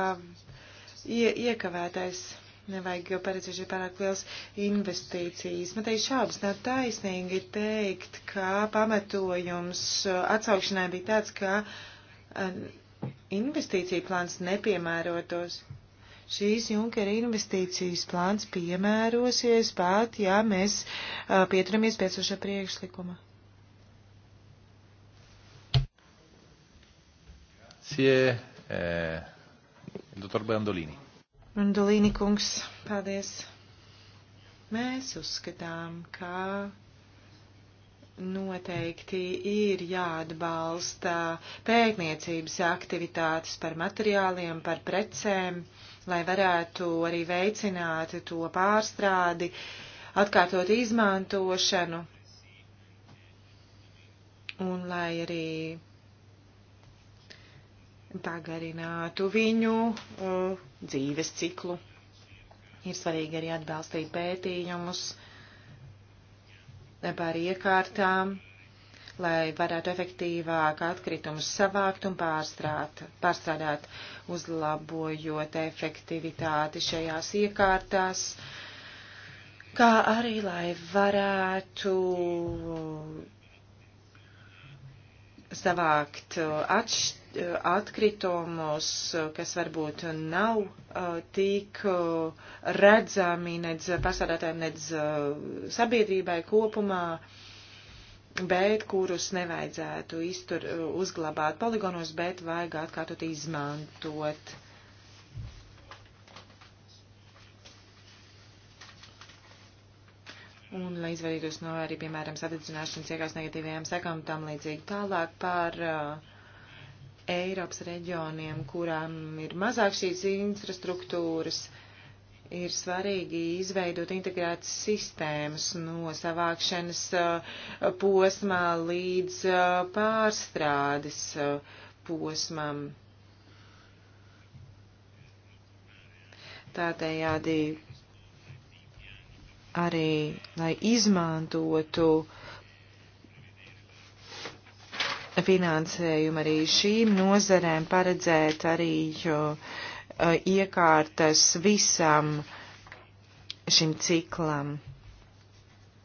ie, iekavētais Nevajag jau paredzēt pārāk liels investīcijas. Man teikt šaubas nav taisnīgi teikt, ka pamatojums uh, atsaukšanai bija tāds, ka uh, investīcija plāns nepiemērotos. Šīs Junkera investīcijas plāns piemērosies pat, ja mēs uh, pieturamies pēc šo priekšlikuma. Sie, eh, doktor Bandolini. Mandolīni kungs, paldies. Mēs uzskatām, ka noteikti ir jāatbalsta pētniecības aktivitātes par materiāliem, par precēm, lai varētu arī veicināt to pārstrādi, atkārtot izmantošanu un lai arī pagarinātu viņu uh, dzīves ciklu. Ir svarīgi arī atbalstīt pētījumus par iekārtām, lai varētu efektīvāk atkritumus savākt un pārstrāt, pārstrādāt, uzlabojot efektivitāti šajās iekārtās, kā arī lai varētu savākt uh, atšķirt atkritumus, kas varbūt nav uh, tik uh, redzami nedz pasādātājiem, nedz uh, sabiedrībai kopumā, bet kurus nevajadzētu iztur, uzglabāt poligonos, bet vajag atkārtot izmantot. un lai izvairītos no arī, piemēram, sadedzināšanas iegās negatīvajām sekām tam līdzīgi tālāk par uh, Eiropas reģioniem, kurām ir mazāk šīs infrastruktūras, ir svarīgi izveidot integrētas sistēmas no savākšanas uh, posmā līdz uh, pārstrādes uh, posmam. Tādējādi arī, lai izmantotu uh, finansējumu arī šīm nozarēm paredzēt arī e, iekārtas visam šim ciklam,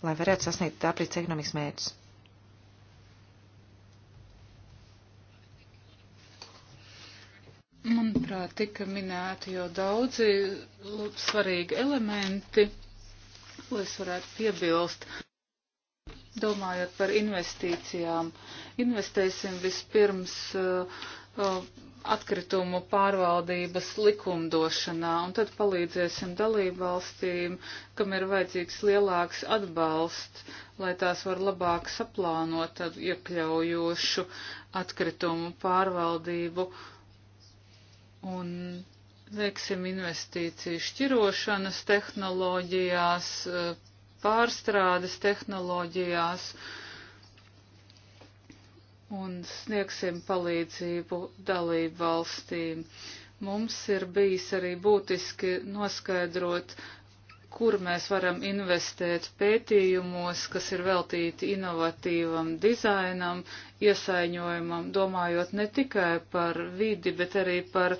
lai varētu sasniegt aprits ekonomikas mērķus. Manuprāt, tika minēti jau daudzi svarīgi elementi, ko es varētu piebilst. Domājot par investīcijām, investēsim vispirms uh, uh, atkritumu pārvaldības likumdošanā, un tad palīdzēsim dalībvalstīm, kam ir vajadzīgs lielāks atbalsts, lai tās var labāk saplānot iekļaujošu atkritumu pārvaldību un veiksim investīciju šķirošanas tehnoloģijās, uh, pārstrādes tehnoloģijās un sniegsim palīdzību dalību valstīm. Mums ir bijis arī būtiski noskaidrot, kur mēs varam investēt pētījumos, kas ir veltīti inovatīvam dizainam, iesaiņojumam, domājot ne tikai par vidi, bet arī par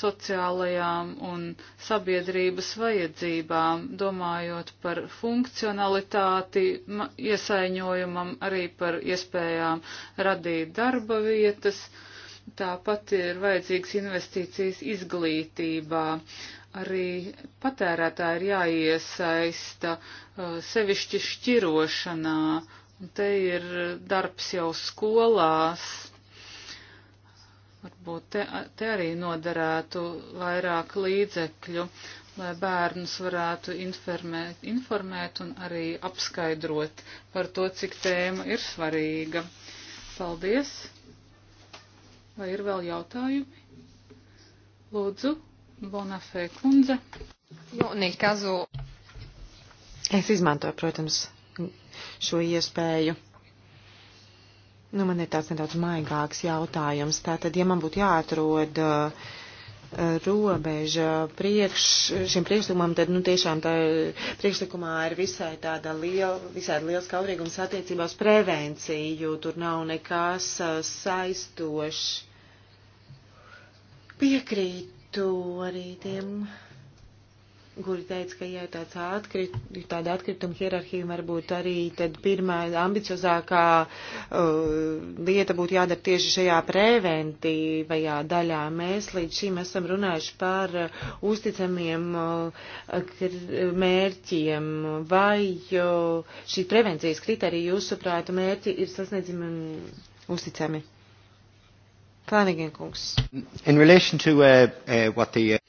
sociālajām un sabiedrības vajadzībām, domājot par funkcionalitāti iesaiņojumam, arī par iespējām radīt darba vietas. Tāpat ir vajadzīgs investīcijas izglītībā arī patērētāji ir jāiesaista uh, sevišķi šķirošanā, un te ir darbs jau skolās. Varbūt te, te arī noderētu vairāk līdzekļu, lai bērnus varētu informēt, informēt un arī apskaidrot par to, cik tēma ir svarīga. Paldies! Vai ir vēl jautājumi? Lūdzu! Bonafē kundze. Nu, nekazu. Es izmantoju, protams, šo iespēju. Nu, man ir tāds nedaudz maigāks jautājums. Tātad, ja man būtu jāatrod uh, robeža priekš šim priekšlikumam, tad, nu, tiešām tā priekšlikumā ir visai tāda liela, visai liels kaurīgums attiecībā uz prevenciju, tur nav nekas uh, saistošs. Piekrīt tu arī tiem, kuri teica, ka ja tāds atkrit, tāda atkrituma hierarhija varbūt arī tad pirmā ambiciozākā uh, lieta būtu jādara tieši šajā preventīvajā daļā. Mēs līdz šim esam runājuši par uh, uzticamiem uh, mērķiem. Vai uh, šī prevencijas kriterija, jūsuprāt, mērķi ir sasniedzami un uzticami? Flanagan kungs. In relation to uh, uh, what the...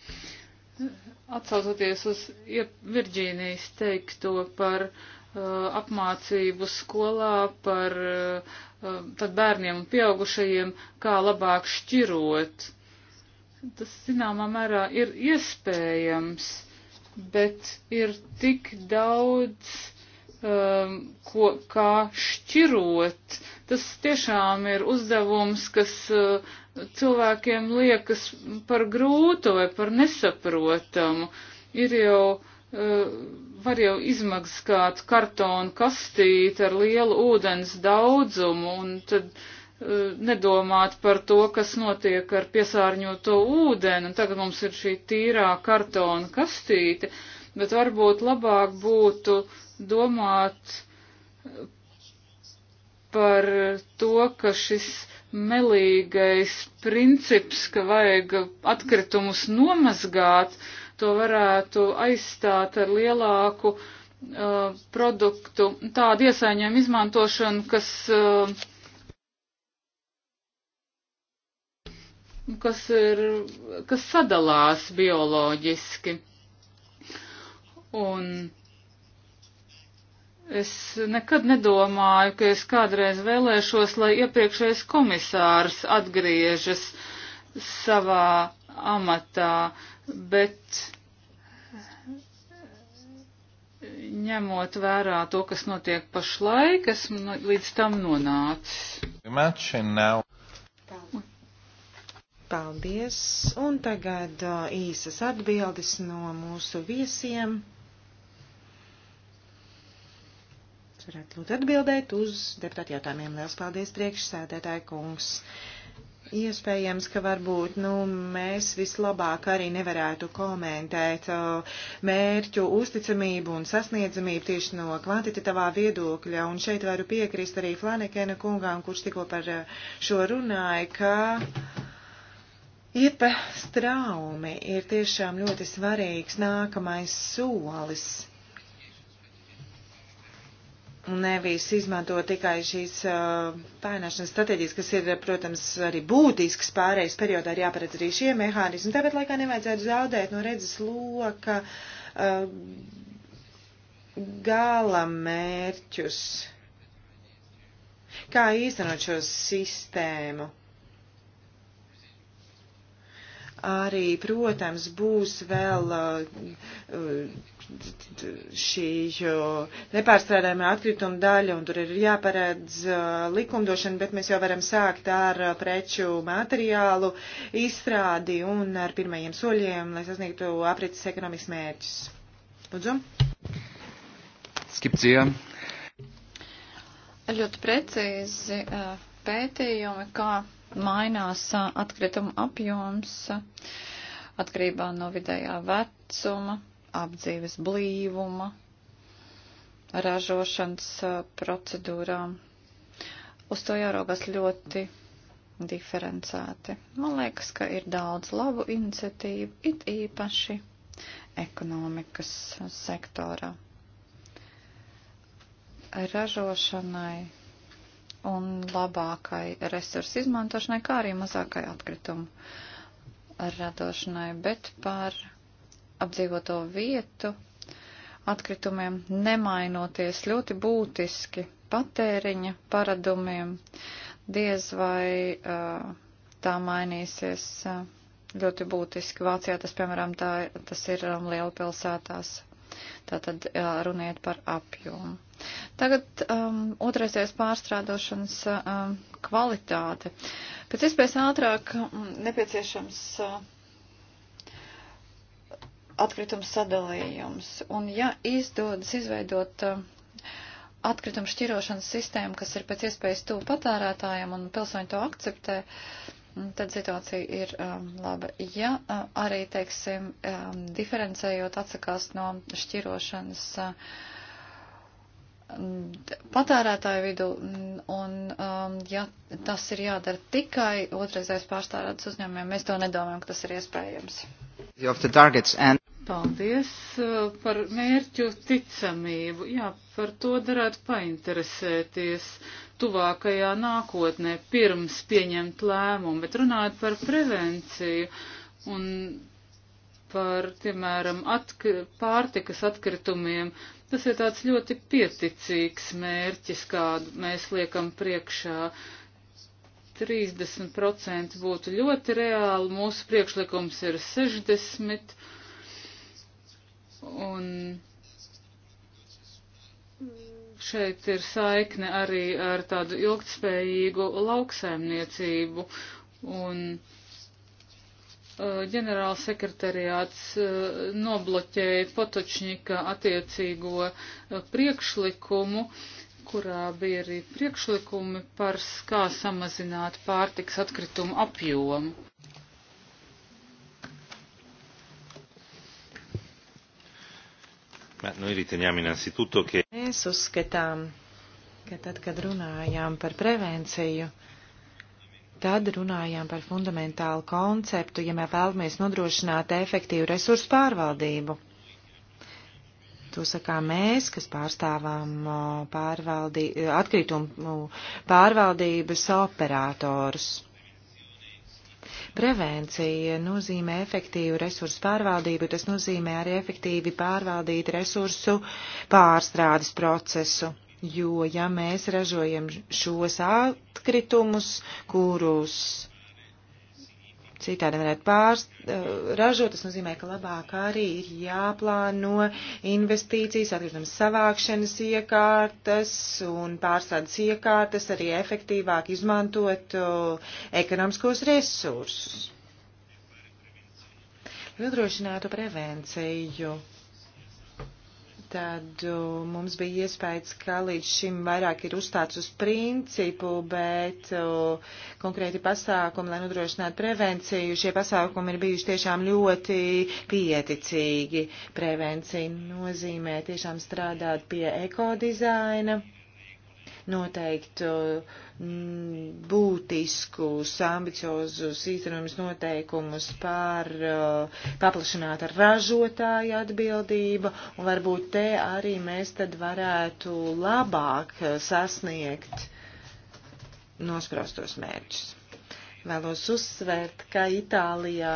Uh... Atsaucoties uz ja Virģīnijas teikto par uh, apmācību skolā, par uh, um, tad bērniem un pieaugušajiem, kā labāk šķirot. Tas, zināmā mērā, ir iespējams, bet ir tik daudz um, ko, kā šķirot. Tas tiešām ir uzdevums, kas uh, cilvēkiem liekas par grūtu vai par nesaprotamu. Ir jau, uh, var jau izmaksāt kartonu kastīti ar lielu ūdens daudzumu un tad uh, nedomāt par to, kas notiek ar piesārņoto ūdeni, un tagad mums ir šī tīrā kartona kastīte, bet varbūt labāk būtu domāt par to, ka šis melīgais princips, ka vajag atkritumus nomazgāt, to varētu aizstāt ar lielāku uh, produktu, tādu iesaiņojumu izmantošanu, kas, uh, kas, ir, kas sadalās bioloģiski. Un Es nekad nedomāju, ka es kādreiz vēlēšos, lai iepriekšējais komisārs atgriežas savā amatā, bet ņemot vērā to, kas notiek pašlaik, esmu nu, līdz tam nonācis. Paldies, un tagad uh, īsas atbildes no mūsu viesiem. Jūs varētu lūdzu atbildēt uz deputātu jautājumiem. Liels paldies, priekšsēdētāji kungs. Iespējams, ka varbūt nu, mēs vislabāk arī nevarētu komentēt uh, mērķu uzticamību un sasniedzamību tieši no kvantitatīvā viedokļa. Un šeit varu piekrist arī Flanekena kungām, kurš tikko par uh, šo runāja, ka iepa straumi ir tiešām ļoti svarīgs nākamais solis nevis izmanto tikai šīs uh, pēnāšanas stratēģijas, kas ir, protams, arī būtisks pārējais periodā, ir jāparedz arī šie mehānismi. Tāpat laikā nevajadzētu zaudēt no redzes loka uh, gala mērķus. Kā īstenot šo sistēmu? Arī, protams, būs vēl uh, šī nepārstrādājumā atkrituma daļa, un tur ir jāparedz uh, likumdošana, bet mēs jau varam sākt ar uh, preču materiālu izstrādi un ar pirmajiem soļiem, lai sasniegtu aprits ekonomikas mērķus. Lūdzu. Skipcija. Ļoti precīzi uh, pētījumi, kā mainās atkrituma apjoms atkarībā no vidējā vecuma apdzīves blīvuma, ražošanas procedūrām. Uz to jāraugās ļoti diferencēti. Man liekas, ka ir daudz labu iniciatīvu, it īpaši ekonomikas sektorā. Ražošanai un labākai resursu izmantošanai, kā arī mazākai atkritumu radošanai, bet par apdzīvoto vietu atkritumiem, nemainoties ļoti būtiski patēriņa paradumiem, diez vai uh, tā mainīsies uh, ļoti būtiski. Vācijā tas, piemēram, tā, tas ir um, lielpilsētās. Tātad uh, runiet par apjomu. Tagad um, otraisies pārstrādošanas um, kvalitāte. Pēc iespējas ātrāk um, nepieciešams. Uh, atkritumu sadalījums. Un ja izdodas izveidot eh, atkritumu šķirošanas sistēmu, kas ir pēc iespējas tuvu patērētājiem un pilsoņi to akceptē, mm, tad situācija ir um, laba. Ja uh, arī, teiksim, um, diferencējot atsakās no šķirošanas uh, patērētāju vidu, mm, un um, ja tas ir jādara tikai otrreizais pārstāvētas uzņēmumiem, mēs to nedomājam, ka tas ir iespējams. And... Paldies uh, par mērķu ticamību. Jā, par to darētu painteresēties tuvākajā nākotnē, pirms pieņemt lēmumu, bet runājot par prevenciju un par, piemēram, atk pārtikas atkritumiem, tas ir tāds ļoti pieticīgs mērķis, kādu mēs liekam priekšā. 30% būtu ļoti reāli, mūsu priekšlikums ir 60%. Un šeit ir saikne arī ar tādu ilgtspējīgu lauksaimniecību. Un ģenerālsekretariāts nobloķēja Potočņika attiecīgo priekšlikumu, kurā bija arī priekšlikumi par, kā samazināt pārtiks atkritumu apjomu. Mēs uzskatām, ka tad, kad runājām par prevenciju, tad runājām par fundamentālu konceptu, ja mēs vēlamies nodrošināt efektīvu resursu pārvaldību. To sakām mēs, kas pārstāvām pārvaldī, atkritumu pārvaldības operatorus. Prevencija nozīmē efektīvu resursu pārvaldību, tas nozīmē arī efektīvi pārvaldīt resursu pārstrādes procesu. Jo, ja mēs ražojam šos atkritumus, kurus citādi varētu pārražot. Eh, Tas nozīmē, ka labāk arī ir jāplāno investīcijas, atkritumu savākšanas iekārtas un pārstrādes iekārtas, arī efektīvāk izmantot eh, ekonomiskos resursus. Nodrošinātu prevenciju tad uh, mums bija iespējas, ka līdz šim vairāk ir uzstāts uz principu, bet uh, konkrēti pasākumi, lai nodrošinātu prevenciju, šie pasākumi ir bijuši tiešām ļoti pieticīgi. Prevencija nozīmē tiešām strādāt pie ekodizaina noteiktu mm, būtiskus, ambiciozus īstenojumus noteikumus par uh, paplašināta ražotāja atbildība, un varbūt te arī mēs tad varētu labāk sasniegt nospraustos mērķus. Vēlos uzsvērt, ka Itālijā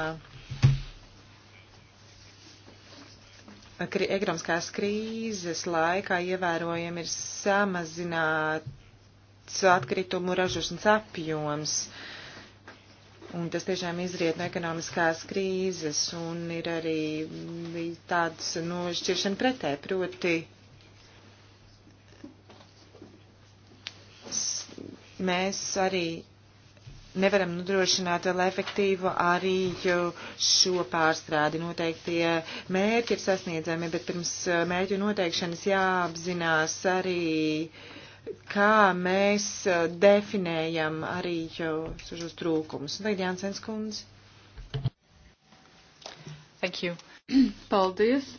ekonomiskās krīzes laikā ievērojami ir samazināts atkritumu ražošanas apjoms. Un tas tiešām izriet no ekonomiskās krīzes un ir arī tāds nošķiršana pretē, proti mēs arī nevaram nodrošināt vēl eh, efektīvu arī eh, šo pārstrādi. Noteiktie mērķi ir sasniedzami, bet pirms eh, mērķu noteikšanas jāapzinās arī, kā mēs definējam arī šos trūkumus. Tagad Jānsens kundze. Thank you. Paldies.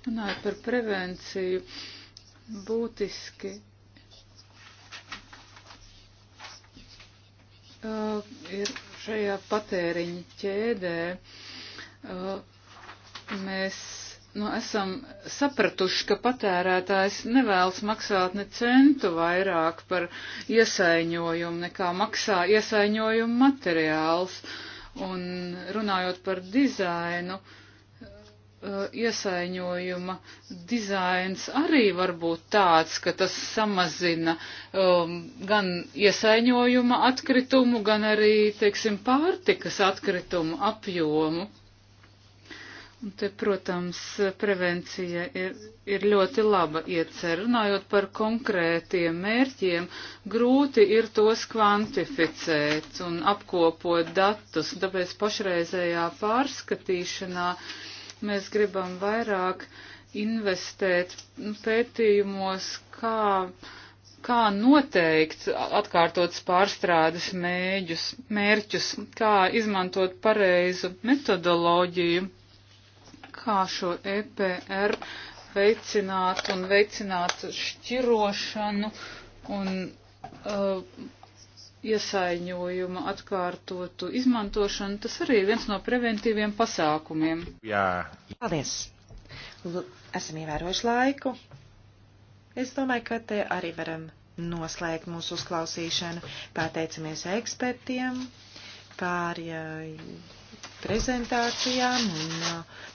Runājot par prevenciju, būtiski uh, ir šajā patēriņa ķēdē. Uh, mēs nu, esam sapratuši, ka patērētājs nevēlas maksāt ne centu vairāk par iesaiņojumu, nekā maksā iesaiņojumu materiāls. Un runājot par dizainu, uh, Uh, iesaiņojuma dizains arī var būt tāds, ka tas samazina um, gan iesaiņojuma atkritumu, gan arī, teiksim, pārtikas atkritumu apjomu. Un te, protams, prevencija ir, ir ļoti laba iecer. Runājot par konkrētiem mērķiem, grūti ir tos kvantificēt un apkopot datus, tāpēc pašreizējā pārskatīšanā uh, Mēs gribam vairāk investēt pētījumos, kā, kā noteikt atkārtotas pārstrādes mēģus, mērķus, kā izmantot pareizu metodoloģiju, kā šo EPR veicināt un veicināt šķirošanu un uh, iesaiņojuma atkārtotu izmantošanu, tas arī ir viens no preventīviem pasākumiem. Jā. Paldies. L esam ievērojuši laiku. Es domāju, ka te arī varam noslēgt mūsu uzklausīšanu. Pateicamies ekspertiem par prezentācijām un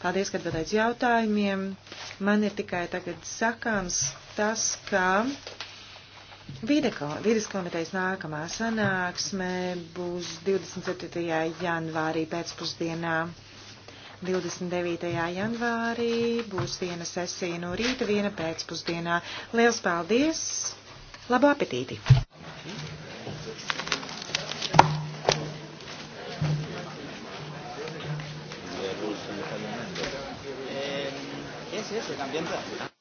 paldies, ka atbildēt jautājumiem. Man ir tikai tagad sakāms tas, ka Vides komitejas nākamā sanāksme būs 27. janvārī pēcpusdienā. 29. janvārī būs viena sesija no rīta, viena pēcpusdienā. Liels paldies! Labu apetīti! Yes, eh, yes, también.